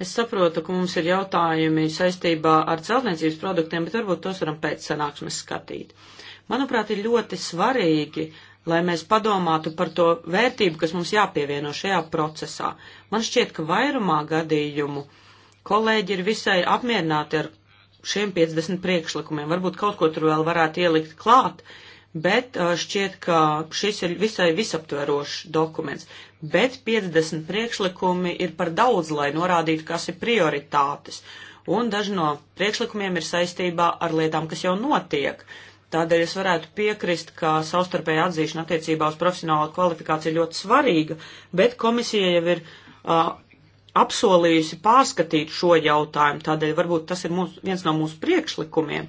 es saprotu, ka mums ir jautājumi saistībā ar celtniecības produktiem, bet varbūt tos varam pēc sanāksmes skatīt. Manuprāt, ir ļoti svarīgi, lai mēs padomātu par to vērtību, kas mums jāpievieno šajā procesā. Man šķiet, ka vairumā gadījumu kolēģi ir visai apmierināti ar šiem 50 priekšlikumiem. Varbūt kaut ko tur vēl varētu ielikt klāt, bet šķiet, ka šis ir visai visaptverošs dokuments. Bet 50 priekšlikumi ir par daudz, lai norādītu, kas ir prioritātes. Un daži no priekšlikumiem ir saistībā ar lietām, kas jau notiek. Uh, Tādēļ es varētu piekrist, ka savstarpēja atzīšana attiecībā uz profesionālo kvalifikāciju ir ļoti svarīga, bet komisija jau ir uh, apsolījusi pārskatīt šo jautājumu, tādēļ varbūt tas ir mūs, viens no mūsu priekšlikumiem,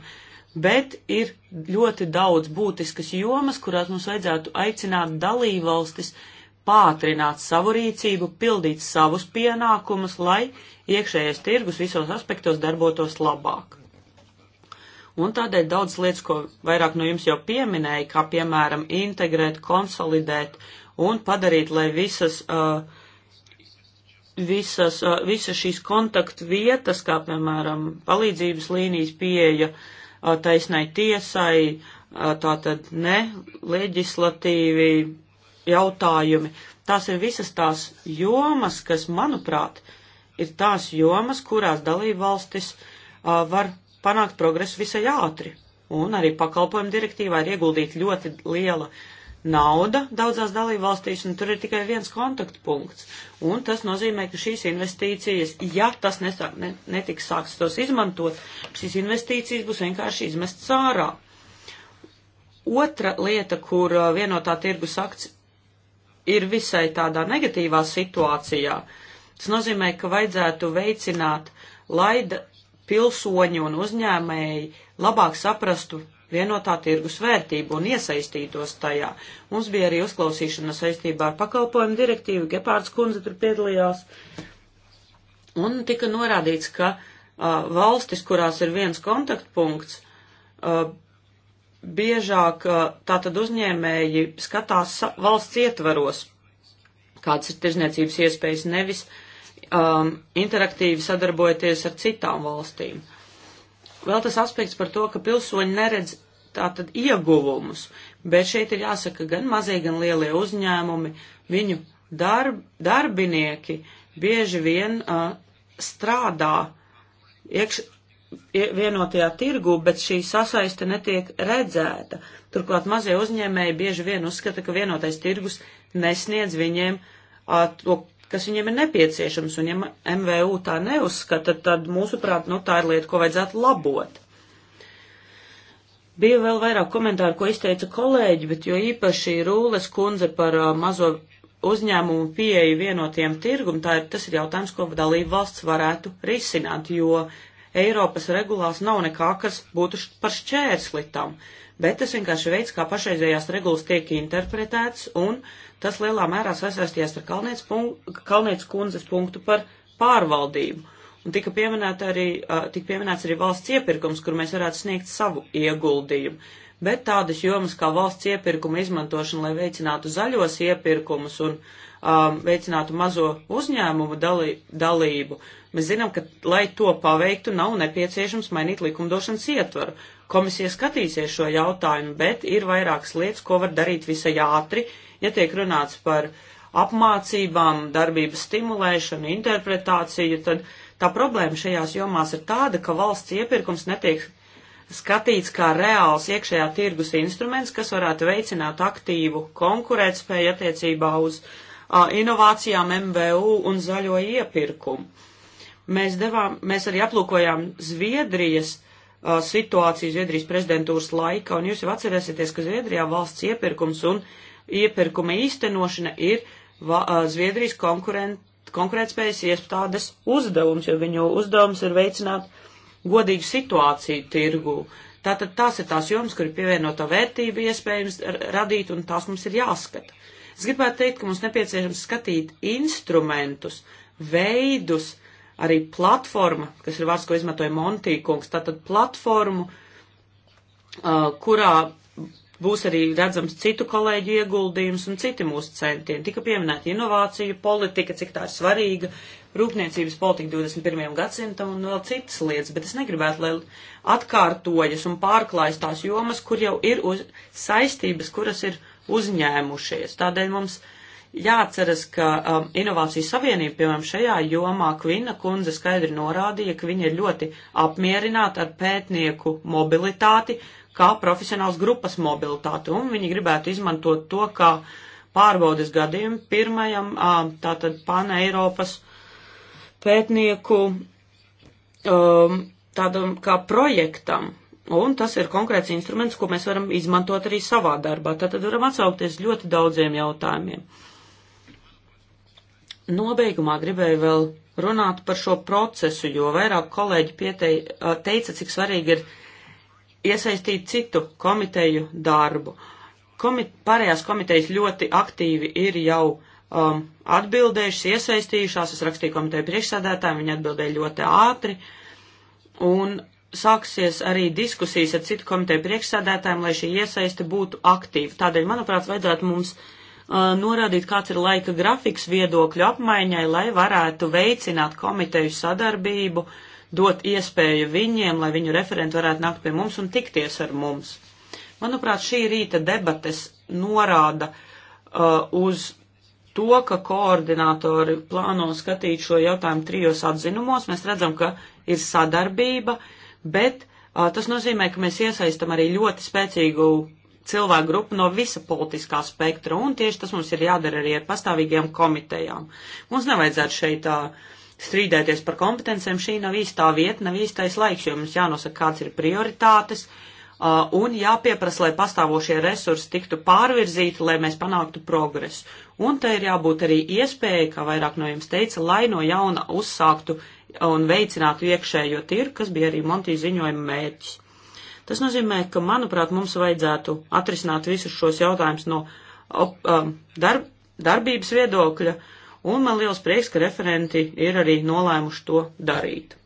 bet ir ļoti daudz būtiskas jomas, kurās mums vajadzētu aicināt dalībvalstis pātrināt savu rīcību, pildīt savus pienākumus, lai iekšējais tirgus visos aspektos darbotos labāk. Un tādēļ daudz lietas, ko vairāk no jums jau pieminēja, kā piemēram integrēt, konsolidēt un padarīt, lai visas, visas, visas šīs kontaktu vietas, kā piemēram palīdzības līnijas pieeja taisnai tiesai, tātad ne leģislatīvi jautājumi, tās ir visas tās jomas, kas, manuprāt, ir tās jomas, kurās dalībvalstis uh, var panākt progresu visai ātri. Un arī pakalpojumu direktīvā ir ieguldīta ļoti liela nauda daudzās dalībvalstīs, un tur ir tikai viens kontaktpunkts. Un tas nozīmē, ka šīs investīcijas, ja tas nesā, ne, netiks sāks tos izmantot, šīs investīcijas būs vienkārši izmestas ārā. Otra lieta, kur uh, vienotā tirgus akts ir visai tādā negatīvā situācijā, tas nozīmē, ka vajadzētu veicināt, lai pilsoņi un uzņēmēji labāk saprastu vienotā tirgus vērtību un iesaistītos tajā. Mums bija arī uzklausīšana saistībā ar pakalpojumu direktīvu, Gepārds kundze tur piedalījās, un tika norādīts, ka uh, valstis, kurās ir viens kontaktpunkts, uh, biežāk uh, tātad uzņēmēji skatās valsts ietvaros, kādas ir tirzniecības iespējas, nevis uh, um, interaktīvi sadarbojaties ar citām valstīm. Vēl tas aspekts par to, ka pilsoņi neredz tātad ieguvumus, bet šeit ir jāsaka gan mazie, gan lielie uzņēmumi, viņu darb, darbinieki bieži vien uh, strādā iekš, vienotajā tirgu, bet šī sasaiste netiek redzēta. Turklāt mazie uzņēmēji bieži vien uzskata, ka vienotais tirgus nesniedz viņiem uh, to kas viņiem ir nepieciešams, un ja MVU tā neuzskata, tad mūsuprāt, nu tā ir lieta, ko vajadzētu labot. Bija vēl vairāk komentāru, ko izteica kolēģi, bet jo īpaši Rūles kundze par uh, mazo uzņēmumu pieeju vienotiem tirgum, tā ir, tas ir jautājums, ko dalību valsts varētu risināt, jo Eiropas regulās nav nekā, kas būtu par šķērsli tam bet tas vienkārši veids, kā pašreizējās regulas tiek interpretēts, un tas lielā mērā sasaisties ar Kalniec, punktu, Kalniec kundzes punktu par pārvaldību. Un tika, pieminēta arī, tika pieminēts arī valsts iepirkums, kur mēs varētu sniegt savu ieguldījumu. Bet tādas jomas kā valsts iepirkuma izmantošana, lai veicinātu zaļos iepirkumus un um, veicinātu mazo uzņēmumu dalī, dalību, mēs zinām, ka, lai to paveiktu, nav nepieciešams mainīt likumdošanas ietvaru. Komisija skatīsies šo jautājumu, bet ir vairākas lietas, ko var darīt visai ātri, ja tiek runāts par apmācībām, darbības stimulēšanu, interpretāciju, tad tā problēma šajās jomās ir tāda, ka valsts iepirkums netiek skatīts kā reāls iekšējā tirgus instruments, kas varētu veicināt aktīvu konkurētspēju attiecībā uz uh, inovācijām MVU un zaļo iepirkumu. Mēs, devām, mēs arī aplūkojām Zviedrijas uh, Uh, situāciju Zviedrijas prezidentūras laika, un jūs jau atcerēsieties, ka Zviedrijā valsts iepirkums un iepirkuma īstenošana ir va, uh, Zviedrijas konkurent, konkurētspējas iestādes uzdevums, jo viņu uzdevums ir veicināt godīgu situāciju tirgū. Tātad tās ir tās jomas, kur ir pievienotā vērtība iespējams radīt, un tās mums ir jāskata. Es gribētu teikt, ka mums nepieciešams skatīt instrumentus, veidus, uh, arī platforma, kas ir vārds, ko izmantoja Montīkungs, tātad platformu, uh, kurā būs arī redzams citu kolēģu ieguldījums un citi mūsu centieni. Tika pieminēta inovācija, politika, cik tā ir svarīga, rūpniecības politika 21. gadsimtam un vēl citas lietas, bet es negribētu, lai atkārtojas un pārklājas tās jomas, kur jau ir uz saistības, kuras ir uzņēmušies. Tādēļ mums. Uh, Jāatceras, ka um, Inovācijas Savienība, piemēram, šajā jomā Kvina kundze skaidri norādīja, ka viņa ir ļoti apmierināta ar pētnieku mobilitāti, kā profesionāls grupas mobilitāti, un viņi gribētu izmantot to kā pārbaudes gadījumu pirmajam um, tātad Paneiropas pētnieku um, tādam kā projektam, Un tas ir konkrēts instruments, ko mēs varam izmantot arī savā darbā. Tātad varam atsaukties ļoti daudziem jautājumiem. Nobeigumā gribēju vēl runāt par šo procesu, jo vairāk kolēģi pietei, teica, cik svarīgi ir iesaistīt citu komiteju darbu. Komit, pārējās komitejas ļoti aktīvi ir jau um, atbildējušas, iesaistījušās. Es rakstīju komiteju priekšsēdētājiem, viņi atbildēja ļoti ātri. Un sāksies arī diskusijas ar citu komiteju priekšsēdētājiem, lai šī iesaiste būtu aktīva. Tādēļ, manuprāt, vajadzētu mums uh, Uh, norādīt, kāds ir laika grafiks viedokļu apmaiņai, lai varētu veicināt komiteju sadarbību, dot iespēju viņiem, lai viņu referenti varētu nākt pie mums un tikties ar mums. Manuprāt, šī rīta debates norāda uh, uz to, ka koordinātori plāno skatīt šo jautājumu trijos atzinumos. Mēs redzam, ka ir sadarbība, bet uh, tas nozīmē, ka mēs iesaistam arī ļoti spēcīgu cilvēku grupu no visa politiskā spektra, un tieši tas mums ir jādara arī ar pastāvīgiem komitejām. Mums nevajadzētu šeit uh, strīdēties par kompetencēm, šī nav īstā vieta, nav īstais laiks, jo mums jānosaka, kāds ir prioritātes, uh, un jāpieprasa, lai pastāvošie resursi tiktu pārvirzīti, lai mēs panāktu progresu. Un te ir jābūt arī iespēja, kā vairāk no jums teica, lai no jauna uzsāktu un veicinātu iekšējo tirgu, kas bija arī Montī ziņojuma mērķis. Tas nozīmē, ka, manuprāt, mums vajadzētu atrisināt visus šos jautājumus no op, um, darb, darbības viedokļa, un man liels prieks, ka referenti ir arī nolēmuši to darīt.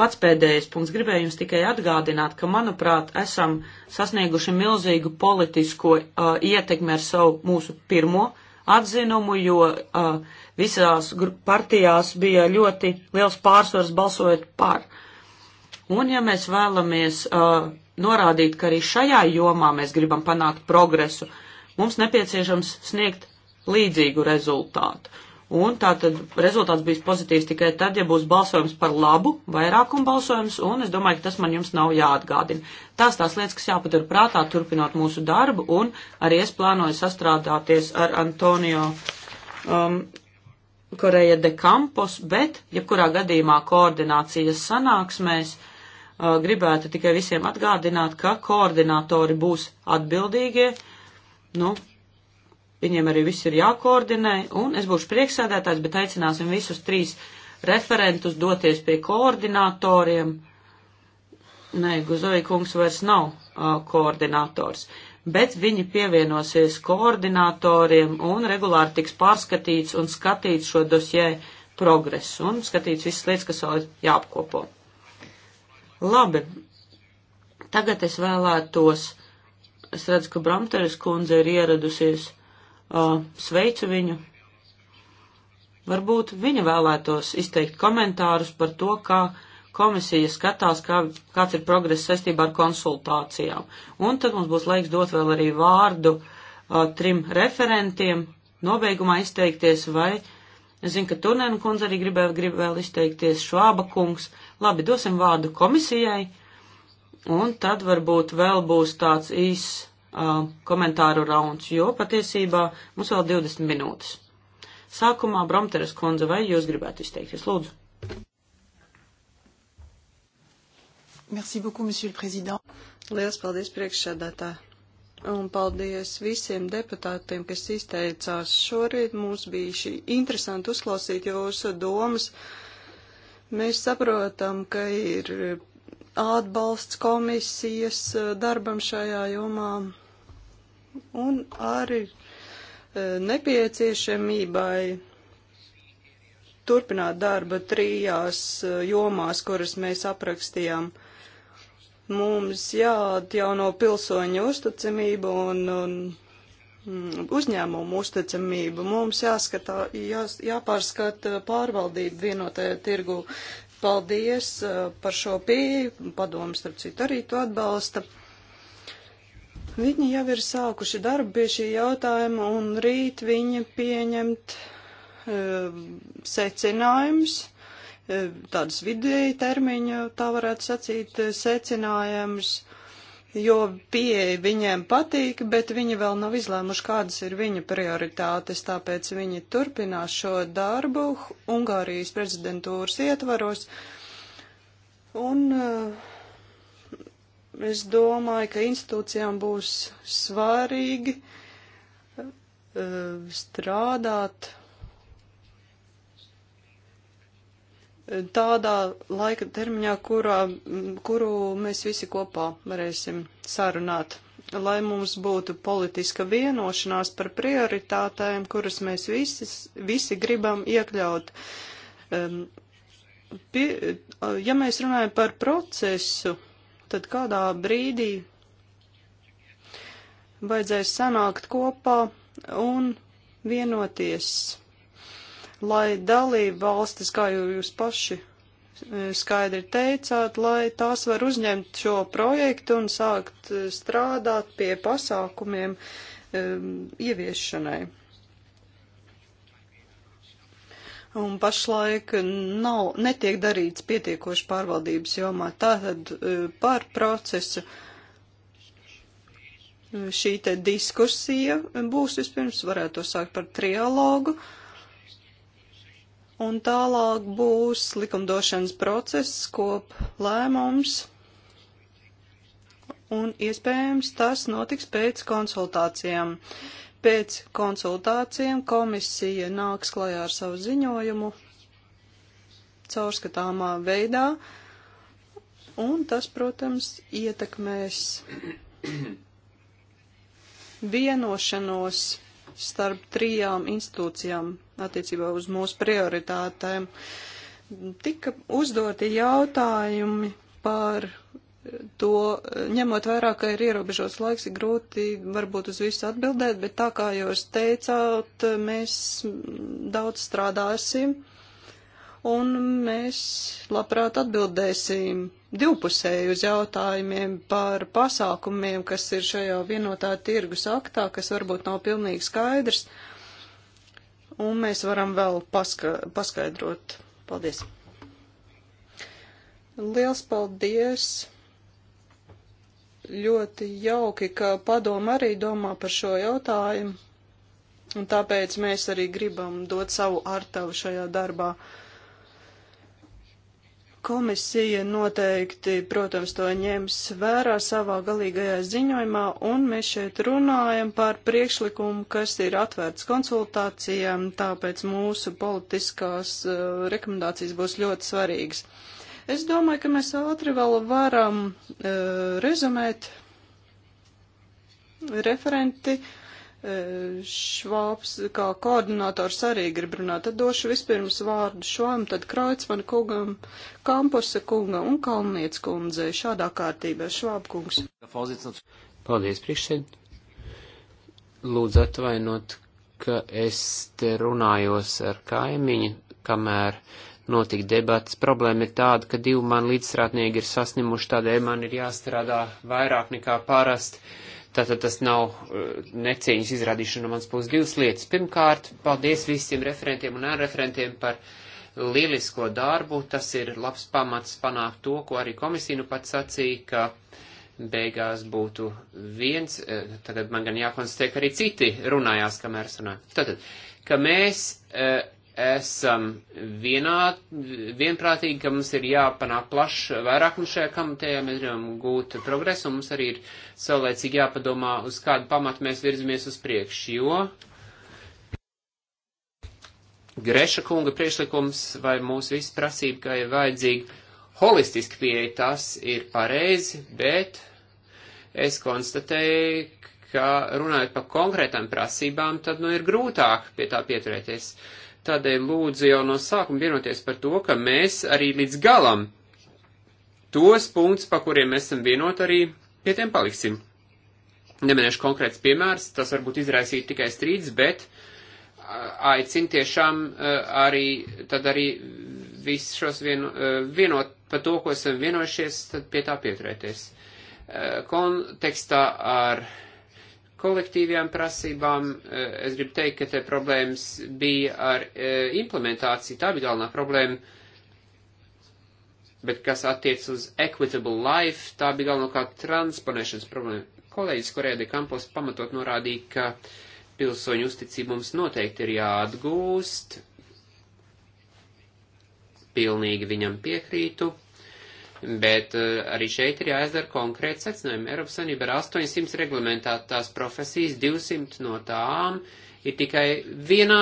Pats pēdējais punkts gribēju jums tikai atgādināt, ka, manuprāt, esam sasnieguši milzīgu politisko uh, ietekmi ar savu mūsu pirmo uh, atzinumu, jo uh, visās partijās bija ļoti liels pārsvars balsojot par. Un ja mēs vēlamies uh, norādīt, ka arī šajā jomā mēs gribam panākt progresu, mums nepieciešams sniegt līdzīgu rezultātu. Un tātad rezultāts bijis pozitīvs tikai tad, ja būs balsojums par labu, vairākuma balsojums, un es domāju, ka tas man jums nav jāatgādina. Tās tās lietas, kas jāpatur prātā, turpinot mūsu darbu, un arī es plānoju sastrādāties ar Antonio um, Koreja de Campos, bet, jebkurā gadījumā, koordinācijas sanāksmēs uh, gribētu tikai visiem atgādināt, ka koordinātori būs atbildīgie nu, Viņiem arī viss ir jākoordinē, un es būšu prieksēdētājs, bet aicināsim visus trīs referentus doties pie koordinatoriem. Nē, Guzoja kungs vairs nav uh, koordinators, bet viņi pievienosies koordinatoriem un regulāri tiks pārskatīts un skatīts šo dosjē progresu un skatīts visas lietas, kas vēl ir jāapkopo. Labi, tagad es vēlētos, es redzu, ka Bramteres kundze ir ieradusies Uh, sveicu viņu. Varbūt viņa vēlētos izteikt komentārus par to, kā komisija skatās, kā, kāds ir progress saistībā ar konsultācijām. Un tad mums būs laiks dot vēl arī vārdu uh, trim referentiem, nobeigumā izteikties, vai es zinu, ka Turnēna kundze arī gribēja grib vēl izteikties, Švāba kungs. Labi, dosim vārdu komisijai, un tad varbūt vēl būs tāds īs uh, komentāru rauns, jo patiesībā mums vēl 20 minūtes. Sākumā Bromteres kundze, vai jūs gribētu izteikties, lūdzu? Merci beaucoup, monsieur le président. Liels paldies priekšsēdētā. Un paldies visiem deputātiem, kas izteicās šorīt. Mums bija šī interesanti uzklausīt jūsu domas. Mēs saprotam, ka ir atbalsts komisijas eh, darbam šajā jomā un arī eh, nepieciešamībai turpināt darba trijās eh, jomās, kuras mēs aprakstījām. Mums jāatjauno pilsoņu uzticamību un, un mm, uzņēmumu uzticamību. Mums jāskatā, jās, jāpārskata pārvaldība vienotajā tirgu. Paldies uh, par šo pieeju, padomu starp citu arī to atbalsta. Viņi jau ir sākuši darbu pie šī jautājuma un rīt viņi pieņemt uh, secinājumus, uh, tādus vidēji termiņu, tā varētu sacīt, uh, secinājumus. Uh, jo pieeja viņiem patīk, bet viņi vēl nav izlēmuši, kādas ir viņa prioritātes, tāpēc viņi turpinās šo darbu Ungārijas prezidentūras ietvaros. Un uh, es domāju, ka institūcijām būs svarīgi uh, strādāt tādā laika termiņā, kurā, kuru mēs visi kopā varēsim sarunāt, lai mums būtu politiska vienošanās par prioritātēm, kuras mēs visi, visi gribam iekļaut. Um, pie, ja mēs runājam par procesu, tad kādā brīdī vajadzēs sanākt kopā un vienoties lai dalība valstis, kā jau jūs paši e, skaidri teicāt, lai tās var uzņemt šo projektu un sākt e, strādāt pie pasākumiem um, ieviešanai. Un pašlaik nav, netiek darīts pietiekoši pārvaldības jomā. Tātad par procesu šī te diskusija būs vispirms, varētu to sākt par trialogu. Uh, Un tālāk būs likumdošanas process, kop lēmums, un iespējams tas notiks pēc konsultācijām. Pēc konsultācijām komisija nāks klajā ar savu ziņojumu caurskatāmā veidā, un tas, protams, ietekmēs vienošanos starp trijām institūcijām attiecībā uz mūsu prioritātēm. Tika uzdoti jautājumi par to, ņemot vērā, ka ir ierobežots laiks, ir grūti varbūt uz visu atbildēt, bet tā kā jūs teicāt, mēs daudz strādāsim un mēs labprāt atbildēsim divpusēji uz jautājumiem par pasākumiem, kas ir šajā vienotā tirgus aktā, kas varbūt nav pilnīgi skaidrs. Uh, un mēs varam vēl paska paskaidrot. Paldies! Liels paldies! Ļoti jauki, ka padoma arī domā par šo jautājumu, un tāpēc mēs arī gribam dot savu artavu šajā darbā. Komisija noteikti, protams, to ņems vērā savā galīgajā ziņojumā, un mēs šeit runājam par priekšlikumu, kas ir atvērts konsultācijām, tāpēc mūsu politiskās uh, rekomendācijas būs ļoti svarīgas. Es domāju, ka mēs ātri vēl varam uh, rezumēt referenti. Uh, Švāps kā koordinators arī grib runāt. Tad došu vispirms vārdu Švām, tad Kraucman kungam, Kampusa kunga un Kalniec kundze. Šādā kārtībā Švāb kungs. Paldies, priekšsēd. Lūdzu atvainot, ka es te runājos ar kaimiņu, kamēr notika debats. Problēma ir tāda, ka divi man līdzstrātnieki ir sasnimuši, tādēļ man ir jāstrādā vairāk nekā parasti Tātad tas nav uh, necieņas izrādīšana no mans puses divas lietas. Pirmkārt, paldies visiem referentiem un ārreferentiem par lielisko darbu. Tas ir labs pamats panākt to, ko arī komisija nu pat sacīja, ka beigās būtu viens, uh, tagad man gan jākonstatē, ka arī citi runājās, kamēr es runāju. Tātad, ka mēs uh, esam vienā, vienprātīgi, ka mums ir jāpanāk plašs vairākums šajā komitejā, mēs gribam gūt progresu, un mums arī ir saulēcīgi jāpadomā, uz kādu pamatu mēs virzamies uz priekšu, jo Greša kunga priešlikums vai mūsu visas prasība, ka ir vajadzīga holistiska pieeja, tas ir pareizi, bet es konstatēju, ka runājot par konkrētām prasībām, tad nu ir grūtāk pie tā pieturēties. Uh, Tādēļ lūdzu jau no sākuma vienoties par to, ka mēs arī līdz galam tos punktus, pa kuriem mēs esam vienoti, arī pie tiem paliksim. Neminēšu konkrēts piemērs, tas varbūt izraisīja tikai strīdus, bet aicinu tiešām arī, tad arī visus šos vieno, vienot par to, ko esam vienojušies, tad pie tā pieturēties. Kontekstā ar kolektīvajām prasībām. Eh, es gribu teikt, ka te problēmas bija ar eh, implementāciju, tā bija galvenā problēma. Bet kas attiec uz equitable life, tā bija galvenokārt transponēšanas problēma. Kolēģis Korēde Kampos pamatot norādīja, ka pilsoņu uzticība mums noteikti ir jāatgūst. Pilnīgi viņam piekrītu. Bet eh, arī šeit ir jāizdara konkrēti secinājumi. Eiropas Savienība ir 800 reglamentētās profesijas, 200 no tām ir tikai vienā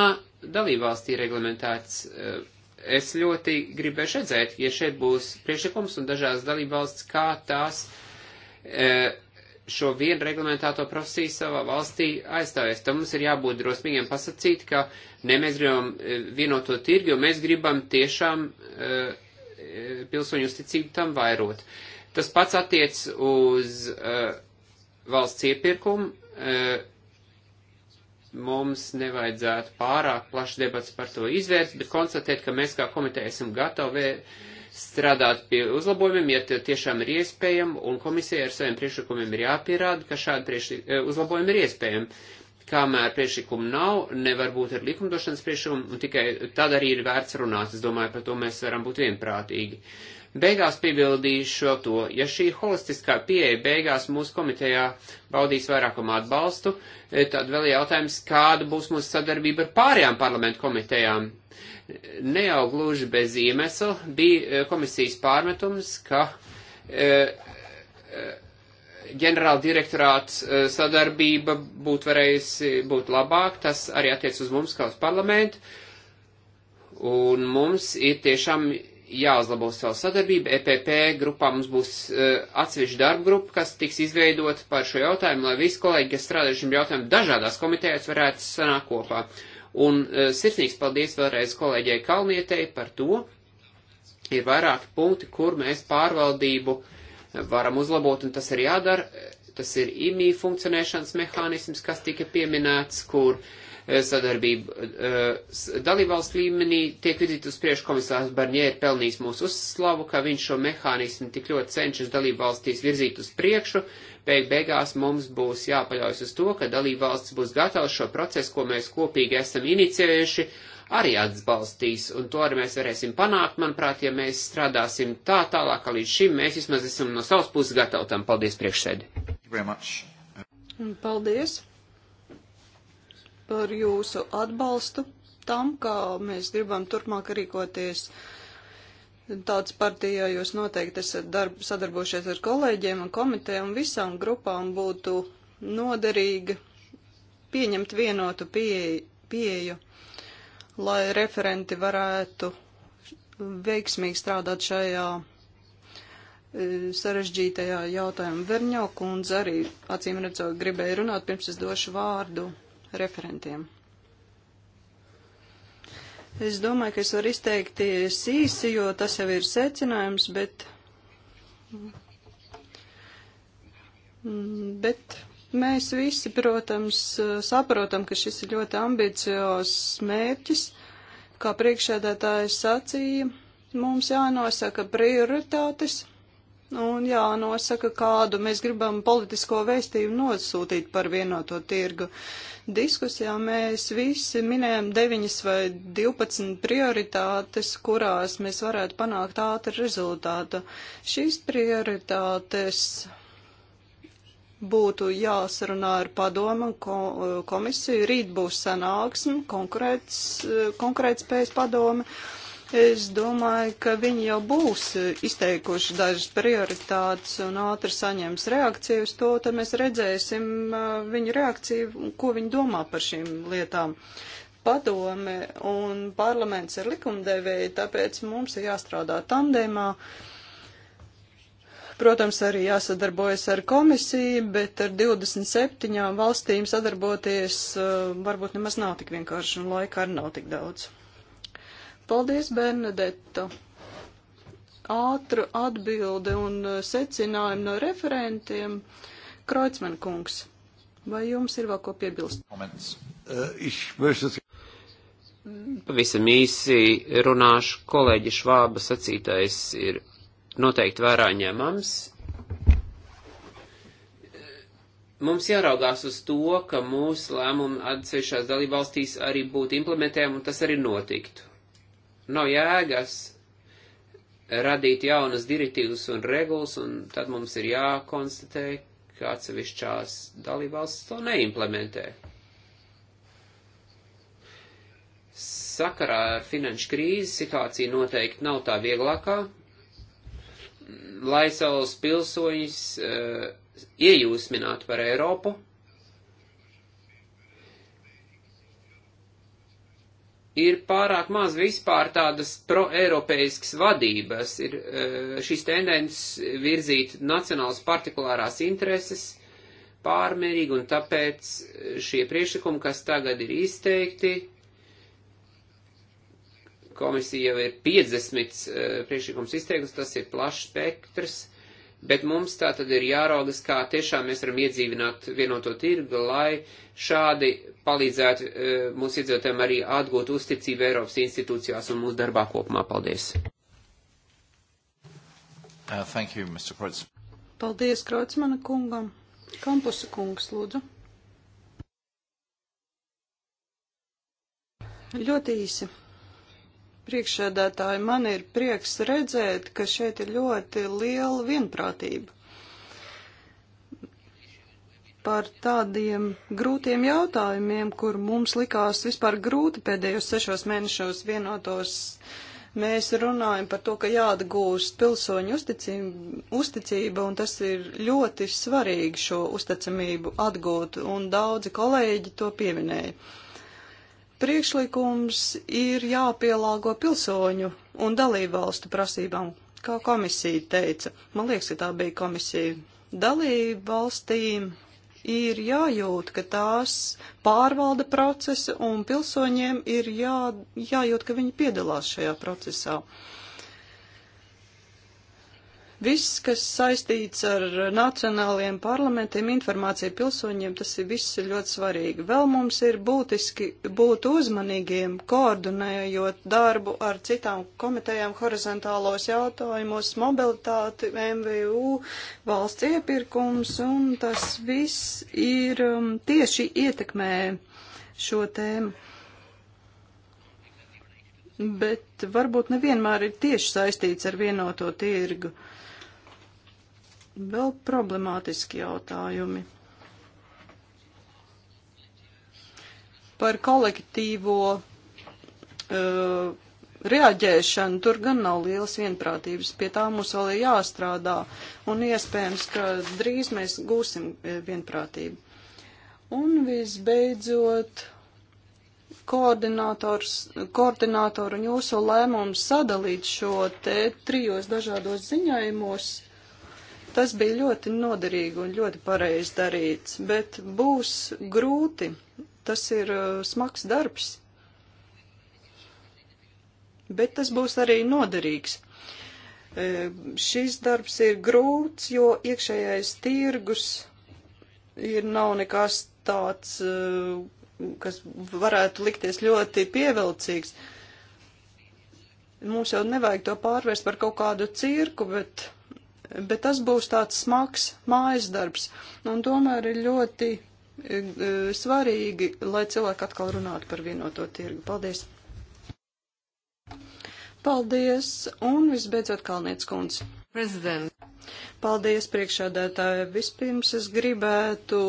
dalībvalstī reglamentēts. Eh, es ļoti gribēju redzēt, ja šeit būs priekšlikums un dažās dalībvalsts, kā tās eh, šo vienu reglamentēto profesiju savā valstī aizstāvēs. Tam mums ir jābūt drosmīgiem pasacīt, ka ne mēs gribam vienoto tirgu, jo mēs gribam tiešām uh, pilsoņu uzticību tam vairot. Tas pats attiec uz uh, valsts iepirkumu. Uh, mums nevajadzētu pārāk plašs debats par to izvērst, bet konstatēt, ka mēs kā komiteja esam gatavi strādāt pie uzlabojumiem, ja tie tiešām ir iespējami, un komisija ar saviem priekšlikumiem ir jāpierāda, ka šādi priekš, eh, uzlabojumi ir iespējami. Kamēr priekšlikumu nav, nevar būt ar likumdošanas priekšlikumu, un tikai tad arī ir vērts runāt. Es domāju, par to mēs varam būt vienprātīgi. Beigās piebildīšu to, ja šī holistiskā pieeja beigās mūsu komitejā baudīs vairākumu atbalstu, eh, tad vēl jautājums, kāda būs mūsu sadarbība ar pārējām parlamentu komitejām. Ne jau gluži bez iemesla bija eh, komisijas pārmetums, ka. E, e, ģenerāla direktorāts eh, sadarbība būtu varējusi būt labāk, tas arī attiec uz mums kā uz parlamentu, un mums ir tiešām jāuzlabo savu sadarbību. EPP grupā mums būs uh, atsevišķa darba grupa, kas tiks izveidota par šo jautājumu, lai visi kolēģi, kas strādā šim jautājumam dažādās komitējās, varētu sanākt kopā. Un uh, sirsnīgs paldies vēlreiz kolēģei Kalnietei par to. Ir vairāki punkti, kur mēs pārvaldību uh, varam uzlabot, un tas ir jādara. Tas ir IMI funkcionēšanas mehānisms, kas tika pieminēts, kur eh, sadarbība eh, dalībvalsts līmenī tiek virzīt uz priekšu. Komisārs Barņē ir pelnījis mūsu uzslavu, ka viņš šo mehānismu tik ļoti cenšas dalībvalstīs virzīt uz priekšu. Beig beigās mums būs jāpaļaujas uz to, ka dalībvalsts būs gatavs šo procesu, ko mēs kopīgi esam inicijējuši, uh, arī atbalstīs, un to arī mēs varēsim panākt, manuprāt, ja mēs strādāsim tā tālāk, ka līdz šim mēs vismaz esam no savas puses gatavi tam. Paldies priekšsēdi. Paldies par jūsu atbalstu tam, kā mēs gribam turpmāk rīkoties. Tāds partijā jūs noteikti esat darb, sadarbojušies ar kolēģiem un komitejām, visām grupām būtu noderīgi pieņemt vienotu pieeju. pieeju lai referenti varētu veiksmīgi strādāt šajā e, sarežģītajā jautājumā. Verņo kundze arī acīm redzot gribēja runāt, pirms es došu vārdu referentiem. Es domāju, ka es varu izteikties īsi, jo tas jau ir secinājums, bet, mm, bet Mēs visi, protams, saprotam, ka šis ir ļoti ambiciozs mērķis. Kā priekšēdētājs sacīja, mums jānosaka prioritātes un jānosaka, kādu mēs gribam politisko vēstījumu nosūtīt par vienoto tirgu. Diskusijā mēs visi minējam 9 vai 12 prioritātes, kurās mēs varētu panākt ātru rezultātu. Šīs prioritātes būtu jāsarunā ar padomu komisiju. Rīt būs sanāksme, konkurētspējas padome. Es domāju, ka viņi jau būs izteikuši dažas prioritātes un ātri saņems reakciju uz to, tad mēs redzēsim viņu reakciju, ko viņi domā par šīm lietām. Padome un parlaments ir likumdevēji, tāpēc mums ir jāstrādā tandēmā. Uh, Protams, arī jāsadarbojas ar komisiju, bet ar 27 valstīm sadarboties uh, varbūt nemaz nav tik vienkārši un laika arī nav tik daudz. Paldies, Bernadetta! Ātra atbilde un uh, secinājumi no referentiem. Kreutzmann kungs, vai jums ir vēl ko piebilst? Moments. Uh, Pavisam īsi runāšu, kolēģi Švāba sacītais ir noteikti vērā ņemams. Mums jāraugās uz to, ka mūsu lēmumi atsevišķās dalībvalstīs arī būtu implementējami un tas arī notiktu. Nav jēgas radīt jaunas direktīvas un regulas, un tad mums ir jākonstatē, ka atsevišķās dalībvalstis to neimplementē. Sakarā ar finanšu krīzi situācija noteikti nav tā vieglākā, lai savus pilsoņus uh, eh, iejūsminātu par Eiropu. Ir pārāk maz vispār tādas pro-eiropeiskas vadības, ir uh, eh, šīs tendences virzīt nacionālas partikulārās intereses pārmērīgi, un tāpēc šie priekšlikumi, kas tagad ir izteikti, Komisija jau ir 50 eh, priekšlikums izteikums, tas ir plašs spektrs, bet mums tā tad ir jāraudas, kā tiešām mēs varam iedzīvināt vienoto tirgu, lai šādi palīdzētu eh, mūsu iedzīvotājiem arī atgūt uzticību Eiropas institūcijās un mūsu darbā kopumā. Paldies! Uh, thank you, Mr. Kreutz. Paldies, Kreutzmana kungam. Kampusa kungs, lūdzu. Ļoti īsi priekšsēdētāji, man ir prieks redzēt, ka šeit ir ļoti liela vienprātība par tādiem grūtiem jautājumiem, kur mums likās vispār grūti pēdējos sešos mēnešos vienotos. Mēs runājam par to, ka jāatgūst pilsoņu uzticība, uzticība, un tas ir ļoti svarīgi šo uzticamību atgūt, un daudzi kolēģi to pieminēja. Uh, priekšlikums ir jāpielāgo pilsoņu un dalībvalstu prasībām, kā komisija teica. Man liekas, ka tā bija komisija. Dalībvalstīm ir jājūt, ka tās pārvalda procesu un pilsoņiem ir jā, jājūt, ka viņi piedalās šajā procesā. Uh, Viss, kas saistīts ar nacionāliem parlamentiem, informācija pilsoņiem, tas ir viss ir ļoti svarīgi. Vēl mums ir būtiski būt uzmanīgiem, koordinējot darbu ar citām komitejām horizontālos jautājumos, mobilitāti, MVU, valsts iepirkums, un tas viss ir um, tieši ietekmē šo tēmu bet varbūt nevienmēr ir tieši saistīts ar vienoto tirgu vēl problemātiski jautājumi. Par kolektīvo uh, reaģēšanu tur gan nav lielas vienprātības. Pie tā mums vēl ir jāstrādā un iespējams, ka drīz mēs gūsim uh, vienprātību. Un visbeidzot, koordinātoru un jūsu lēmumu sadalīt šo te trijos dažādos ziņojumos Tas bija ļoti noderīgi un ļoti pareizi darīts, bet būs grūti. Tas ir uh, smags darbs. Bet tas būs arī noderīgs. Uh, šis darbs ir grūts, jo iekšējais tirgus ir nav nekas tāds, uh, kas varētu likties ļoti pievilcīgs. Mums jau nevajag to pārvērst par kaut kādu cirku, bet bet tas būs tāds smags mājas darbs. Un tomēr ir ļoti e, e, svarīgi, lai cilvēki atkal runātu par vienoto tirgu. Paldies! Paldies! Un visbeidzot Kalniec kundz. Prezident. Paldies priekšādētāji. Vispirms es gribētu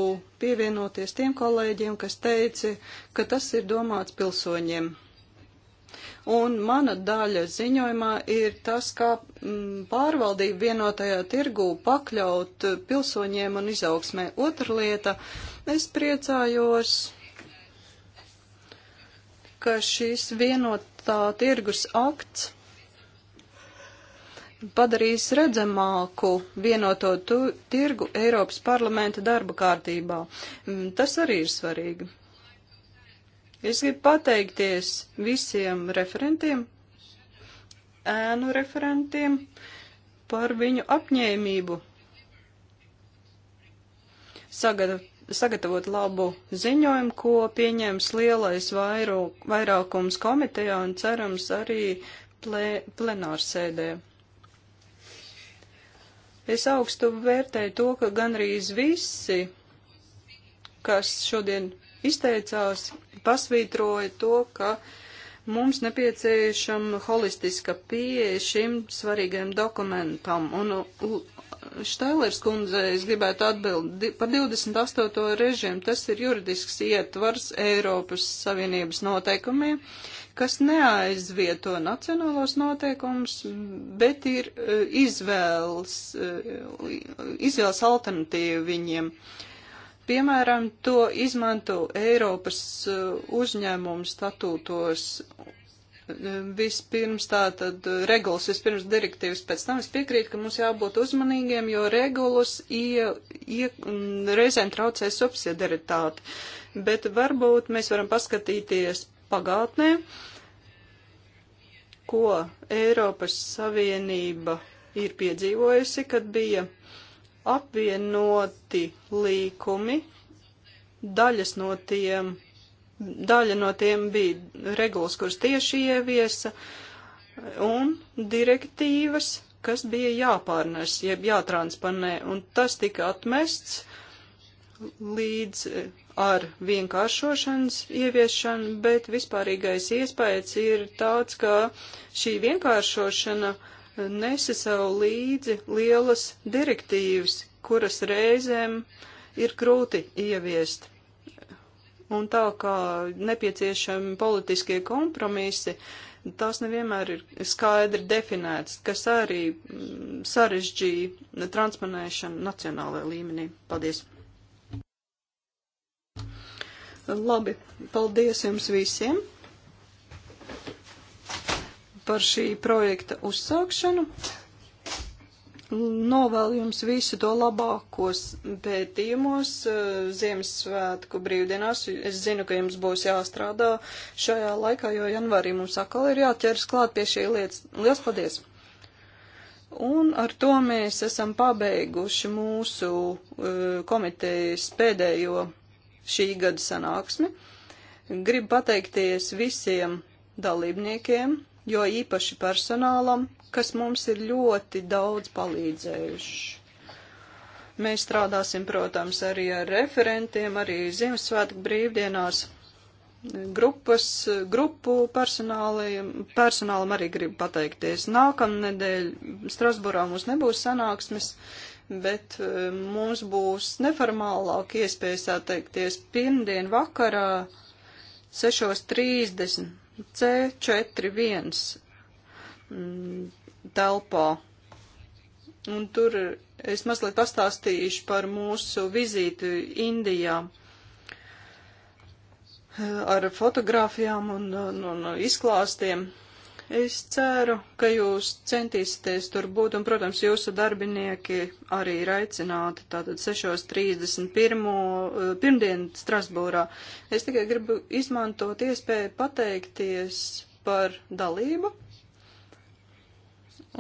pievienoties tiem kolēģiem, kas teica, ka tas ir domāts pilsoņiem. Un mana daļa ziņojumā ir tas, kā mm, pārvaldība vienotajā tirgū pakļaut pilsoņiem un izaugsmē. Otra lieta, es priecājos, ka šis vienotā tirgus akts padarīs redzamāku vienoto tirgu Eiropas parlamenta darba kārtībā. Mm, tas arī ir svarīgi. Es gribu pateikties visiem referentiem, ēnu referentiem par viņu apņēmību sagatavot labu ziņojumu, ko pieņems lielais vairu, vairākums komitejā un cerams arī plē, plenārsēdē. Es augstu vērtēju to, ka gandrīz visi, kas šodien izteicās, pasvītroja to, ka mums nepieciešama holistiska pieeja šim svarīgajam dokumentam. Un Štailers kundze, es gribētu atbildēt par 28. režīmu. Tas ir juridisks ietvars Eiropas Savienības noteikumiem, kas neaizvieto nacionālos noteikumus, bet ir e, izvēles, e, izvēles alternatīva viņiem. Uh, Piemēram, to izmanto Eiropas uh, uzņēmumu statūtos. Um, vispirms tātad uh, regulas, vispirms direktīvas, pēc tam es piekrītu, ka mums jābūt uzmanīgiem, jo regulas ie, ie, mm, reizēm traucē subsidiaritāti. Bet varbūt mēs varam paskatīties pagātnē, ko Eiropas Savienība ir piedzīvojusi, kad bija apvienoti līkumi, daļas no tiem, daļa no tiem bija regulas, kuras tieši ieviesa, un direktīvas, kas bija jāpārnes, jeb jātransponē, un tas tika atmests līdz eh, ar vienkāršošanas ieviešanu, bet vispārīgais iespējas ir tāds, ka šī vienkāršošana uh, nesa sev līdzi lielas direktīvas, kuras reizēm ir grūti ieviest. Un tā kā nepieciešami politiskie kompromisi, tās nevienmēr ir skaidri definētas, kas arī mm, sarežģīja transponēšanu nacionālajā līmenī. Paldies! Labi, paldies jums visiem! par šī projekta uzsākšanu. Novēlu jums visu to labākos pētījumos eh, Ziemassvētku brīvdienās. Es zinu, ka jums būs jāstrādā šajā laikā, jo janvārī mums atkal ir jāķeras klāt pie šī lietas. Lielas paldies! Un ar to mēs esam pabeiguši mūsu eh, komitejas pēdējo šī gada sanāksmi. Gribu pateikties visiem dalībniekiem, jo īpaši personālam, kas mums ir ļoti daudz palīdzējuši. Mēs strādāsim, protams, arī ar referentiem, arī Ziemassvētku brīvdienās grupas, grupu personālam arī gribu pateikties. Nākamnedēļ Strasburā mums nebūs sanāksmes, bet eh, mums būs neformālāk iespējas atteikties pirmdien vakarā 6.30. C41 mm, telpā. Un tur es mazliet pastāstīšu par mūsu vizīti Indijā eh, ar fotografijām un, un, un izklāstiem. Es ceru, ka jūs centīsieties tur būt, un, protams, jūsu darbinieki arī ir aicināti tātad 6.31. Eh, pirmdien Strasbūrā. Es tikai gribu izmantot iespēju pateikties par dalību,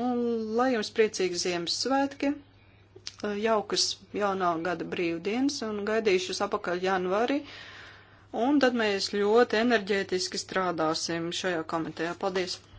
un lai jums priecīgi Ziemassvētki, eh, jaukas jaunā gada brīvdienas, un gaidīšu jūs apakaļ janvārī un tad mēs ļoti enerģētiski strādāsim šajā komitejā. Paldies!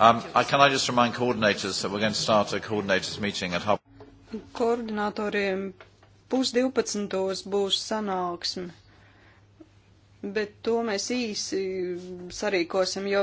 Um, I, can I just remind coordinators that we're going to start a coordinators meeting at half... Koordinatoriem pusdivpadsmitos būs sanāksme, bet to mēs īsi sarīkosim, jo